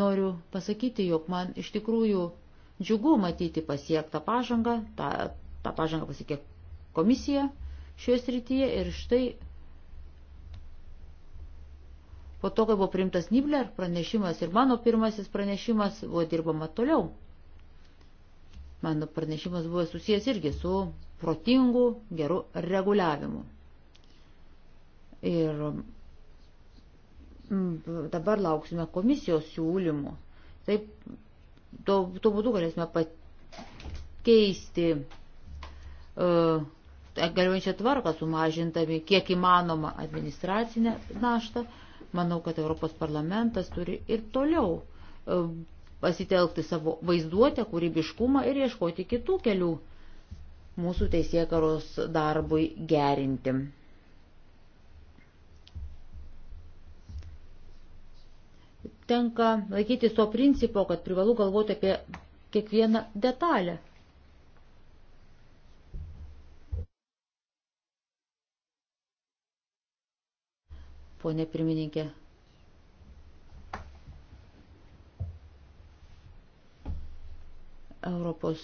Noriu pasakyti, jog man iš tikrųjų džiugu matyti pasiektą pažangą, tą, tą pažangą pasiekė komisija šioje srityje ir štai Po to, kai buvo priimtas Nibler pranešimas ir mano pirmasis pranešimas, buvo dirbama toliau. Mano pranešimas buvo susijęs irgi su protingu, geru reguliavimu. Ir mm, dabar lauksime komisijos siūlymų. Taip, to, to būdu galėsime pakeisti uh, galiojančią tvarką, sumažintami kiek įmanoma administracinę naštą. Uh, Manau, kad Europos parlamentas turi ir toliau e, pasitelkti savo vaizduotę, kūrybiškumą ir ieškoti kitų kelių mūsų teisėkaros darbui gerinti. Tenka laikytis to principo, kad privalu galvoti apie kiekvieną detalę. ponė pirmininkė. Europos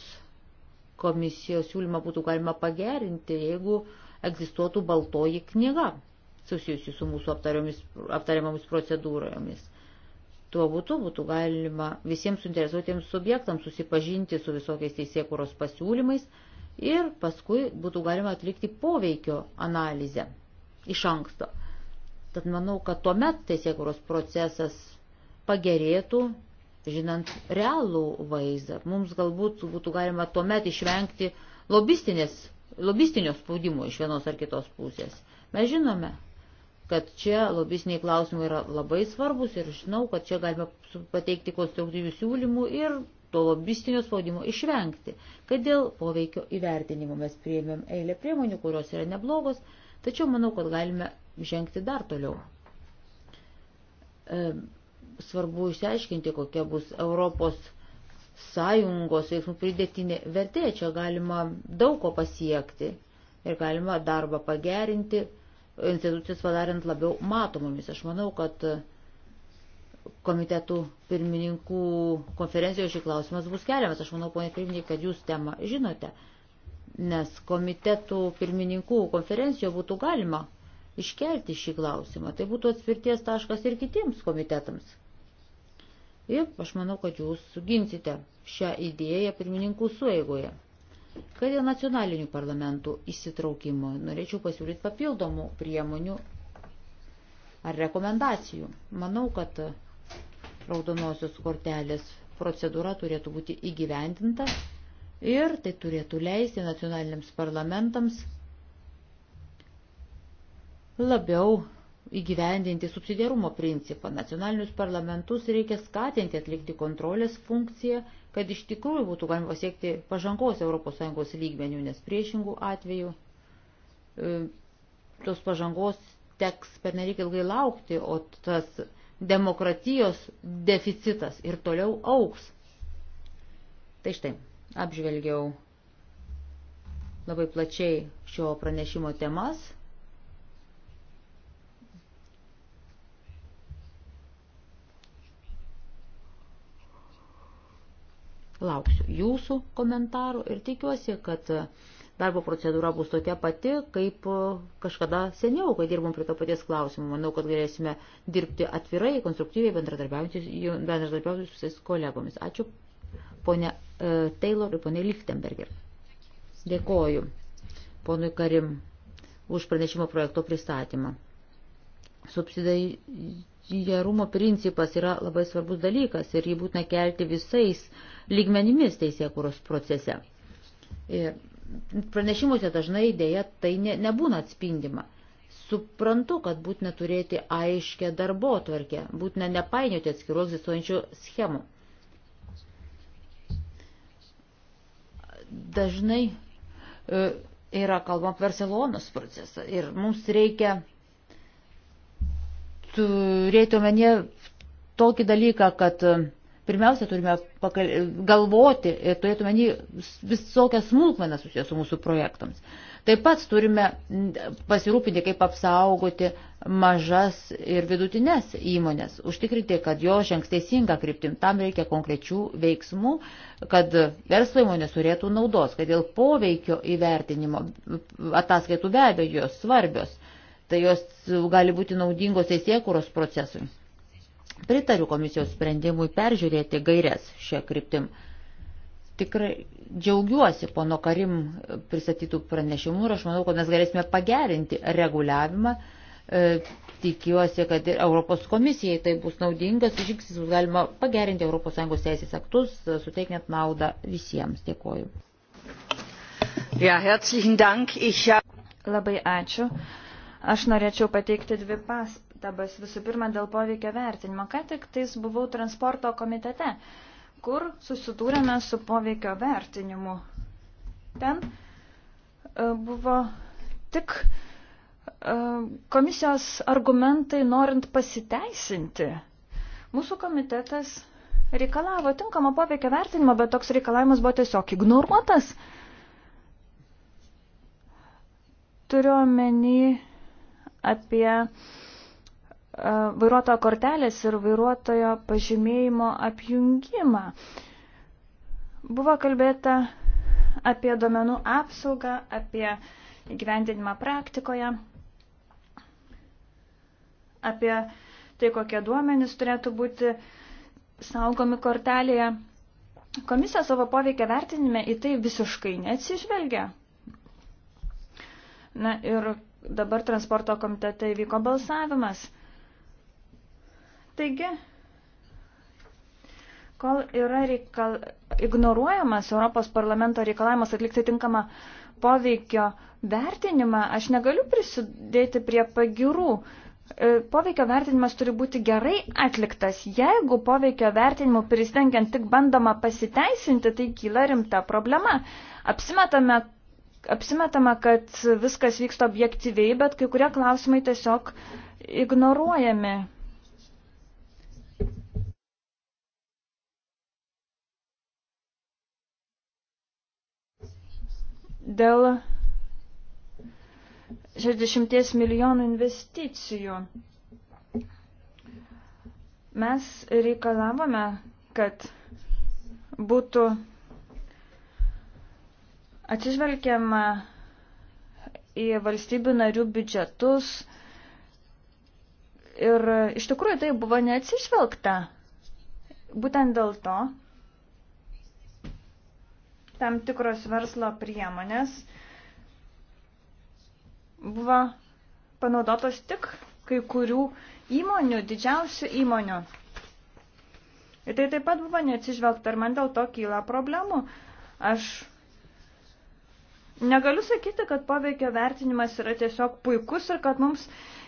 komisijos siūlymą būtų galima pagerinti, jeigu egzistuotų baltoji knyga susijusi su mūsų aptariamomis procedūromis. Tuo būtų būtų galima visiems suinteresuotiems subjektams susipažinti su visokiais teisėkuros pasiūlymais ir paskui būtų galima atlikti poveikio analizę iš anksto. Tad manau, kad tuomet teisėkuros procesas pagerėtų, žinant realų vaizdą. Mums galbūt būtų galima tuomet išvengti lobistinio spaudimo iš vienos ar kitos pusės. Mes žinome, kad čia lobistiniai klausimai yra labai svarbus ir žinau, kad čia galime pateikti konstruktyvių siūlymų ir to lobistinio spaudimo išvengti, kad dėl poveikio įvertinimo mes prieimėm eilę priemonių, kurios yra neblogos, tačiau manau, kad galime žengti dar toliau. E, svarbu išsiaiškinti, kokia bus Europos sąjungos veiksmų pridėtinė vertė. Čia galima daug ko pasiekti ir galima darbą pagerinti, institucijas padarint labiau matomomis. Aš manau, kad komitetų pirmininkų konferencijoje šį klausimas bus keliamas. Aš manau, ponė pirmininkai, kad jūs temą žinote, nes komitetų pirmininkų konferencijoje būtų galima iškelti šį klausimą. Tai būtų atspirties taškas ir kitiems komitetams. Ir aš manau, kad jūs suginsite šią idėją pirmininkų sueigoje. Kad dėl nacionalinių parlamentų įsitraukimo norėčiau pasiūlyti papildomų priemonių ar rekomendacijų. Manau, kad raudonosios kortelės procedūra turėtų būti įgyvendinta ir tai turėtų leisti nacionaliniams parlamentams labiau įgyvendinti subsidiarumo principą. Nacionalinius parlamentus reikia skatinti atlikti kontrolės funkciją, kad iš tikrųjų būtų galima pasiekti pažangos ES lygmenių, nes priešingų atveju e, tos pažangos teks per nereik ilgai laukti, o tas demokratijos deficitas ir toliau auks. Tai štai, apžvelgiau labai plačiai šio pranešimo temas. Lauksiu jūsų komentarų ir tikiuosi, kad darbo procedūra bus tokia pati, kaip e, kažkada seniau, kai dirbom prie to paties klausimo. Manau, kad galėsime dirbti atvirai, konstruktyviai, bendradarbiauti su visais kolegomis. Ačiū ponė e, Taylor ir ponė Lichtenberger. Dėkoju ponui Karim už pranešimo projekto pristatymą. Subsidai subsidiarumo principas yra labai svarbus dalykas ir jį būtina kelti visais lygmenimis teisėkūros procese. Ir pranešimuose dažnai dėja tai ne, nebūna atspindima. Suprantu, kad būtina turėti aiškę darbo tvarkę, būtina nepainioti atskirų egzistuojančių schemų. Dažnai e, yra kalbama per Barcelonos procesą ir mums reikia turėti omenyje tokį dalyką, kad e, pirmiausia turime pakal... galvoti ir turėtume visokias smulkmenas susijęs su mūsų projektams. Taip pat turime pasirūpinti, kaip apsaugoti mažas ir vidutinės įmonės, užtikrinti, kad jo žengs teisinga kryptim. Tam reikia konkrečių veiksmų, kad verslo įmonės turėtų naudos, kad dėl poveikio įvertinimo ataskaitų be abejo jos svarbios tai jos gali būti naudingos teisėkuros procesui. Pritariu komisijos sprendimui peržiūrėti gairias šią kryptim. Tikrai džiaugiuosi pono Karim pristatytų pranešimų ir aš manau, kad mes galėsime pagerinti reguliavimą. E, tikiuosi, kad ir Europos komisijai tai bus naudingas žingsnis, bus galima pagerinti ES teisės aktus, suteikiant naudą visiems. Dėkoju. Ja, herzlichen Dank. Ich... Labai ačiū. Aš norėčiau pateikti dvi pastabas. Visų pirma, dėl poveikio vertinimo. Ką tik tais buvau transporto komitete, kur susidūrėme su poveikio vertinimu. Ten e, buvo tik e, komisijos argumentai norint pasiteisinti. Mūsų komitetas reikalavo tinkamo poveikio vertinimo, bet toks reikalavimas buvo tiesiog ignoruotas. Turiu omeny apie e, vairuotojo kortelės ir vairuotojo pažymėjimo apjungimą. Buvo kalbėta apie domenų apsaugą, apie įgyvendinimą praktikoje, apie tai, kokie duomenys turėtų būti saugomi kortelėje. Komisija savo poveikia vertinime į tai visiškai neatsižvelgia. Na ir dabar transporto komitete įvyko balsavimas. Taigi, kol yra reikal... ignoruojamas Europos parlamento reikalavimas atlikti tinkamą poveikio vertinimą, aš negaliu prisidėti prie pagirų. E, poveikio vertinimas turi būti gerai atliktas. Jeigu poveikio vertinimu prisidengiant tik bandoma pasiteisinti, tai kyla rimta problema. Apsimetame, apsimetama, kad viskas vyksta objektyviai, bet kai kurie klausimai tiesiog ignoruojami. Dėl 60 milijonų investicijų mes reikalavome, kad būtų Atsižvelgiama į valstybių narių biudžetus ir iš tikrųjų tai buvo neatsižvelgta. Būtent dėl to tam tikros verslo priemonės buvo panaudotos tik kai kurių įmonių, didžiausių įmonių. Ir tai taip pat buvo neatsižvelgta ir man dėl to kyla problemų. Aš Negaliu sakyti, kad poveikio vertinimas yra tiesiog puikus ir kad mums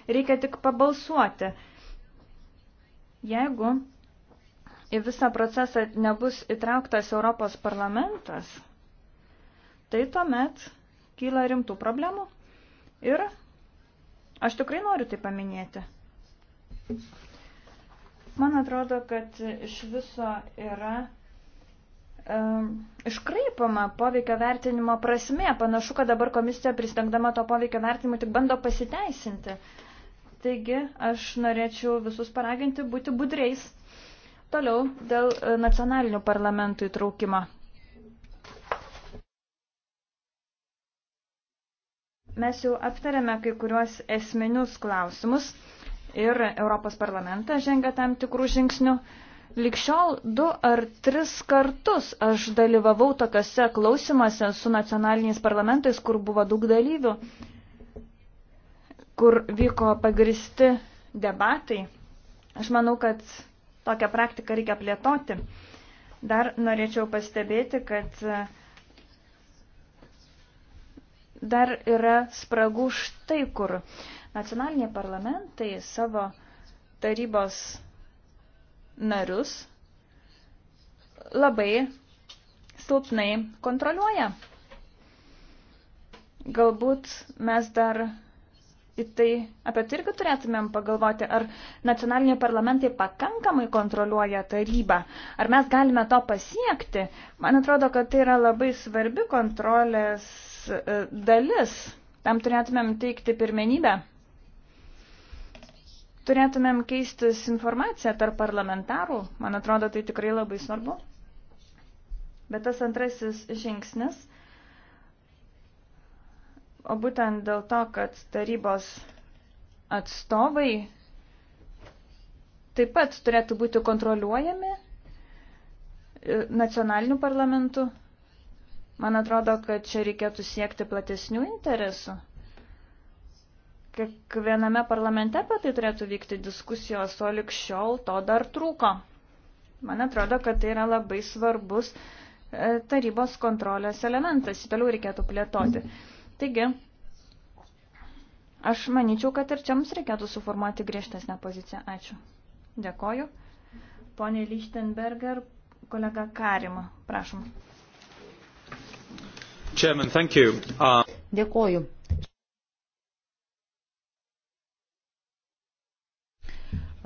reikia tik pabalsuoti. Jeigu į visą procesą nebus įtrauktas Europos parlamentas, tai tuomet kyla rimtų problemų. Ir aš tikrai noriu tai paminėti. Man atrodo, kad iš viso yra iškraipama poveikio vertinimo prasme. Panašu, kad dabar komisija pristengdama to poveikio vertinimu tik bando pasiteisinti. Taigi aš norėčiau visus paraginti būti budreis. Toliau dėl e, nacionalinių parlamentų įtraukimo. Mes jau aptarėme kai kuriuos esminius klausimus ir Europos parlamentas žengia tam tikrų žingsnių. Likščiol du ar tris kartus aš dalyvavau tokiuose klausimuose su nacionaliniais parlamentais, kur buvo daug dalyvių, kur vyko pagristi debatai. Aš manau, kad tokią praktiką reikia plėtoti. Dar norėčiau pastebėti, kad dar yra spragų štai kur. Nacionaliniai parlamentai savo tarybos narius labai silpnai kontroliuoja. Galbūt mes dar į tai, apie tai irgi turėtumėm pagalvoti, ar nacionaliniai parlamentai pakankamai kontroliuoja tarybą, ar mes galime to pasiekti. Man atrodo, kad tai yra labai svarbi kontrolės e, dalis. Tam turėtumėm teikti pirmenybę. Turėtumėm keistis informaciją tarp parlamentarų, man atrodo, tai tikrai labai svarbu. Bet tas antrasis žingsnis, o būtent dėl to, kad tarybos atstovai taip pat turėtų būti kontroliuojami e, nacionalinių parlamentų. Man atrodo, kad čia reikėtų siekti platesnių interesų kiekviename parlamente apie tai turėtų vykti diskusijos, o likščiol to dar trūko. Man atrodo, kad tai yra labai svarbus e, tarybos kontrolės elementas, jį toliau reikėtų plėtoti. Taigi, aš manyčiau, kad ir čia mums reikėtų suformuoti griežtesnę poziciją. Ačiū. Dėkoju. Pone Lichtenberger, kolega Karima, prašom. Chairman, thank you. Uh... Dėkoju.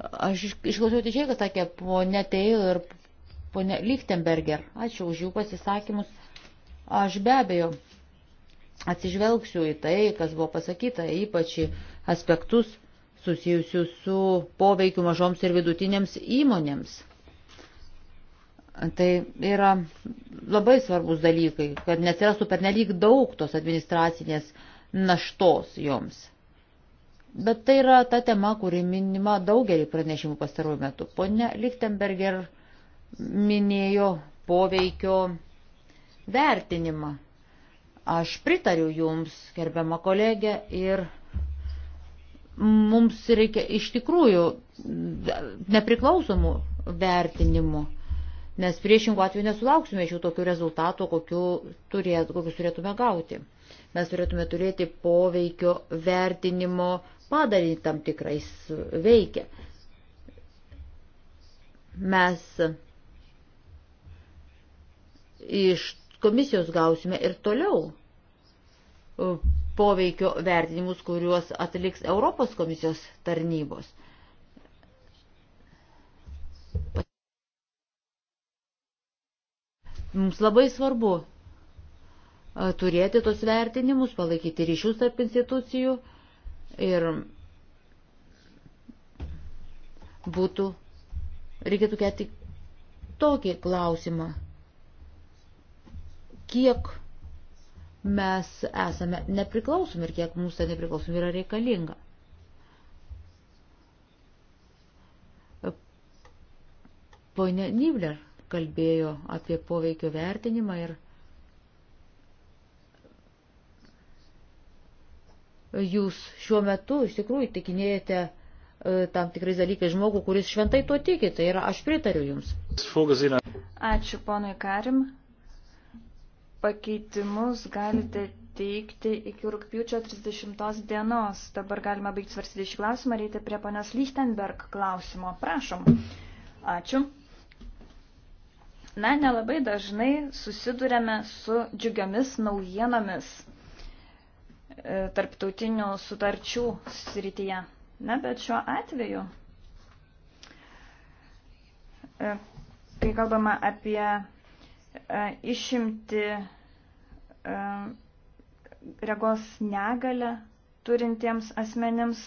Aš išklausiau tiešiai, kas sakė ponė Teil ir ponė Lichtenberger. Ačiū už jų pasisakymus. Aš be abejo atsižvelgsiu į tai, kas buvo pasakyta, ypač į aspektus susijusius su poveikiu mažoms ir vidutinėms įmonėms. Tai yra labai svarbus dalykai, kad nesirastų per nelik daug tos administracinės naštos joms. Bet tai yra ta tema, kuri minima daugelį pranešimų pastaruoju metu. Pone Lichtenberger minėjo poveikio vertinimą. Aš pritariu Jums, gerbiama kolegė, ir mums reikia iš tikrųjų nepriklausomų vertinimų, nes priešingų atveju nesulauksime šių tokių rezultatų, turėt, kokius turėtume gauti. Mes turėtume turėti poveikio vertinimo padarinį tam tikrais veikia. Mes iš komisijos gausime ir toliau poveikio vertinimus, kuriuos atliks Europos komisijos tarnybos. Mums labai svarbu turėti tos vertinimus, palaikyti ryšius tarp institucijų ir būtų, reikėtų kelti tokį klausimą, kiek mes esame nepriklausomi ir kiek mūsų ta nepriklausomi yra reikalinga. Pone Nibler kalbėjo apie poveikio vertinimą ir jūs šiuo metu iš tikrųjų tikinėjate e, tam tikrais dalykais žmogų, kuris šventai tuo tiki. Tai yra, aš pritariu jums. Ačiū, ponui Karim. Pakeitimus galite teikti iki rūpjūčio 30 dienos. Dabar galima baigti svarstyti šį klausimą, reikia prie ponios Lichtenberg klausimo. Prašom. Ačiū. Na, nelabai dažnai susidurėme su džiugiamis naujienomis. E, tarptautinių sutarčių srityje. Na, bet šiuo atveju, e, kai kalbama apie e, išimti regos negalę turintiems asmenims,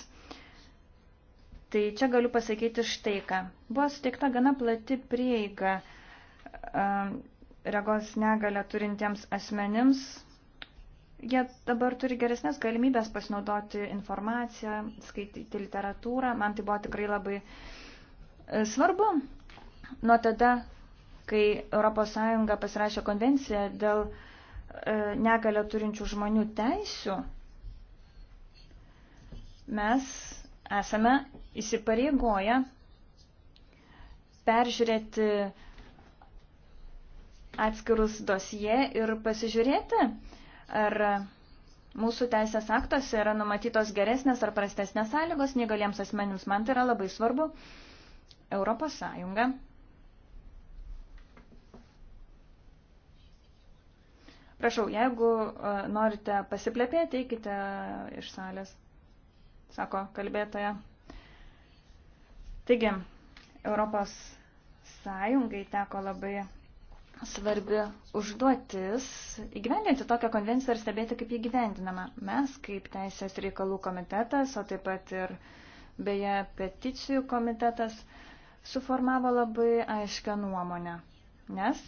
tai čia galiu pasakyti štai ką. Buvo suteikta gana plati prieiga regos negalę turintiems asmenims Jie dabar turi geresnės galimybės pasinaudoti informaciją, skaityti literatūrą. Man tai buvo tikrai labai e, svarbu. Nuo tada, kai ES pasirašė konvenciją dėl e, negalio turinčių žmonių teisių, mes esame įsipareigoję peržiūrėti atskirus dosie ir pasižiūrėti, Ar mūsų teisės aktuose yra numatytos geresnės ar prastesnės sąlygos negaliems asmenims? Man tai yra labai svarbu. Europos Sąjunga. Prašau, jeigu e, norite pasiplepėti, eikite iš salės, sako kalbėtoja. Taigi, Europos Sąjungai teko labai svarbi užduotis įgyvendinti tokią konvenciją ir stebėti, kaip įgyvendinama. Mes, kaip Teisės reikalų komitetas, o taip pat ir beje peticijų komitetas, suformavo labai aiškę nuomonę. Nes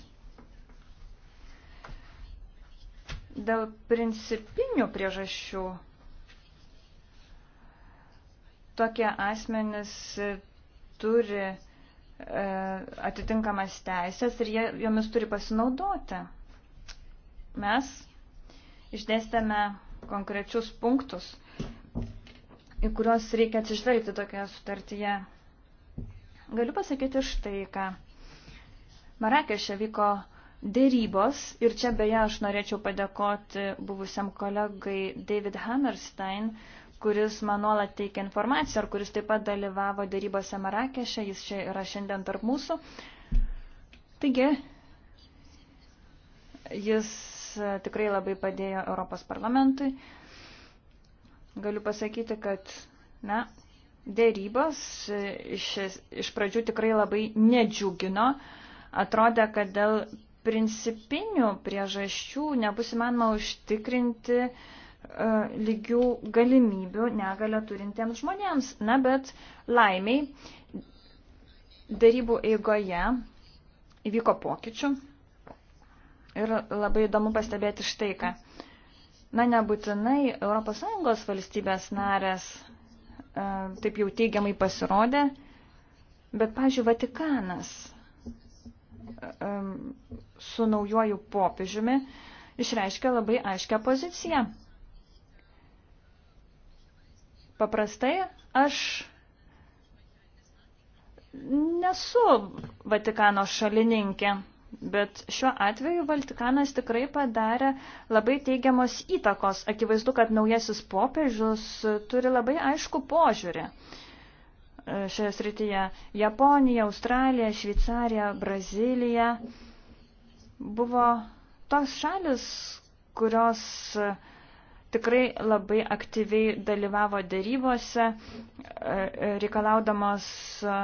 dėl principinių priežasčių tokie asmenys turi E, atitinkamas teisės ir jie, jomis turi pasinaudoti. Mes išdėstėme konkrečius punktus, į kuriuos reikia atsižvelgti tokioje sutartyje. Galiu pasakyti štai ką. Marakešė vyko dėrybos ir čia beje aš norėčiau padėkoti buvusiam kolegai David Hammerstein kuris man nuolat teikia informaciją ir kuris taip pat dalyvavo darybose Marakešė, jis čia yra šiandien tarp mūsų. Taigi, jis e, tikrai labai padėjo Europos parlamentui. Galiu pasakyti, kad, na, dėrybos e, iš, iš pradžių tikrai labai nedžiugino. Atrodė, kad dėl principinių priežasčių nebus įmanoma užtikrinti uh, E, lygių galimybių negalę turintiems žmonėms. Na, bet laimiai darybų eigoje įvyko pokyčių ir labai įdomu pastebėti štai ką. Na, nebūtinai ES valstybės narės e, taip jau teigiamai pasirodė, bet, pažiūrėjau, Vatikanas e, su naujoju popiežiumi išreiškia labai aiškę poziciją. Paprastai aš nesu Vatikano šalininkė, bet šiuo atveju Vatikanas tikrai padarė labai teigiamos įtakos. Akivaizdu, kad naujasis popiežius turi labai aišku požiūrį e, šioje srityje. Japonija, Australija, Šveicarija, Brazilija buvo tos šalis, kurios uh, tikrai labai aktyviai dalyvavo darybose, e, e, reikalaudamos e,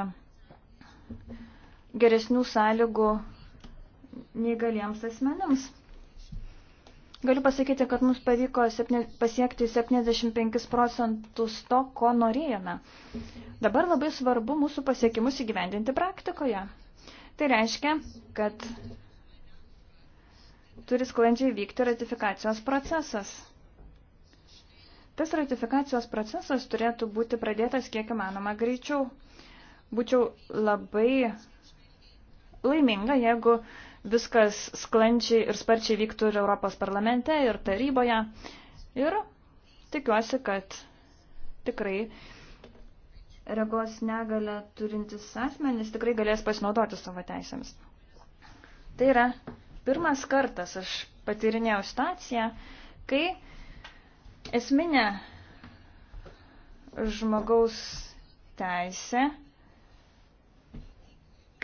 geresnių sąlygų neįgaliems asmenėms. Galiu pasakyti, kad mums pavyko septyni, pasiekti 75 procentus to, ko norėjome. Dabar labai svarbu mūsų pasiekimus įgyvendinti praktikoje. Tai reiškia, kad turi sklandžiai vykti ratifikacijos procesas. Tas ratifikacijos procesas turėtų būti pradėtas kiek įmanoma greičiau. Būčiau labai laiminga, jeigu viskas sklandžiai ir sparčiai vyktų ir Europos parlamente, ir taryboje. Ir tikiuosi, kad tikrai regos negalę turintis asmenys tikrai galės pasinaudoti savo teisėmis. Tai yra pirmas kartas aš patyrinėjau staciją, kai Esminė žmogaus teisė,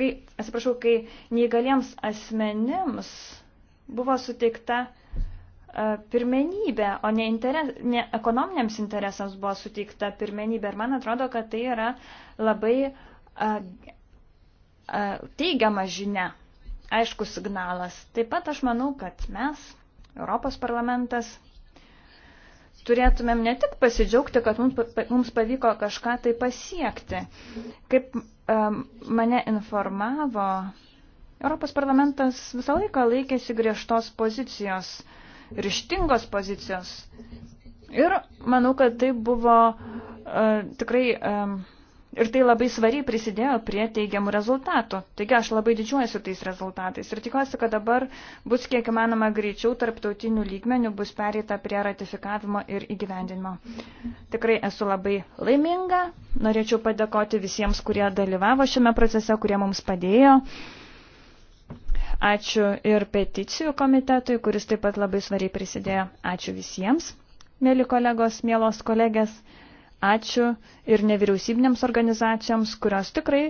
kai, atsiprašau, kai neįgaliems asmenims buvo suteikta e, pirmenybė, o ne, interes, ne ekonominiams interesams buvo suteikta pirmenybė. Ir man atrodo, kad tai yra labai a, e, a, e, teigiama žinia, aišku signalas. Taip pat aš manau, kad mes, Europos parlamentas, turėtumėm ne tik pasidžiaugti, kad mums pavyko kažką tai pasiekti. Kaip um, mane informavo, Europos parlamentas visą laiką laikėsi griežtos pozicijos, ryštingos pozicijos. Ir manau, kad tai buvo uh, tikrai. Um, Ir tai labai svariai prisidėjo prie teigiamų rezultatų. Taigi aš labai didžiuojuosi tais rezultatais ir tikiuosi, kad dabar bus kiek įmanoma greičiau tarptautinių lygmenių bus pereita prie ratifikavimo ir įgyvendinimo. Tikrai esu labai laiminga. Norėčiau padėkoti visiems, kurie dalyvavo šiame procese, kurie mums padėjo. Ačiū ir peticijų komitetui, kuris taip pat labai svariai prisidėjo. Ačiū visiems, mėly kolegos, mėlos kolegės. Ačiū ir nevyriausybinėms organizacijoms, kurios tikrai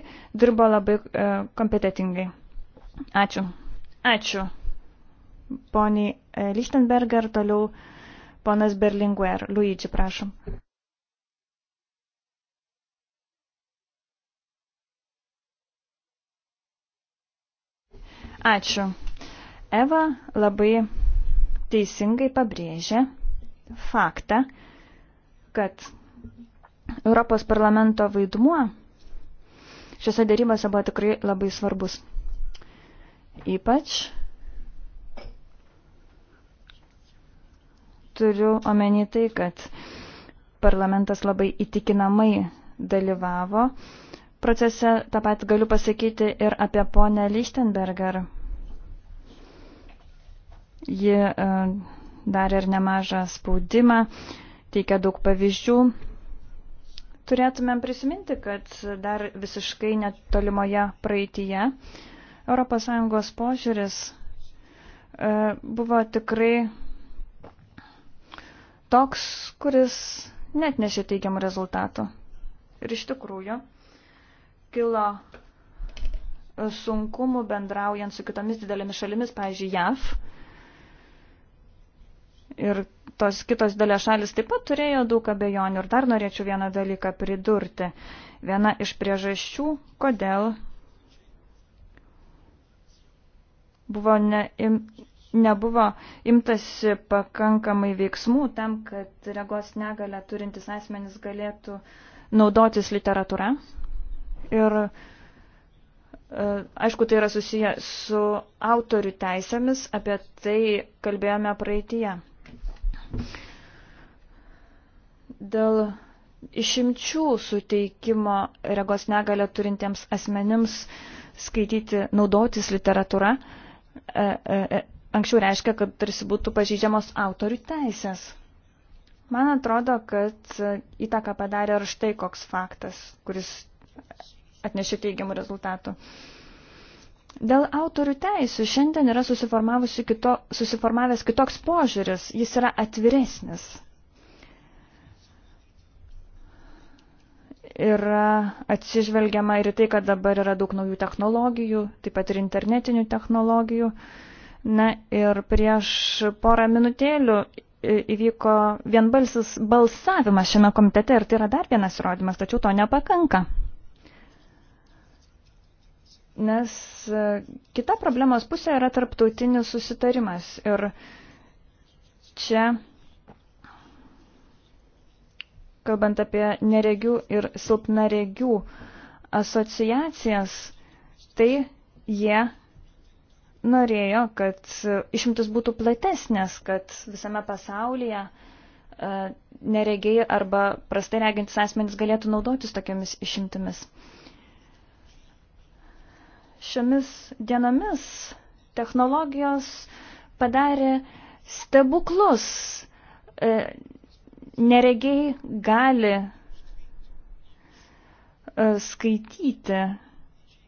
dirbo labai e, kompetitingai. Ačiū. Ačiū. Poniai e, Lichtenberger, toliau ponas Berlinguer. Luigi, prašom. Ačiū. Eva labai teisingai pabrėžė faktą, kad Europos parlamento vaidmuo šiuose dėrybose buvo tikrai labai svarbus. Ypač turiu omeny tai, kad parlamentas labai įtikinamai dalyvavo procese. Ta pat galiu pasakyti ir apie ponę Lichtenberger. Ji e, darė ir nemažą spaudimą, teikia daug pavyzdžių turėtumėm prisiminti, kad dar visiškai netolimoje praeityje ES požiūris e, buvo tikrai toks, kuris net nešė teigiamų rezultatų. Ir iš tikrųjų kilo sunkumų bendraujant su kitomis didelėmis šalimis, pavyzdžiui, JAV. Ir tos kitos dėlės šalis taip pat turėjo daug abejonių. Ir dar norėčiau vieną dalyką pridurti. Viena iš priežasčių, kodėl buvo ne, im, nebuvo imtasi pakankamai veiksmų tam, kad regos negalę turintis asmenys galėtų naudotis literatūra. Ir e, aišku, tai yra susiję su autorių teisėmis, apie tai kalbėjome praeitie. Dėl išimčių suteikimo regos negalę turintiems asmenims skaityti, naudotis literatūra, e, e, e anksčiau reiškia, kad tarsi būtų pažydžiamos autorių teisės. Man atrodo, kad įtaką padarė ir štai koks faktas, kuris atnešė teigiamų rezultatų. E, Dėl autorių teisų šiandien yra kito, susiformavęs kitoks požiūris, jis yra atviresnis. Yra atsižvelgiama ir tai, kad dabar yra daug naujų technologijų, taip pat ir internetinių technologijų. Na ir prieš porą minutėlių įvyko vienbalsis balsavimas šiame komitete ir tai yra dar vienas įrodymas, tačiau to nepakanka nes e, kita problemos pusė yra tarptautinis susitarimas. Ir čia, kalbant apie neregių ir silpnaregių asociacijas, tai jie norėjo, kad išimtis būtų platesnės, kad visame pasaulyje e, neregiai arba prastai regintis asmenys galėtų naudotis tokiamis išimtimis šiomis dienomis technologijos padarė stebuklus. E, neregiai gali e, skaityti,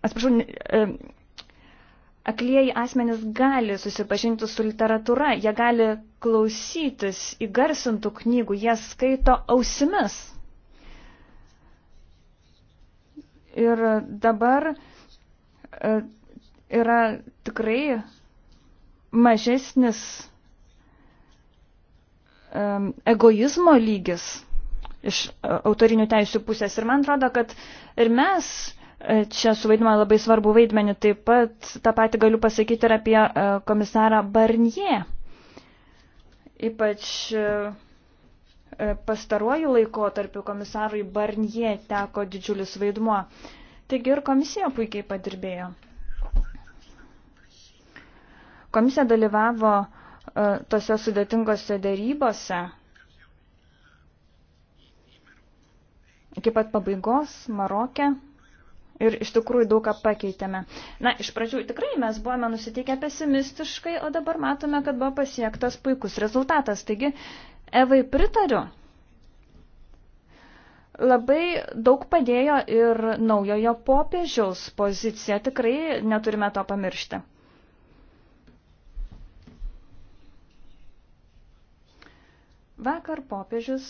atsiprašau, e, aklieji asmenys gali susipažinti su literatūra, jie gali klausytis įgarsintų knygų, jie skaito ausimis. Ir dabar uh, E, yra tikrai mažesnis e, egoizmo lygis iš e, autorinių teisų pusės. Ir man atrodo, kad ir mes čia suvaidinome labai svarbu vaidmenį. Taip pat tą patį galiu pasakyti ir apie komisarą Barnier. Ypač pastaruoju laikotarpiu komisarui Barnier teko didžiulis vaidmuo. Uh, Taigi ir komisija puikiai padirbėjo. Komisija dalyvavo e, tose sudėtingose dėrybose. Iki pat pabaigos Marokė ir iš tikrųjų daug ką pakeitėme. Na, iš pradžių tikrai mes buvome nusiteikę pesimistiškai, o dabar matome, kad buvo pasiektas puikus rezultatas. Taigi, Evai pritariu, Labai daug padėjo ir naujojo popiežiaus pozicija, tikrai neturime to pamiršti. Vakar popiežius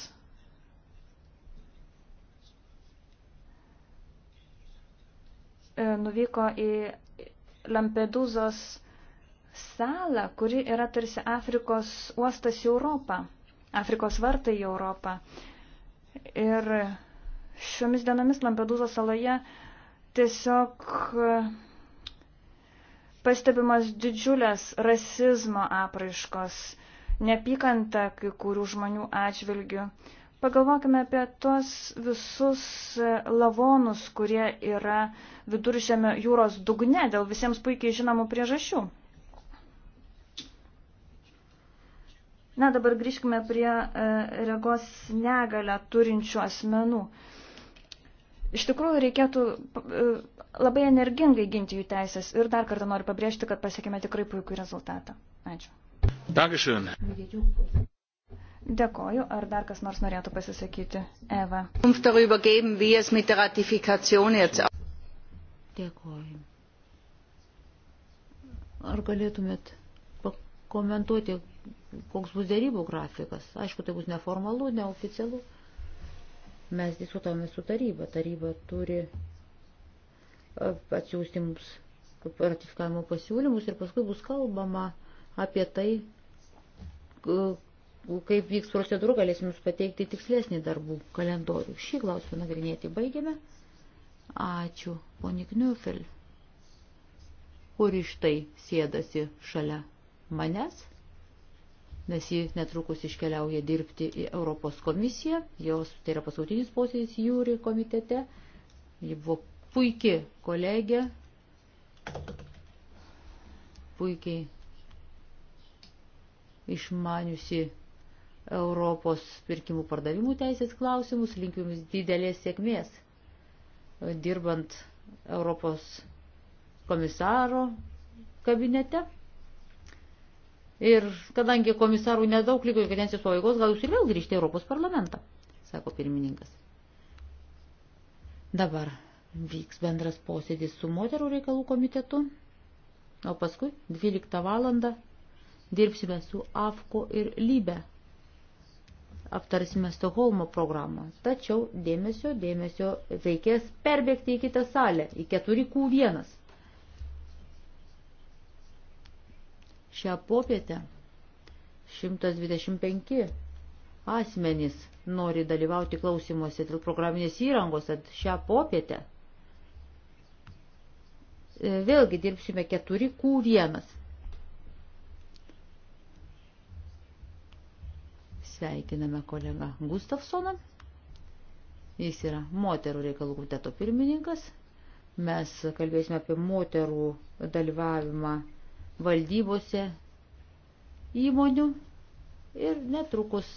e, nuvyko į Lampedūzos salą, kuri yra tarsi Afrikos uostas į Europą, Afrikos vartai į Europą. Ir šiomis dienomis Lampedūzo saloje tiesiog e, pastebimas didžiulės rasizmo apraiškos, nepykanta kai kurių žmonių atžvilgių. Pagalvokime apie tuos visus e, lavonus, kurie yra viduržėme jūros dugne dėl visiems puikiai žinomų priežasčių. Na, dabar grįžkime prie e, regos negalę turinčių asmenų. Iš tikrųjų, reikėtų e, labai energingai ginti jų teisės ir dar kartą noriu pabrėžti, kad pasiekime tikrai puikų rezultatą. Ačiū. Dankeschön. Dėkoju. Ar dar kas nors norėtų pasisakyti? Eva. Dėkoju. Ar galėtumėt pakomentuoti, koks bus dėrybų grafikas. Aišku, tai bus neformalu, neoficialu. Mes diskutavome su taryba. Taryba turi e, atsiųsti mums ratifikavimo pasiūlymus ir paskui bus kalbama apie tai, kaip vyks procedūra, galėsim jums pateikti tikslesnį darbų kalendorių. Šį klausimą nagrinėti baigėme. Ačiū, poni Kniufel, kur iš tai sėdasi šalia manęs nes ji netrukus iškeliauja dirbti į Europos komisiją, jos tai yra paskutinis posėdis jūri komitete, ji buvo puikiai kolegė, puikiai išmaniusi Europos pirkimų pardavimų teisės klausimus, linkiu jums didelės sėkmės dirbant Europos komisaro kabinete. Ir kadangi komisarų nedaug lygo kadencijos pabaigos, gal jūs ir vėl grįžti į Europos parlamentą, sako pirmininkas. Dabar vyks bendras posėdis su moterų reikalų komitetu, o paskui 12 valandą dirbsime su AFKO ir LYBE. Aptarsime Stoholmo programą. Tačiau dėmesio, dėmesio reikės perbėgti į kitą salę, į 4Q1. Šią popietę 125 asmenys nori dalyvauti klausimuose dėl programinės įrangos, tad šią popietę e, vėlgi dirbsime 4Q1. Sveikiname kolegą Gustafsoną. Jis yra moterų reikalų komiteto pirmininkas. Mes kalbėsime apie moterų dalyvavimą valdybose įmonių ir netrukus